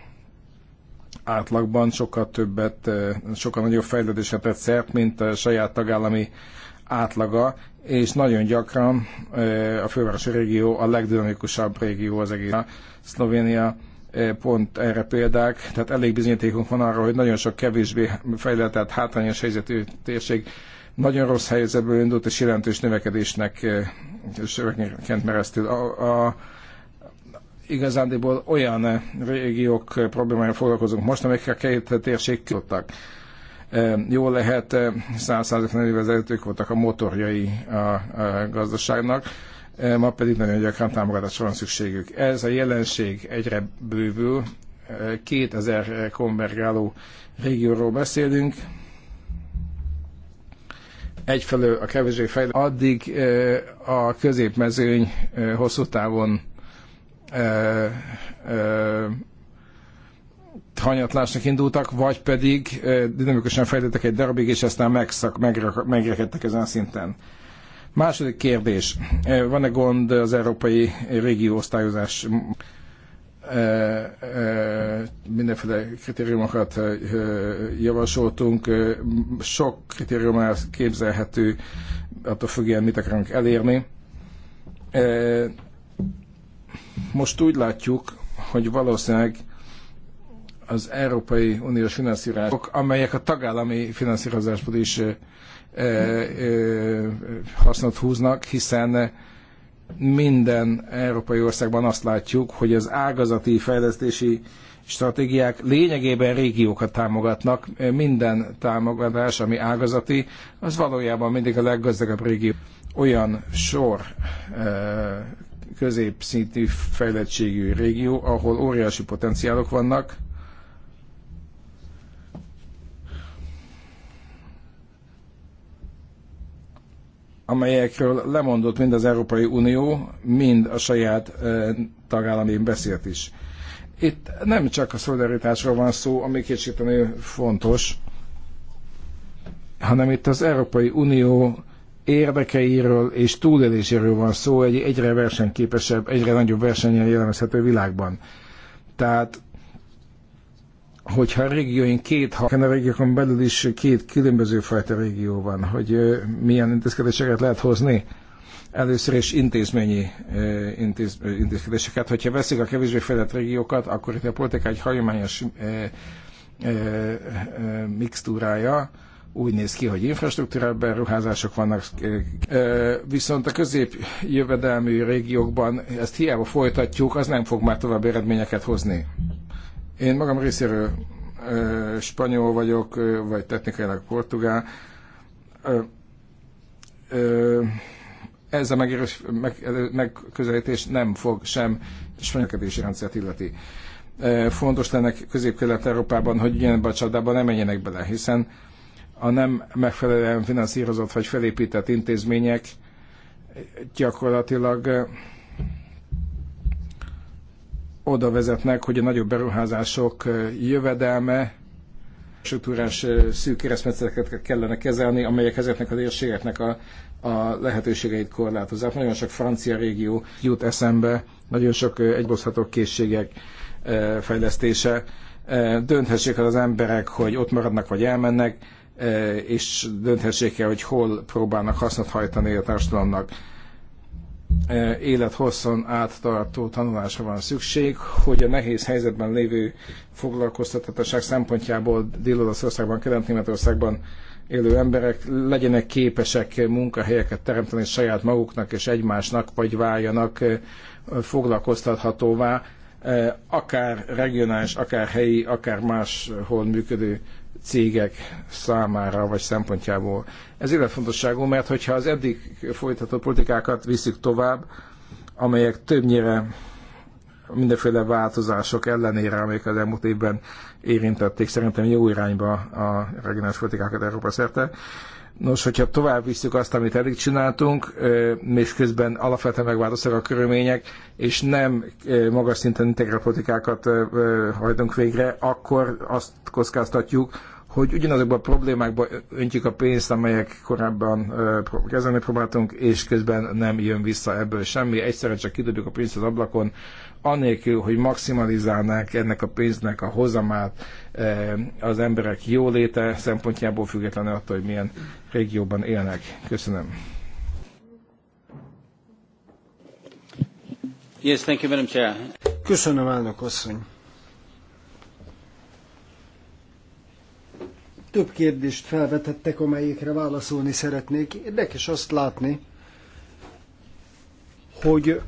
átlagban sokkal többet, e, sokkal nagyobb fejlődésre tett szert, mint a saját tagállami átlaga, és nagyon gyakran e, a fővárosi régió a legdinamikusabb régió az egész. Szlovénia E, pont erre példák, tehát elég bizonyítékunk van arra, hogy nagyon sok kevésbé fejletett hátrányos helyzetű térség nagyon rossz helyzetből indult, és jelentős növekedésnek e, és mereztül. A, a, igazándiból olyan régiók problémája foglalkozunk most, amikkel a két térség tudtak. E, Jó lehet, 100-150 évvel ezelőtt ők voltak a motorjai a, a gazdaságnak, Eh, ma pedig nagyon gyakran támogatásra van szükségük. Ez a jelenség egyre bővül, 2000 eh, eh, konvergáló régióról beszélünk, egyfelől a kevésbé fejlett, addig a középmezőny hosszú távon hanyatlásnak indultak, vagy pedig dinamikusan fejlődtek egy darabig, és aztán megszak, megrekedtek ezen a szinten. Második kérdés. Van-e gond az európai régió osztályozás mindenféle kritériumokat javasoltunk. Sok kritérium képzelhető, attól függően mit akarunk elérni. Most úgy látjuk, hogy valószínűleg az Európai Uniós finanszírozások, amelyek a tagállami finanszírozásból is hasznot húznak, hiszen minden európai országban azt látjuk, hogy az ágazati fejlesztési stratégiák lényegében régiókat támogatnak. Minden támogatás, ami ágazati, az valójában mindig a leggazdagabb régió. Olyan sor középszintű fejlettségű régió, ahol óriási potenciálok vannak, amelyekről lemondott mind az Európai Unió, mind a saját tagállamén beszélt is. Itt nem csak a szolidaritásról van szó, ami kétségtelenül fontos, hanem itt az Európai Unió érdekeiről és túléléséről van szó egy egyre versenyképesebb, egyre nagyobb versenyen jellemezhető világban. Tehát hogyha a régióink két, ha a régiókon belül is két különböző fajta régió van, hogy milyen intézkedéseket lehet hozni, először is intézményi intéz, intézkedéseket. Hogyha veszik a kevésbé fejlett régiókat, akkor itt a politika egy hagyományos e, e, e, mixtúrája úgy néz ki, hogy infrastruktúrában ruházások vannak, viszont a középjövedelmű régiókban ezt hiába folytatjuk, az nem fog már tovább eredményeket hozni. Én magam részéről spanyol vagyok, vagy technikailag portugál. Ez a megérős, meg, megközelítés nem fog sem spanyolkedési rendszert illeti. Fontos lenne Közép-Kelet-Európában, hogy ilyen a csapdában nem menjenek bele, hiszen a nem megfelelően finanszírozott vagy felépített intézmények gyakorlatilag oda vezetnek, hogy a nagyobb beruházások jövedelme struktúrás szűk keresztmetszeteket kellene kezelni, amelyek ezeknek az érségeknek a, a lehetőségeit korlátozzák. Nagyon sok francia régió jut eszembe, nagyon sok egybozható készségek fejlesztése. Dönthessék az emberek, hogy ott maradnak vagy elmennek, és dönthessék el, hogy hol próbálnak hasznot hajtani a társadalomnak E, élethosszon áttartó tanulásra van szükség, hogy a nehéz helyzetben lévő foglalkoztatottság szempontjából Dél-Olaszországban, Kelet-Németországban élő emberek legyenek képesek munkahelyeket teremteni saját maguknak és egymásnak, vagy váljanak e, foglalkoztathatóvá, e, akár regionális, akár helyi, akár máshol működő cégek számára vagy szempontjából. Ez életfontosságú, mert hogyha az eddig folytatott politikákat viszik tovább, amelyek többnyire mindenféle változások ellenére, amelyek az elmúlt évben érintették, szerintem jó irányba a regionális politikákat Európa szerte. Nos, hogyha tovább visszük azt, amit eddig csináltunk, és közben alapvetően megváltoztak a körülmények, és nem magas szinten integrált politikákat hajtunk végre, akkor azt kockáztatjuk, hogy ugyanazokban a problémákba öntjük a pénzt, amelyek korábban kezelni próbáltunk, és közben nem jön vissza ebből semmi. Egyszerre csak kidobjuk a pénzt az ablakon, anélkül, hogy maximalizálnák ennek a pénznek a hozamát az emberek jóléte szempontjából, függetlenül attól, hogy milyen régióban élnek. Köszönöm. Yes, thank you, Madam Chair. Köszönöm, elnök asszony. Több kérdést felvetettek, amelyekre válaszolni szeretnék. Érdekes azt látni, hogy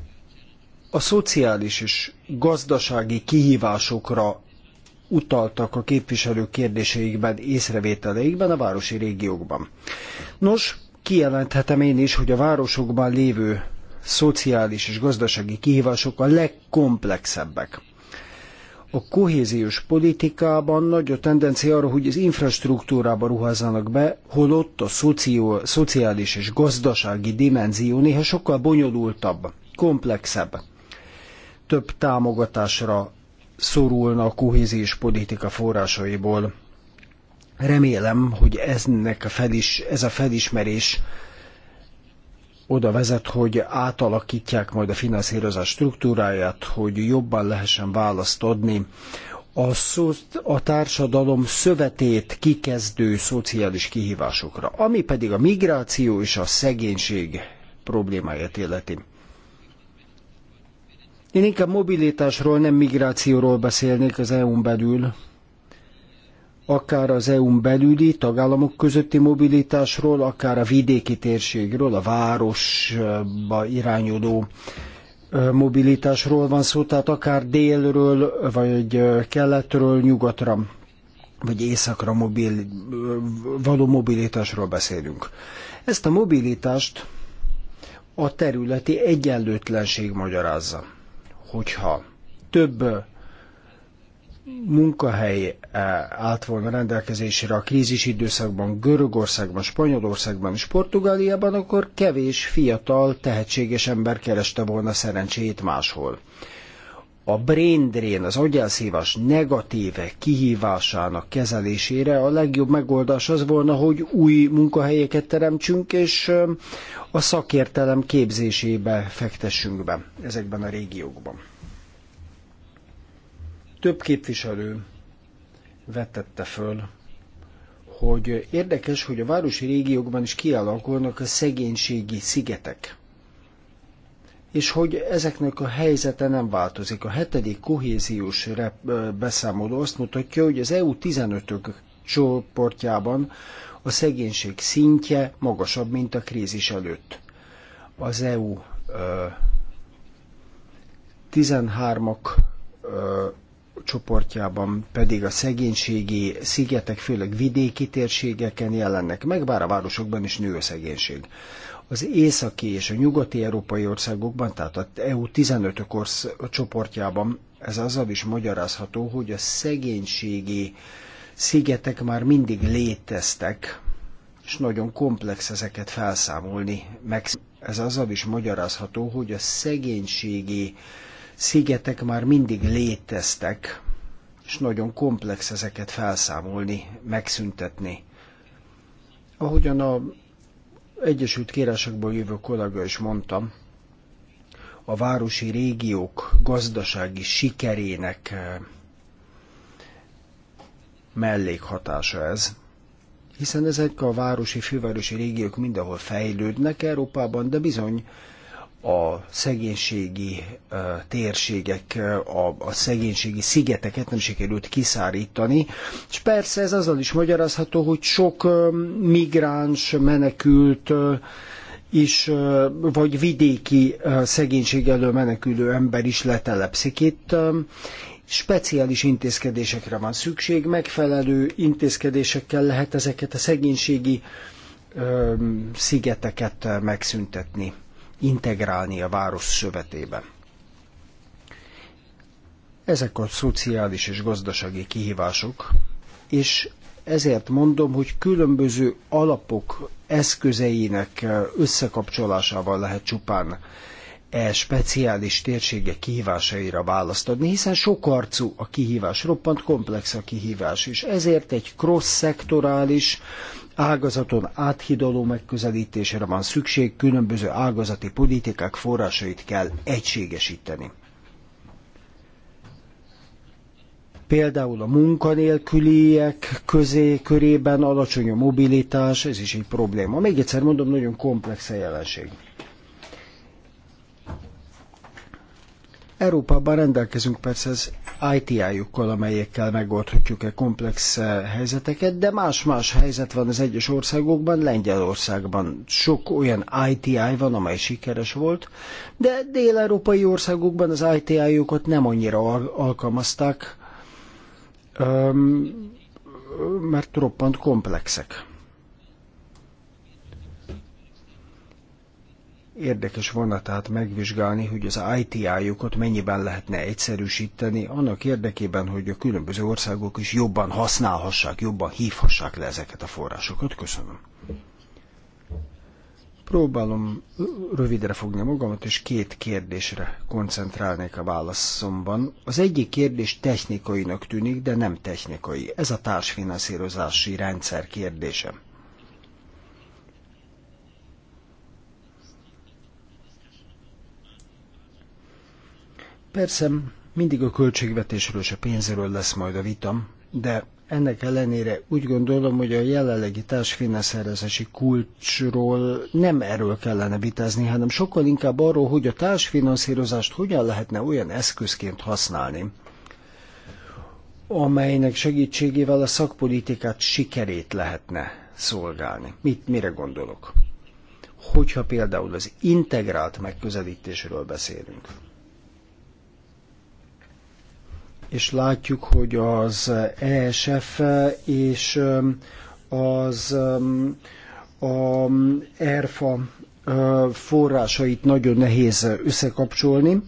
a szociális és gazdasági kihívásokra utaltak a képviselők kérdéseikben, észrevételeikben a városi régiókban. Nos, kijelenthetem én is, hogy a városokban lévő szociális és gazdasági kihívások a legkomplexebbek. A kohéziós politikában nagy a tendencia arra, hogy az infrastruktúrába ruházzanak be, holott a szoció, szociális és gazdasági dimenzió néha sokkal bonyolultabb, komplexebb. Több támogatásra szorulna a kohéziós politika forrásaiból. Remélem, hogy eznek a felis, ez a felismerés oda vezet, hogy átalakítják majd a finanszírozás struktúráját, hogy jobban lehessen választ adni a, szó, a társadalom szövetét kikezdő szociális kihívásokra, ami pedig a migráció és a szegénység problémáját illeti. Én inkább mobilitásról, nem migrációról beszélnék az EU-n belül, akár az EU-n belüli tagállamok közötti mobilitásról, akár a vidéki térségről, a városba irányuló mobilitásról van szó, tehát akár délről, vagy keletről, nyugatra, vagy északra mobil, való mobilitásról beszélünk. Ezt a mobilitást a területi egyenlőtlenség magyarázza. Hogyha több munkahely eh, állt volna rendelkezésre a krízis időszakban Görögországban, Spanyolországban és Portugáliában, akkor kevés fiatal, tehetséges ember kereste volna szerencsét máshol. A brain drain, az agyelszívás negatíve kihívásának kezelésére a legjobb megoldás az volna, hogy új munkahelyeket teremtsünk, és eh, a szakértelem képzésébe fektessünk be ezekben a régiókban. Több képviselő vetette föl, hogy érdekes, hogy a városi régiókban is kialakulnak a szegénységi szigetek és hogy ezeknek a helyzete nem változik. A hetedik kohéziós beszámoló azt mutatja, hogy az EU 15-ök csoportjában a szegénység szintje magasabb, mint a krízis előtt. Az EU 13-ak csoportjában pedig a szegénységi szigetek, főleg vidéki térségeken jelennek meg, bár a városokban is nő a szegénység. Az északi és a nyugati európai országokban, tehát az EU 15-ök csoportjában ez azzal is magyarázható, hogy a szegénységi szigetek már mindig léteztek, és nagyon komplex ezeket felszámolni. Meg ez azzal is magyarázható, hogy a szegénységi szigetek már mindig léteztek, és nagyon komplex ezeket felszámolni, megszüntetni. Ahogyan a Egyesült Királyságból jövő kollega is mondtam, a városi régiók gazdasági sikerének eh, mellékhatása ez, hiszen ezek a városi, fővárosi régiók mindenhol fejlődnek Európában, de bizony a szegénységi térségek, a, a szegénységi szigeteket nem sikerült kiszárítani. És persze ez azzal is magyarázható, hogy sok migráns menekült is, vagy vidéki szegénység elől menekülő ember is letelepszik itt. Speciális intézkedésekre van szükség, megfelelő intézkedésekkel lehet ezeket a szegénységi szigeteket megszüntetni integrálni a város szövetébe. Ezek a szociális és gazdasági kihívások, és ezért mondom, hogy különböző alapok eszközeinek összekapcsolásával lehet csupán e speciális térsége kihívásaira választ adni, hiszen sokarcú a kihívás, roppant komplex a kihívás, és ezért egy cross-szektorális ágazaton áthidaló megközelítésre van szükség, különböző ágazati politikák forrásait kell egységesíteni. Például a munkanélküliek közé, körében alacsony a mobilitás, ez is egy probléma. Még egyszer mondom, nagyon komplex a jelenség. Európában rendelkezünk persze az ITI-jukkal, amelyekkel megoldhatjuk e komplex e, helyzeteket, de más-más helyzet van az egyes országokban, Lengyelországban sok olyan ITI van, amely sikeres volt, de dél-európai országokban az ITI-jukat nem annyira alkalmazták, mert roppant komplexek. érdekes volna tehát megvizsgálni, hogy az ITI-okat mennyiben lehetne egyszerűsíteni, annak érdekében, hogy a különböző országok is jobban használhassák, jobban hívhassák le ezeket a forrásokat. Köszönöm. Próbálom rövidre fogni magamat, és két kérdésre koncentrálnék a válaszomban. Az egyik kérdés technikainak tűnik, de nem technikai. Ez a társfinanszírozási rendszer kérdése. Persze mindig a költségvetésről és a pénzről lesz majd a vitam, de ennek ellenére úgy gondolom, hogy a jelenlegi társfinanszírozási kulcsról nem erről kellene vitázni, hanem sokkal inkább arról, hogy a társfinanszírozást hogyan lehetne olyan eszközként használni, amelynek segítségével a szakpolitikát sikerét lehetne szolgálni. Mit, mire gondolok? Hogyha például az integrált megközelítésről beszélünk, és látjuk, hogy az ESF és um, az um, a um, ERFA uh, forrásait nagyon nehéz összekapcsolni,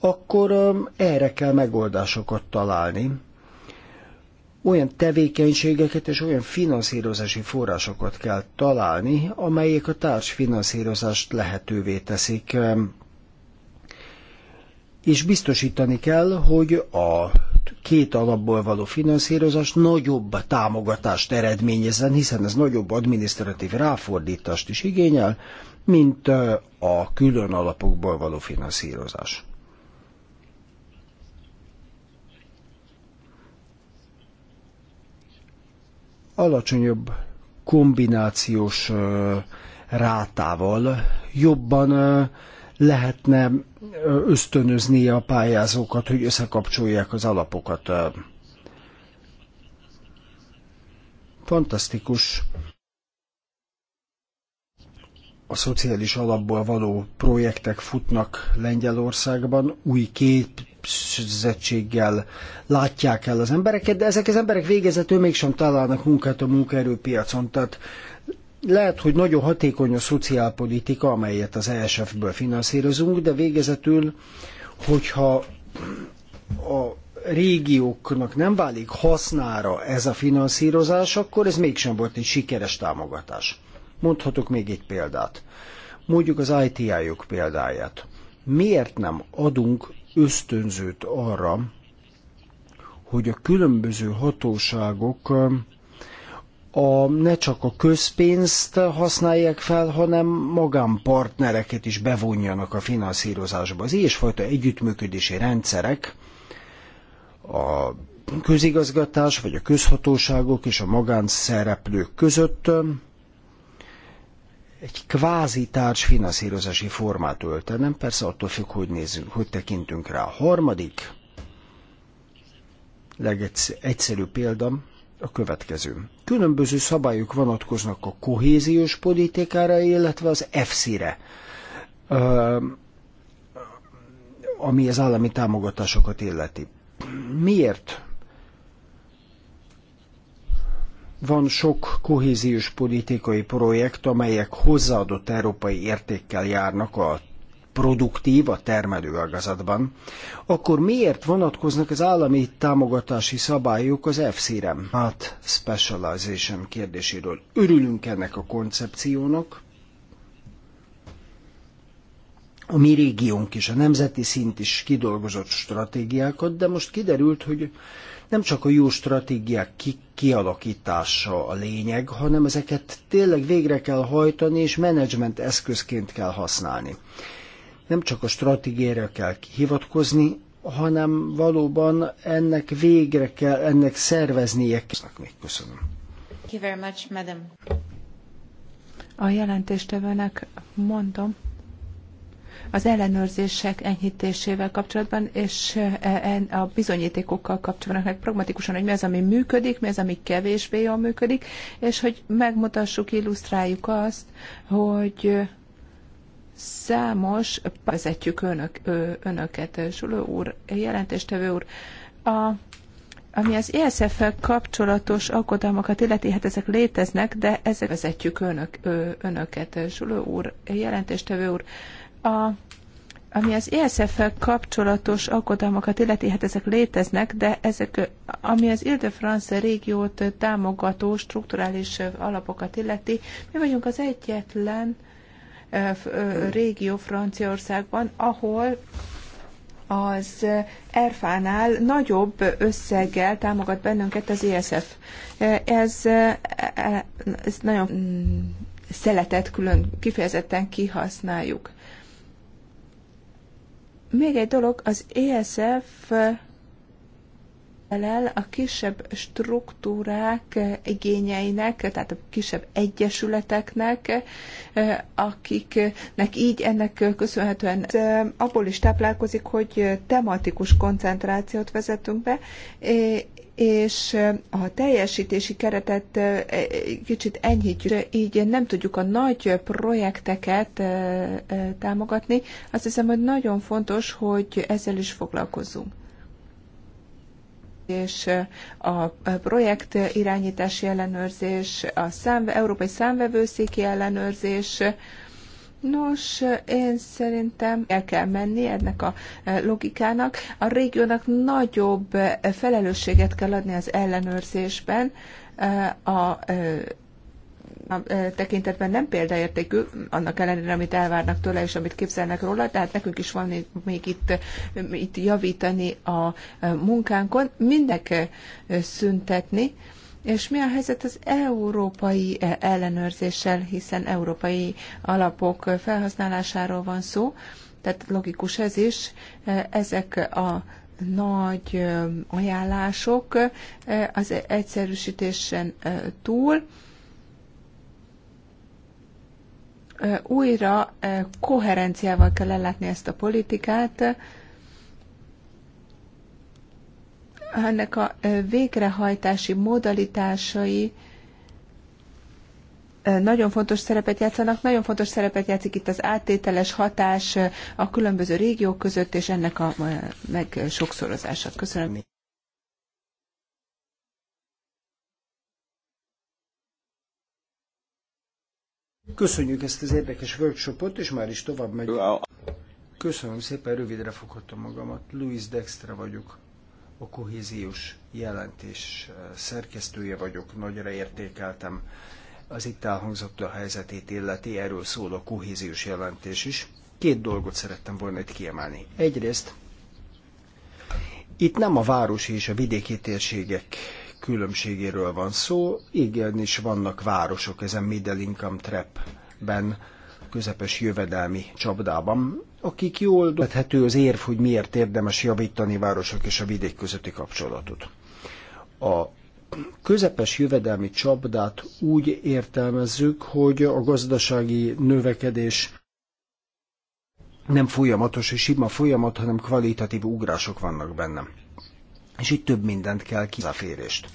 akkor erre kell megoldásokat találni. Olyan tevékenységeket és olyan finanszírozási forrásokat kell találni, amelyek a társfinanszírozást lehetővé teszik és biztosítani kell, hogy a két alapból való finanszírozás nagyobb támogatást eredményezzen, hiszen ez nagyobb adminisztratív ráfordítást is igényel, mint a külön alapokból való finanszírozás. Alacsonyabb kombinációs rátával jobban lehetne ösztönözni a pályázókat, hogy összekapcsolják az alapokat. Fantasztikus a szociális alapból való projektek futnak Lengyelországban, új képzettséggel látják el az embereket, de ezek az emberek végezetül mégsem találnak munkát a munkaerőpiacon. Tehát lehet, hogy nagyon hatékony a szociálpolitika, amelyet az ESF-ből finanszírozunk, de végezetül, hogyha a régióknak nem válik hasznára ez a finanszírozás, akkor ez mégsem volt egy sikeres támogatás. Mondhatok még egy példát. Mondjuk az ITI-ok példáját. Miért nem adunk ösztönzőt arra, hogy a különböző hatóságok a, ne csak a közpénzt használják fel, hanem magánpartnereket is bevonjanak a finanszírozásba. Az ilyesfajta együttműködési rendszerek a közigazgatás vagy a közhatóságok és a magánszereplők között um, egy kvázi társfinanszírozási formát öltenem, persze attól függ, hogy nézzünk, hogy tekintünk rá. A harmadik legegyszerűbb példa, a következő. Különböző szabályok vonatkoznak a kohéziós politikára, illetve az EFSZ-re, ami az állami támogatásokat illeti. Miért van sok kohéziós politikai projekt, amelyek hozzáadott európai értékkel járnak a produktív a ágazatban, akkor miért vonatkoznak az állami támogatási szabályok az FC-re? Hát specialization kérdéséről. Örülünk ennek a koncepciónak. A mi régiónk is, a nemzeti szint is kidolgozott stratégiákat, de most kiderült, hogy nem csak a jó stratégiák ki- kialakítása a lényeg, hanem ezeket tényleg végre kell hajtani, és menedzsment eszközként kell használni. Nem csak a stratégiára kell hivatkozni, hanem valóban ennek végre kell, ennek szerveznie kell. Még köszönöm. Thank you very much, madam. A jelentéstevőnek mondom, az ellenőrzések enyhítésével kapcsolatban, és e, a bizonyítékokkal kapcsolatban, meg pragmatikusan, hogy mi az, ami működik, mi az, ami kevésbé jól működik, és hogy megmutassuk, illusztráljuk azt, hogy Számos, vezetjük önök, önöket, Suló úr, jelentéstevő úr, a ami az ESF-fel kapcsolatos aggodalmakat illeti, hát ezek léteznek, de ezek vezetjük önök, ö, önöket, Zsuló úr, jelentéstevő úr. A, ami az ESF-fel kapcsolatos aggodalmakat illeti, hát ezek léteznek, de ezek, ami az Ile-de-France régiót támogató strukturális alapokat illeti, mi vagyunk az egyetlen régió Franciaországban, ahol az Erfánál nagyobb összeggel támogat bennünket az ISF. E ez, e, ez nagyon szeletet külön kifejezetten kihasználjuk. Még egy dolog, az ESF felel a kisebb struktúrák igényeinek, tehát a kisebb egyesületeknek, akiknek így ennek köszönhetően abból is táplálkozik, hogy tematikus koncentrációt vezetünk be, és a teljesítési keretet kicsit enyhítjük, így nem tudjuk a nagy projekteket támogatni. Azt hiszem, hogy nagyon fontos, hogy ezzel is foglalkozzunk és a projekt irányítási ellenőrzés, a számve, európai számvevőszéki ellenőrzés. Nos, én szerintem el kell menni ennek a logikának. A régiónak nagyobb felelősséget kell adni az ellenőrzésben, a a e, tekintetben nem példaértékű, annak ellenére, amit elvárnak tőle és amit képzelnek róla, tehát nekünk is van még itt, itt javítani a e, munkánkon, mindek e, szüntetni, és mi a helyzet az európai ellenőrzéssel, hiszen európai alapok felhasználásáról van szó, tehát logikus ez is, ezek a nagy ajánlások az egyszerűsítésen túl, újra koherenciával kell ellátni ezt a politikát. Ennek a végrehajtási modalitásai nagyon fontos szerepet játszanak, nagyon fontos szerepet játszik itt az áttételes hatás a különböző régiók között, és ennek a meg Köszönöm. Köszönjük ezt az érdekes workshopot, és már is tovább megy. Köszönöm szépen, rövidre foghatom magamat. Louis Dextre vagyok, a kohéziós jelentés eh, szerkesztője vagyok, nagyra értékeltem az itt elhangzott a helyzetét illeti, erről szól a kohéziós jelentés is. Két dolgot szerettem volna itt kiemelni. Egyrészt itt nem a városi és a vidéki térségek különbségéről van szó. Igen, is vannak városok ezen middle income trap-ben, közepes jövedelmi csapdában, akik jól vethető az érv, hogy miért érdemes javítani városok és a vidék közötti kapcsolatot. A közepes jövedelmi csapdát úgy értelmezzük, hogy a gazdasági növekedés nem folyamatos és sima folyamat, hanem kvalitatív ugrások vannak benne és itt több mindent kell kizaférést.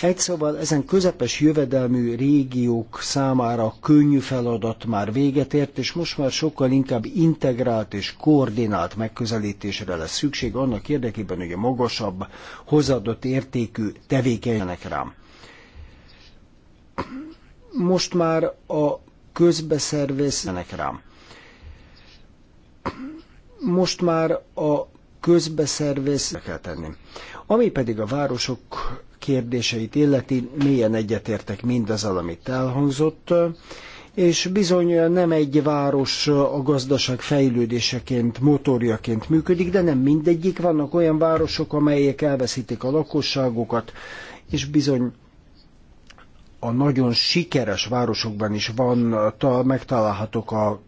Egy szóval ezen közepes jövedelmű régiók számára könnyű feladat már véget ért, és most már sokkal inkább integrált és koordinált megközelítésre lesz szükség annak érdekében, hogy a magasabb, hozadott értékű tevékenyek rám. Most már a közbeszerveznek rám. Most már a közbeszervez kell tenni. Ami pedig a városok kérdéseit illeti, mélyen egyetértek mindazzal, amit elhangzott, és bizony nem egy város a gazdaság fejlődéseként, motorjaként működik, de nem mindegyik. Vannak olyan városok, amelyek elveszítik a lakosságokat, és bizony a nagyon sikeres városokban is van, megtalálhatók a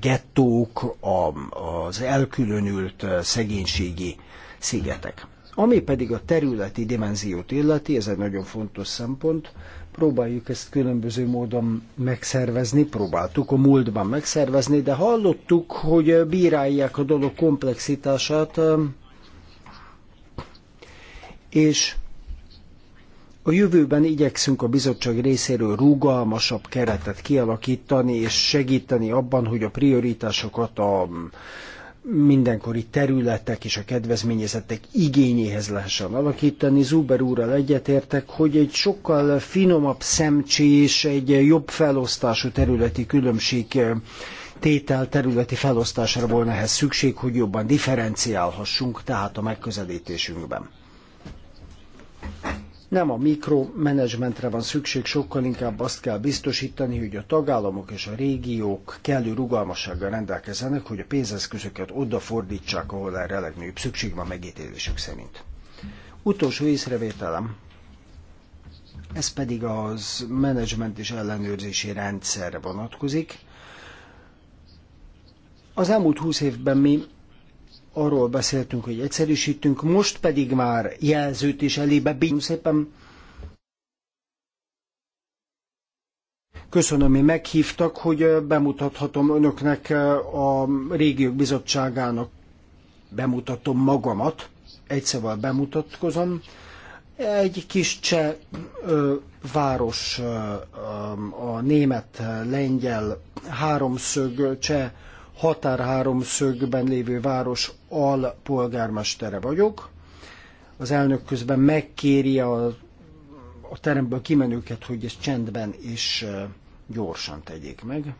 gettók, az elkülönült szegénységi szigetek. Ami pedig a területi dimenziót illeti, ez egy nagyon fontos szempont, próbáljuk ezt különböző módon megszervezni, próbáltuk a múltban megszervezni, de hallottuk, hogy bírálják a dolog komplexitását, és a jövőben igyekszünk a bizottság részéről rugalmasabb keretet kialakítani és segíteni abban, hogy a prioritásokat a mm, mindenkori területek és a kedvezményezettek igényéhez lehessen alakítani. Zuber úrral egyetértek, hogy egy sokkal finomabb szemcsés, egy jobb felosztású területi különbség e, tétel területi felosztásra volna ehhez szükség, hogy jobban differenciálhassunk tehát a megközelítésünkben. Nem a mikromanagementre van szükség, sokkal inkább azt kell biztosítani, hogy a tagállamok és a régiók kellő rugalmassággal rendelkezzenek, hogy a pénzeszközöket odafordítsák, ahol erre legnagyobb szükség van megítélésük szerint. Utolsó észrevételem, ez pedig az menedzsment és ellenőrzési rendszerre vonatkozik. Az elmúlt húsz évben mi arról beszéltünk, hogy egyszerűsítünk, most pedig már jelzőt is elébe bízunk szépen. Köszönöm, hogy meghívtak, hogy bemutathatom önöknek a régiók bizottságának, bemutatom magamat, egyszerűen szóval bemutatkozom. Egy kis cseh ö, város, ö, a német-lengyel háromszög cseh határháromszögben lévő város alpolgármestere vagyok. Az elnök közben megkéri a, a teremből kimenőket, hogy ezt csendben és gyorsan tegyék meg.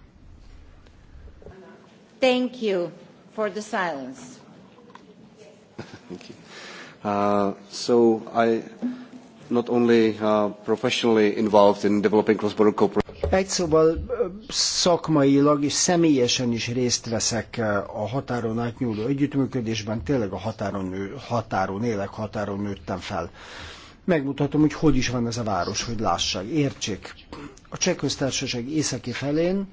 Thank you for the silence. Thank you. Uh, so I not only uh, professionally involved in developing cross-border cooperation. Egy szóval szakmailag és személyesen is részt veszek a határon átnyúló együttműködésben, tényleg a határon, nő, határon élek, határon nőttem fel. Megmutatom, hogy hogy is van ez a város, hogy lássák, értsék. A cseh köztársaság északi felén,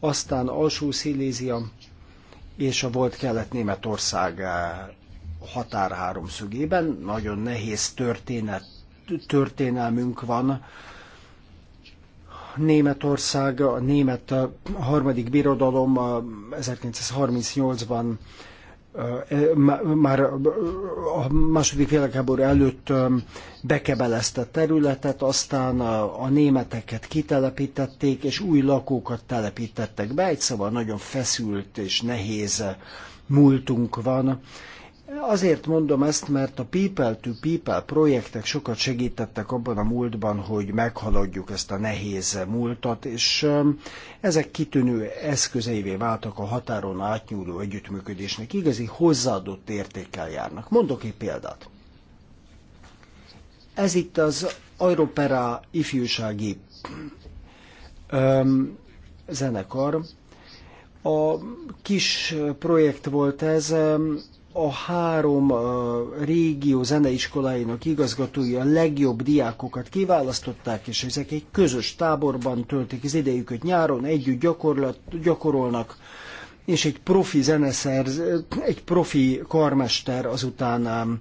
aztán alsó Szilézia és a volt kelet-németország határ háromszögében. Nagyon nehéz történet történelmünk van. Németország, a német harmadik birodalom 1938-ban e, már a második világháború előtt bekebelezte területet, aztán a, németeket kitelepítették, és új lakókat telepítettek be. Egy szóval nagyon feszült és nehéz múltunk van. Azért mondom ezt, mert a people-to-people projektek sokat segítettek abban a múltban, hogy meghaladjuk ezt a nehéz múltat, és um, ezek kitűnő eszközeivé váltak a határon átnyúló együttműködésnek, igazi hozzáadott értékkel járnak. Mondok egy példát. Ez itt az Europera ifjúsági öm, um, zenekar. A kis projekt volt ez, um, a három a régió zeneiskoláinak igazgatói a legjobb diákokat kiválasztották, és ezek egy közös táborban töltik az idejüket nyáron, együtt gyakorolnak, és egy profi zeneszerz, egy profi karmester azután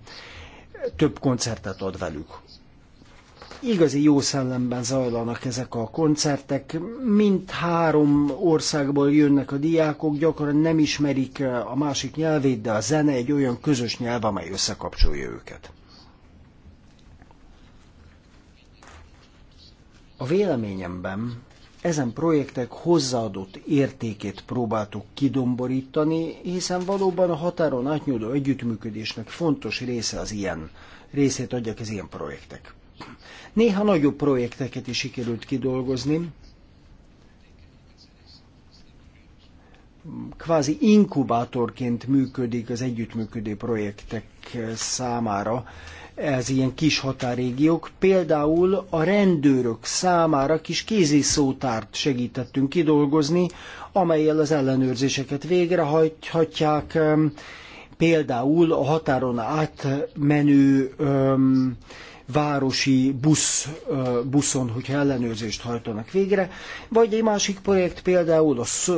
több koncertet ad velük. Igazi jó szellemben zajlanak ezek a koncertek. Mint három országból jönnek a diákok, gyakran nem ismerik a másik nyelvét, de a zene egy olyan közös nyelv, amely összekapcsolja őket. A véleményemben ezen projektek hozzáadott értékét próbáltuk kidomborítani, hiszen valóban a határon átnyúló együttműködésnek fontos része az ilyen, részét adják az ilyen projektek. Néha nagyobb projekteket is sikerült kidolgozni, kvázi inkubátorként működik az együttműködő projektek számára ez ilyen kis határégiók. Például a rendőrök számára kis kéziszótárt segítettünk kidolgozni, amelyel az ellenőrzéseket végrehajthatják, például a határon átmenő városi busz, buszon, hogyha ellenőrzést hajtanak végre. Vagy egy másik projekt például az,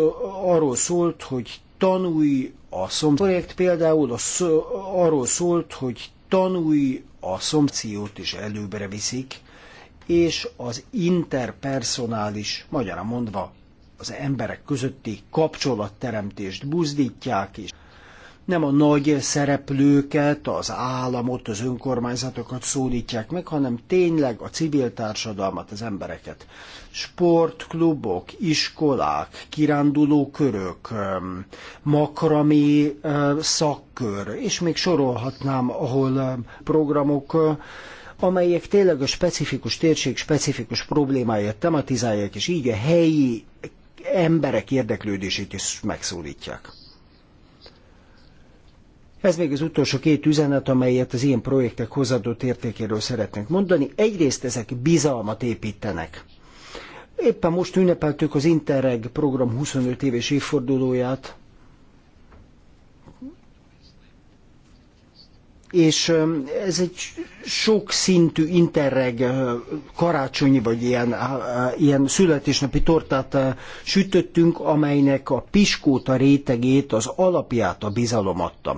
arról szólt, hogy tanulj a szom... projekt például az, arról szólt, hogy tanulj a szomciót is előbbre viszik, és az interpersonális, magyarán mondva, az emberek közötti kapcsolatteremtést buzdítják, és nem a nagy szereplőket, az államot, az önkormányzatokat szólítják meg, hanem tényleg a civil társadalmat, az embereket. Sportklubok, iskolák, kirándulókörök, makramé szakkör, és még sorolhatnám, ahol programok amelyek tényleg a specifikus térség specifikus problémáját tematizálják, és így a helyi emberek érdeklődését is megszólítják. Ez még az utolsó két üzenet, amelyet az ilyen projektek hozzáadott értékéről szeretnék mondani. Egyrészt ezek bizalmat építenek. Éppen most ünnepeltük az Interreg program 25 éves évfordulóját, és ez egy sokszintű interreg karácsonyi vagy ilyen, ilyen születésnapi tortát sütöttünk, amelynek a piskóta rétegét, az alapját a bizalom adta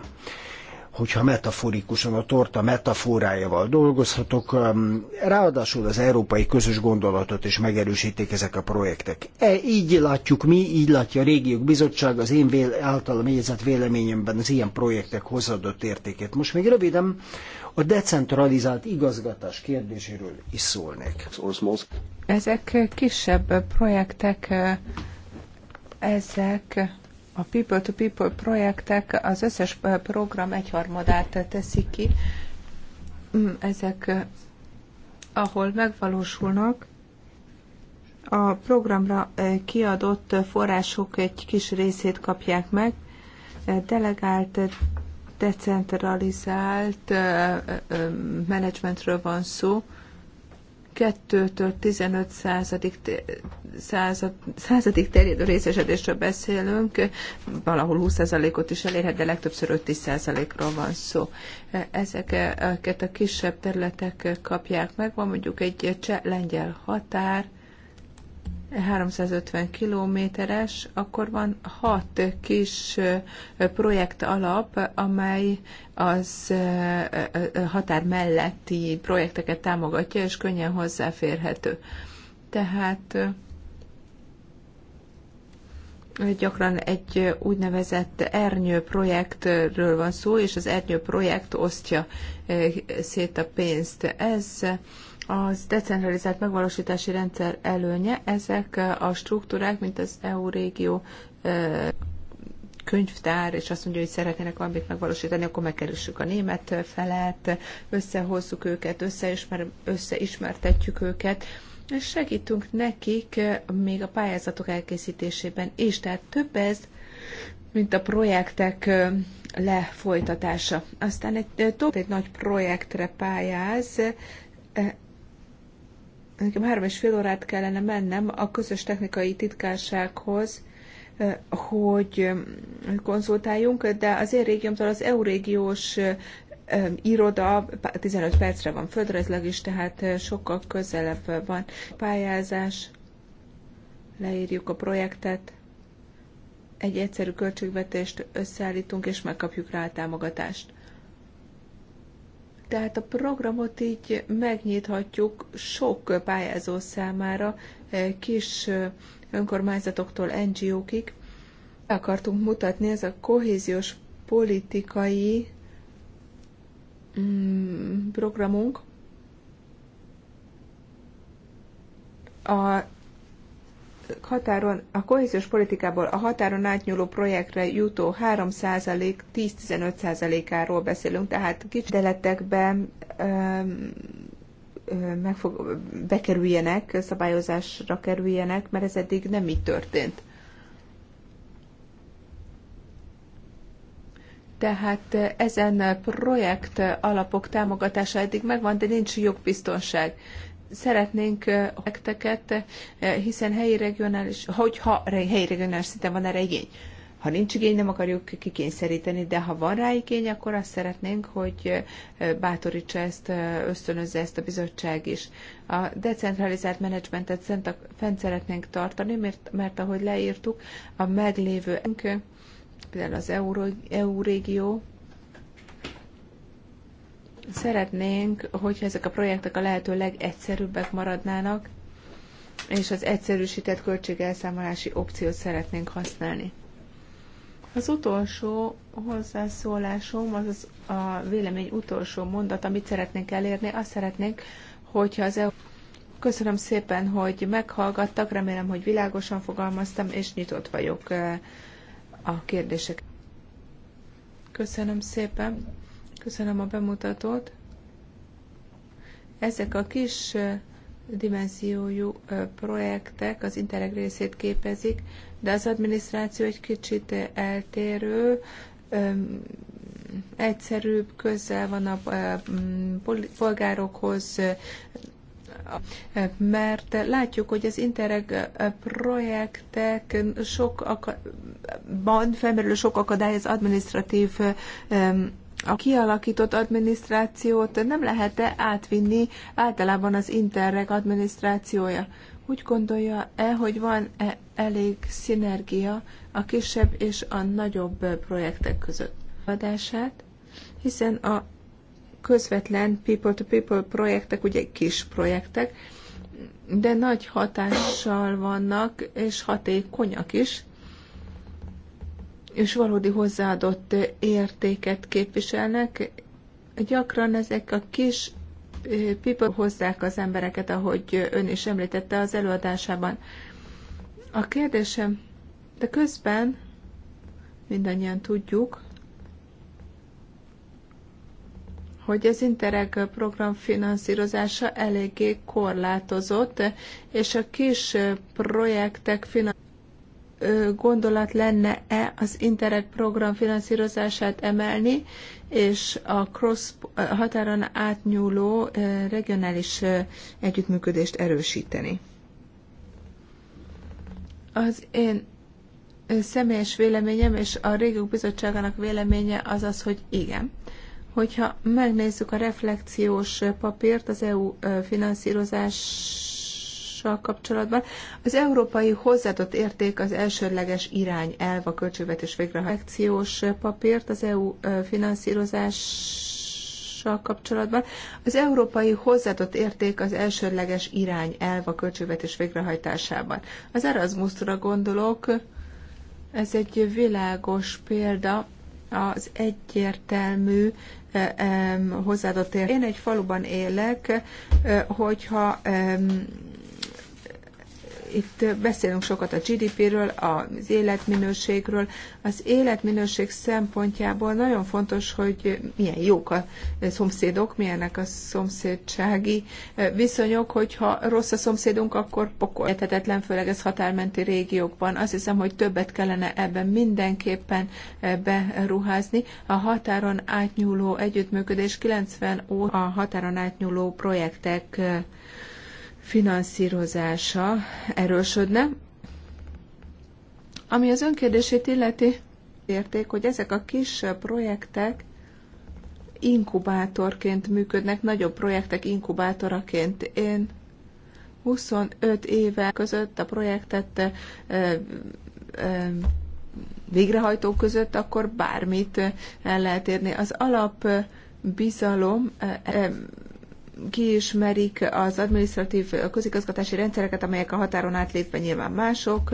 hogyha metaforikusan a torta metaforájával dolgozhatok. Um, ráadásul az európai közös gondolatot is megerősítik ezek a projektek. E, így látjuk mi, így látja a régiók bizottság, az én véle, általam jegyzett véleményemben az ilyen projektek hozzáadott értékét. Most még röviden a decentralizált igazgatás kérdéséről is szólnék. Ezek kisebb projektek, ezek a people-to-people projektek az összes program egyharmadát teszik ki. Mm, ezek, ahol megvalósulnak, a programra kiadott források egy kis részét kapják meg, delegált, decentralizált menedzsmentről van szó, 2-től 15 századik, század, századik terjedő részesedésről beszélünk, valahol 20 százalékot is elérhet, de legtöbbször 5-10 százalékról van szó. Ezeket a kisebb területek kapják meg, van mondjuk egy cseh-lengyel határ, 350 kilométeres, akkor van hat kis projekt alap, amely az határ melletti projekteket támogatja, és könnyen hozzáférhető. Tehát gyakran egy úgynevezett ernyő projektről van szó, és az ernyő projekt osztja szét a pénzt. Ez az decentralizált megvalósítási rendszer előnye, ezek a struktúrák, mint az EU régió könyvtár, és azt mondja, hogy szeretnének valamit megvalósítani, akkor megkeressük a német felet, összehozzuk őket, összeismer, összeismertetjük őket, és segítünk nekik még a pályázatok elkészítésében is. Tehát több ez, mint a projektek lefolytatása. Aztán egy, egy nagy projektre pályáz, nekem három és fél órát kellene mennem a közös technikai titkársághoz, hogy konzultáljunk, de az én régiómtól az EU-régiós iroda 15 percre van földrajzilag is, tehát sokkal közelebb van pályázás, leírjuk a projektet, egy egyszerű költségvetést összeállítunk, és megkapjuk rá a támogatást tehát a programot így megnyithatjuk sok pályázó számára, eh, kis eh, önkormányzatoktól NGO-kig. Akartunk mutatni, ez a kohéziós politikai mm, programunk a határon, a kohéziós politikából a határon átnyúló projektre jutó 3% 10-15%-áról beszélünk, tehát kicsi deletekbe bekerüljenek, szabályozásra kerüljenek, mert ez eddig nem így történt. Tehát ezen projekt alapok támogatása eddig megvan, de nincs jogbiztonság szeretnénk nekteket, hiszen helyi regionális, hogyha helyi regionális szinten van erre igény. Ha nincs igény, nem akarjuk kikényszeríteni, de ha van rá igény, akkor azt szeretnénk, hogy bátorítsa ezt, ösztönözze ezt a bizottság is. A decentralizált menedzsmentet fent szeretnénk tartani, mert, mert ahogy leírtuk, a meglévő, például az EU, EU régió, Szeretnénk, hogyha ezek a projektek a lehető legegyszerűbbek maradnának, és az egyszerűsített költségelszámolási opciót szeretnénk használni. Az utolsó hozzászólásom, az, az a vélemény utolsó mondat, amit szeretnénk elérni, azt szeretnénk, hogyha az EU... Köszönöm szépen, hogy meghallgattak, remélem, hogy világosan fogalmaztam, és nyitott vagyok eh, a kérdések. Köszönöm szépen. Köszönöm a bemutatót. Ezek a kis dimenziójú projektek az Interreg részét képezik, de az adminisztráció egy kicsit eltérő, egyszerűbb, közel van a polgárokhoz, mert látjuk, hogy az Interreg projektek sokban felmerül sok akadály az administratív a kialakított adminisztrációt nem lehet-e átvinni általában az Interreg adminisztrációja? Úgy gondolja-e, hogy van -e elég szinergia a kisebb és a nagyobb projektek között? Adását, hiszen a közvetlen people-to-people -people projektek ugye kis projektek, de nagy hatással vannak, és hatékonyak is és valódi hozzáadott értéket képviselnek. Gyakran ezek a kis eh, pipa hozzák az embereket, ahogy ön is említette az előadásában. A kérdésem, de közben mindannyian tudjuk, hogy az Interreg program finanszírozása eléggé korlátozott, és a kis eh, projektek finanszírozása gondolat lenne-e az internet program finanszírozását emelni, és a cross határon átnyúló regionális együttműködést erősíteni. Az én személyes véleményem és a régiók bizottságának véleménye az az, hogy igen. Hogyha megnézzük a reflekciós papírt az EU finanszírozás finanszírozással kapcsolatban. Az európai hozzáadott érték az elsődleges irány elv a költségvetés végrehajtációs papírt az EU finanszírozás kapcsolatban. Az európai hozzáadott érték az elsődleges irány elv a költségvetés végrehajtásában. Az Erasmusra gondolok, ez egy világos példa az egyértelmű hozzáadott érték. Én egy faluban élek, hogyha itt beszélünk sokat a GDP-ről, az életminőségről. Az életminőség szempontjából nagyon fontos, hogy milyen jók a szomszédok, milyenek a szomszédsági viszonyok, hogyha rossz a szomszédunk, akkor pokol. Érthetetlen, főleg ez határmenti régiókban. Azt hiszem, hogy többet kellene ebben mindenképpen beruházni. A határon átnyúló együttműködés 90 óta a határon átnyúló projektek finanszírozása erősödne. Ami az önkérdését illeti, érték, hogy ezek a kis projektek inkubátorként működnek, nagyobb projektek inkubátoraként. Én 25 éve között a projektet végrehajtó között, akkor bármit el lehet érni. Az alap bizalom kiismerik az administratív közigazgatási rendszereket, amelyek a határon átlépve nyilván mások,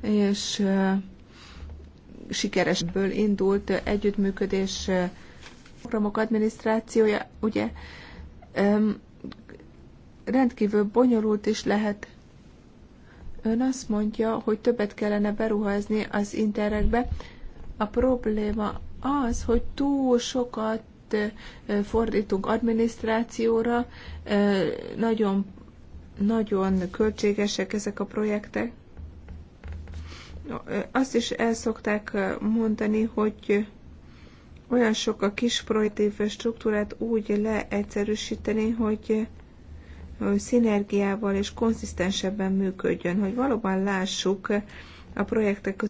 és sikeresből indult együttműködés programok adminisztrációja, ugye rendkívül bonyolult is lehet. Ön azt mondja, hogy többet kellene beruházni az interekbe. A probléma az, hogy túl sokat fordítunk adminisztrációra, nagyon, nagyon költségesek ezek a projektek. Azt is el szokták mondani, hogy olyan sok a kis projektív struktúrát úgy leegyszerűsíteni, hogy szinergiával és konzisztensebben működjön, hogy valóban lássuk a projektek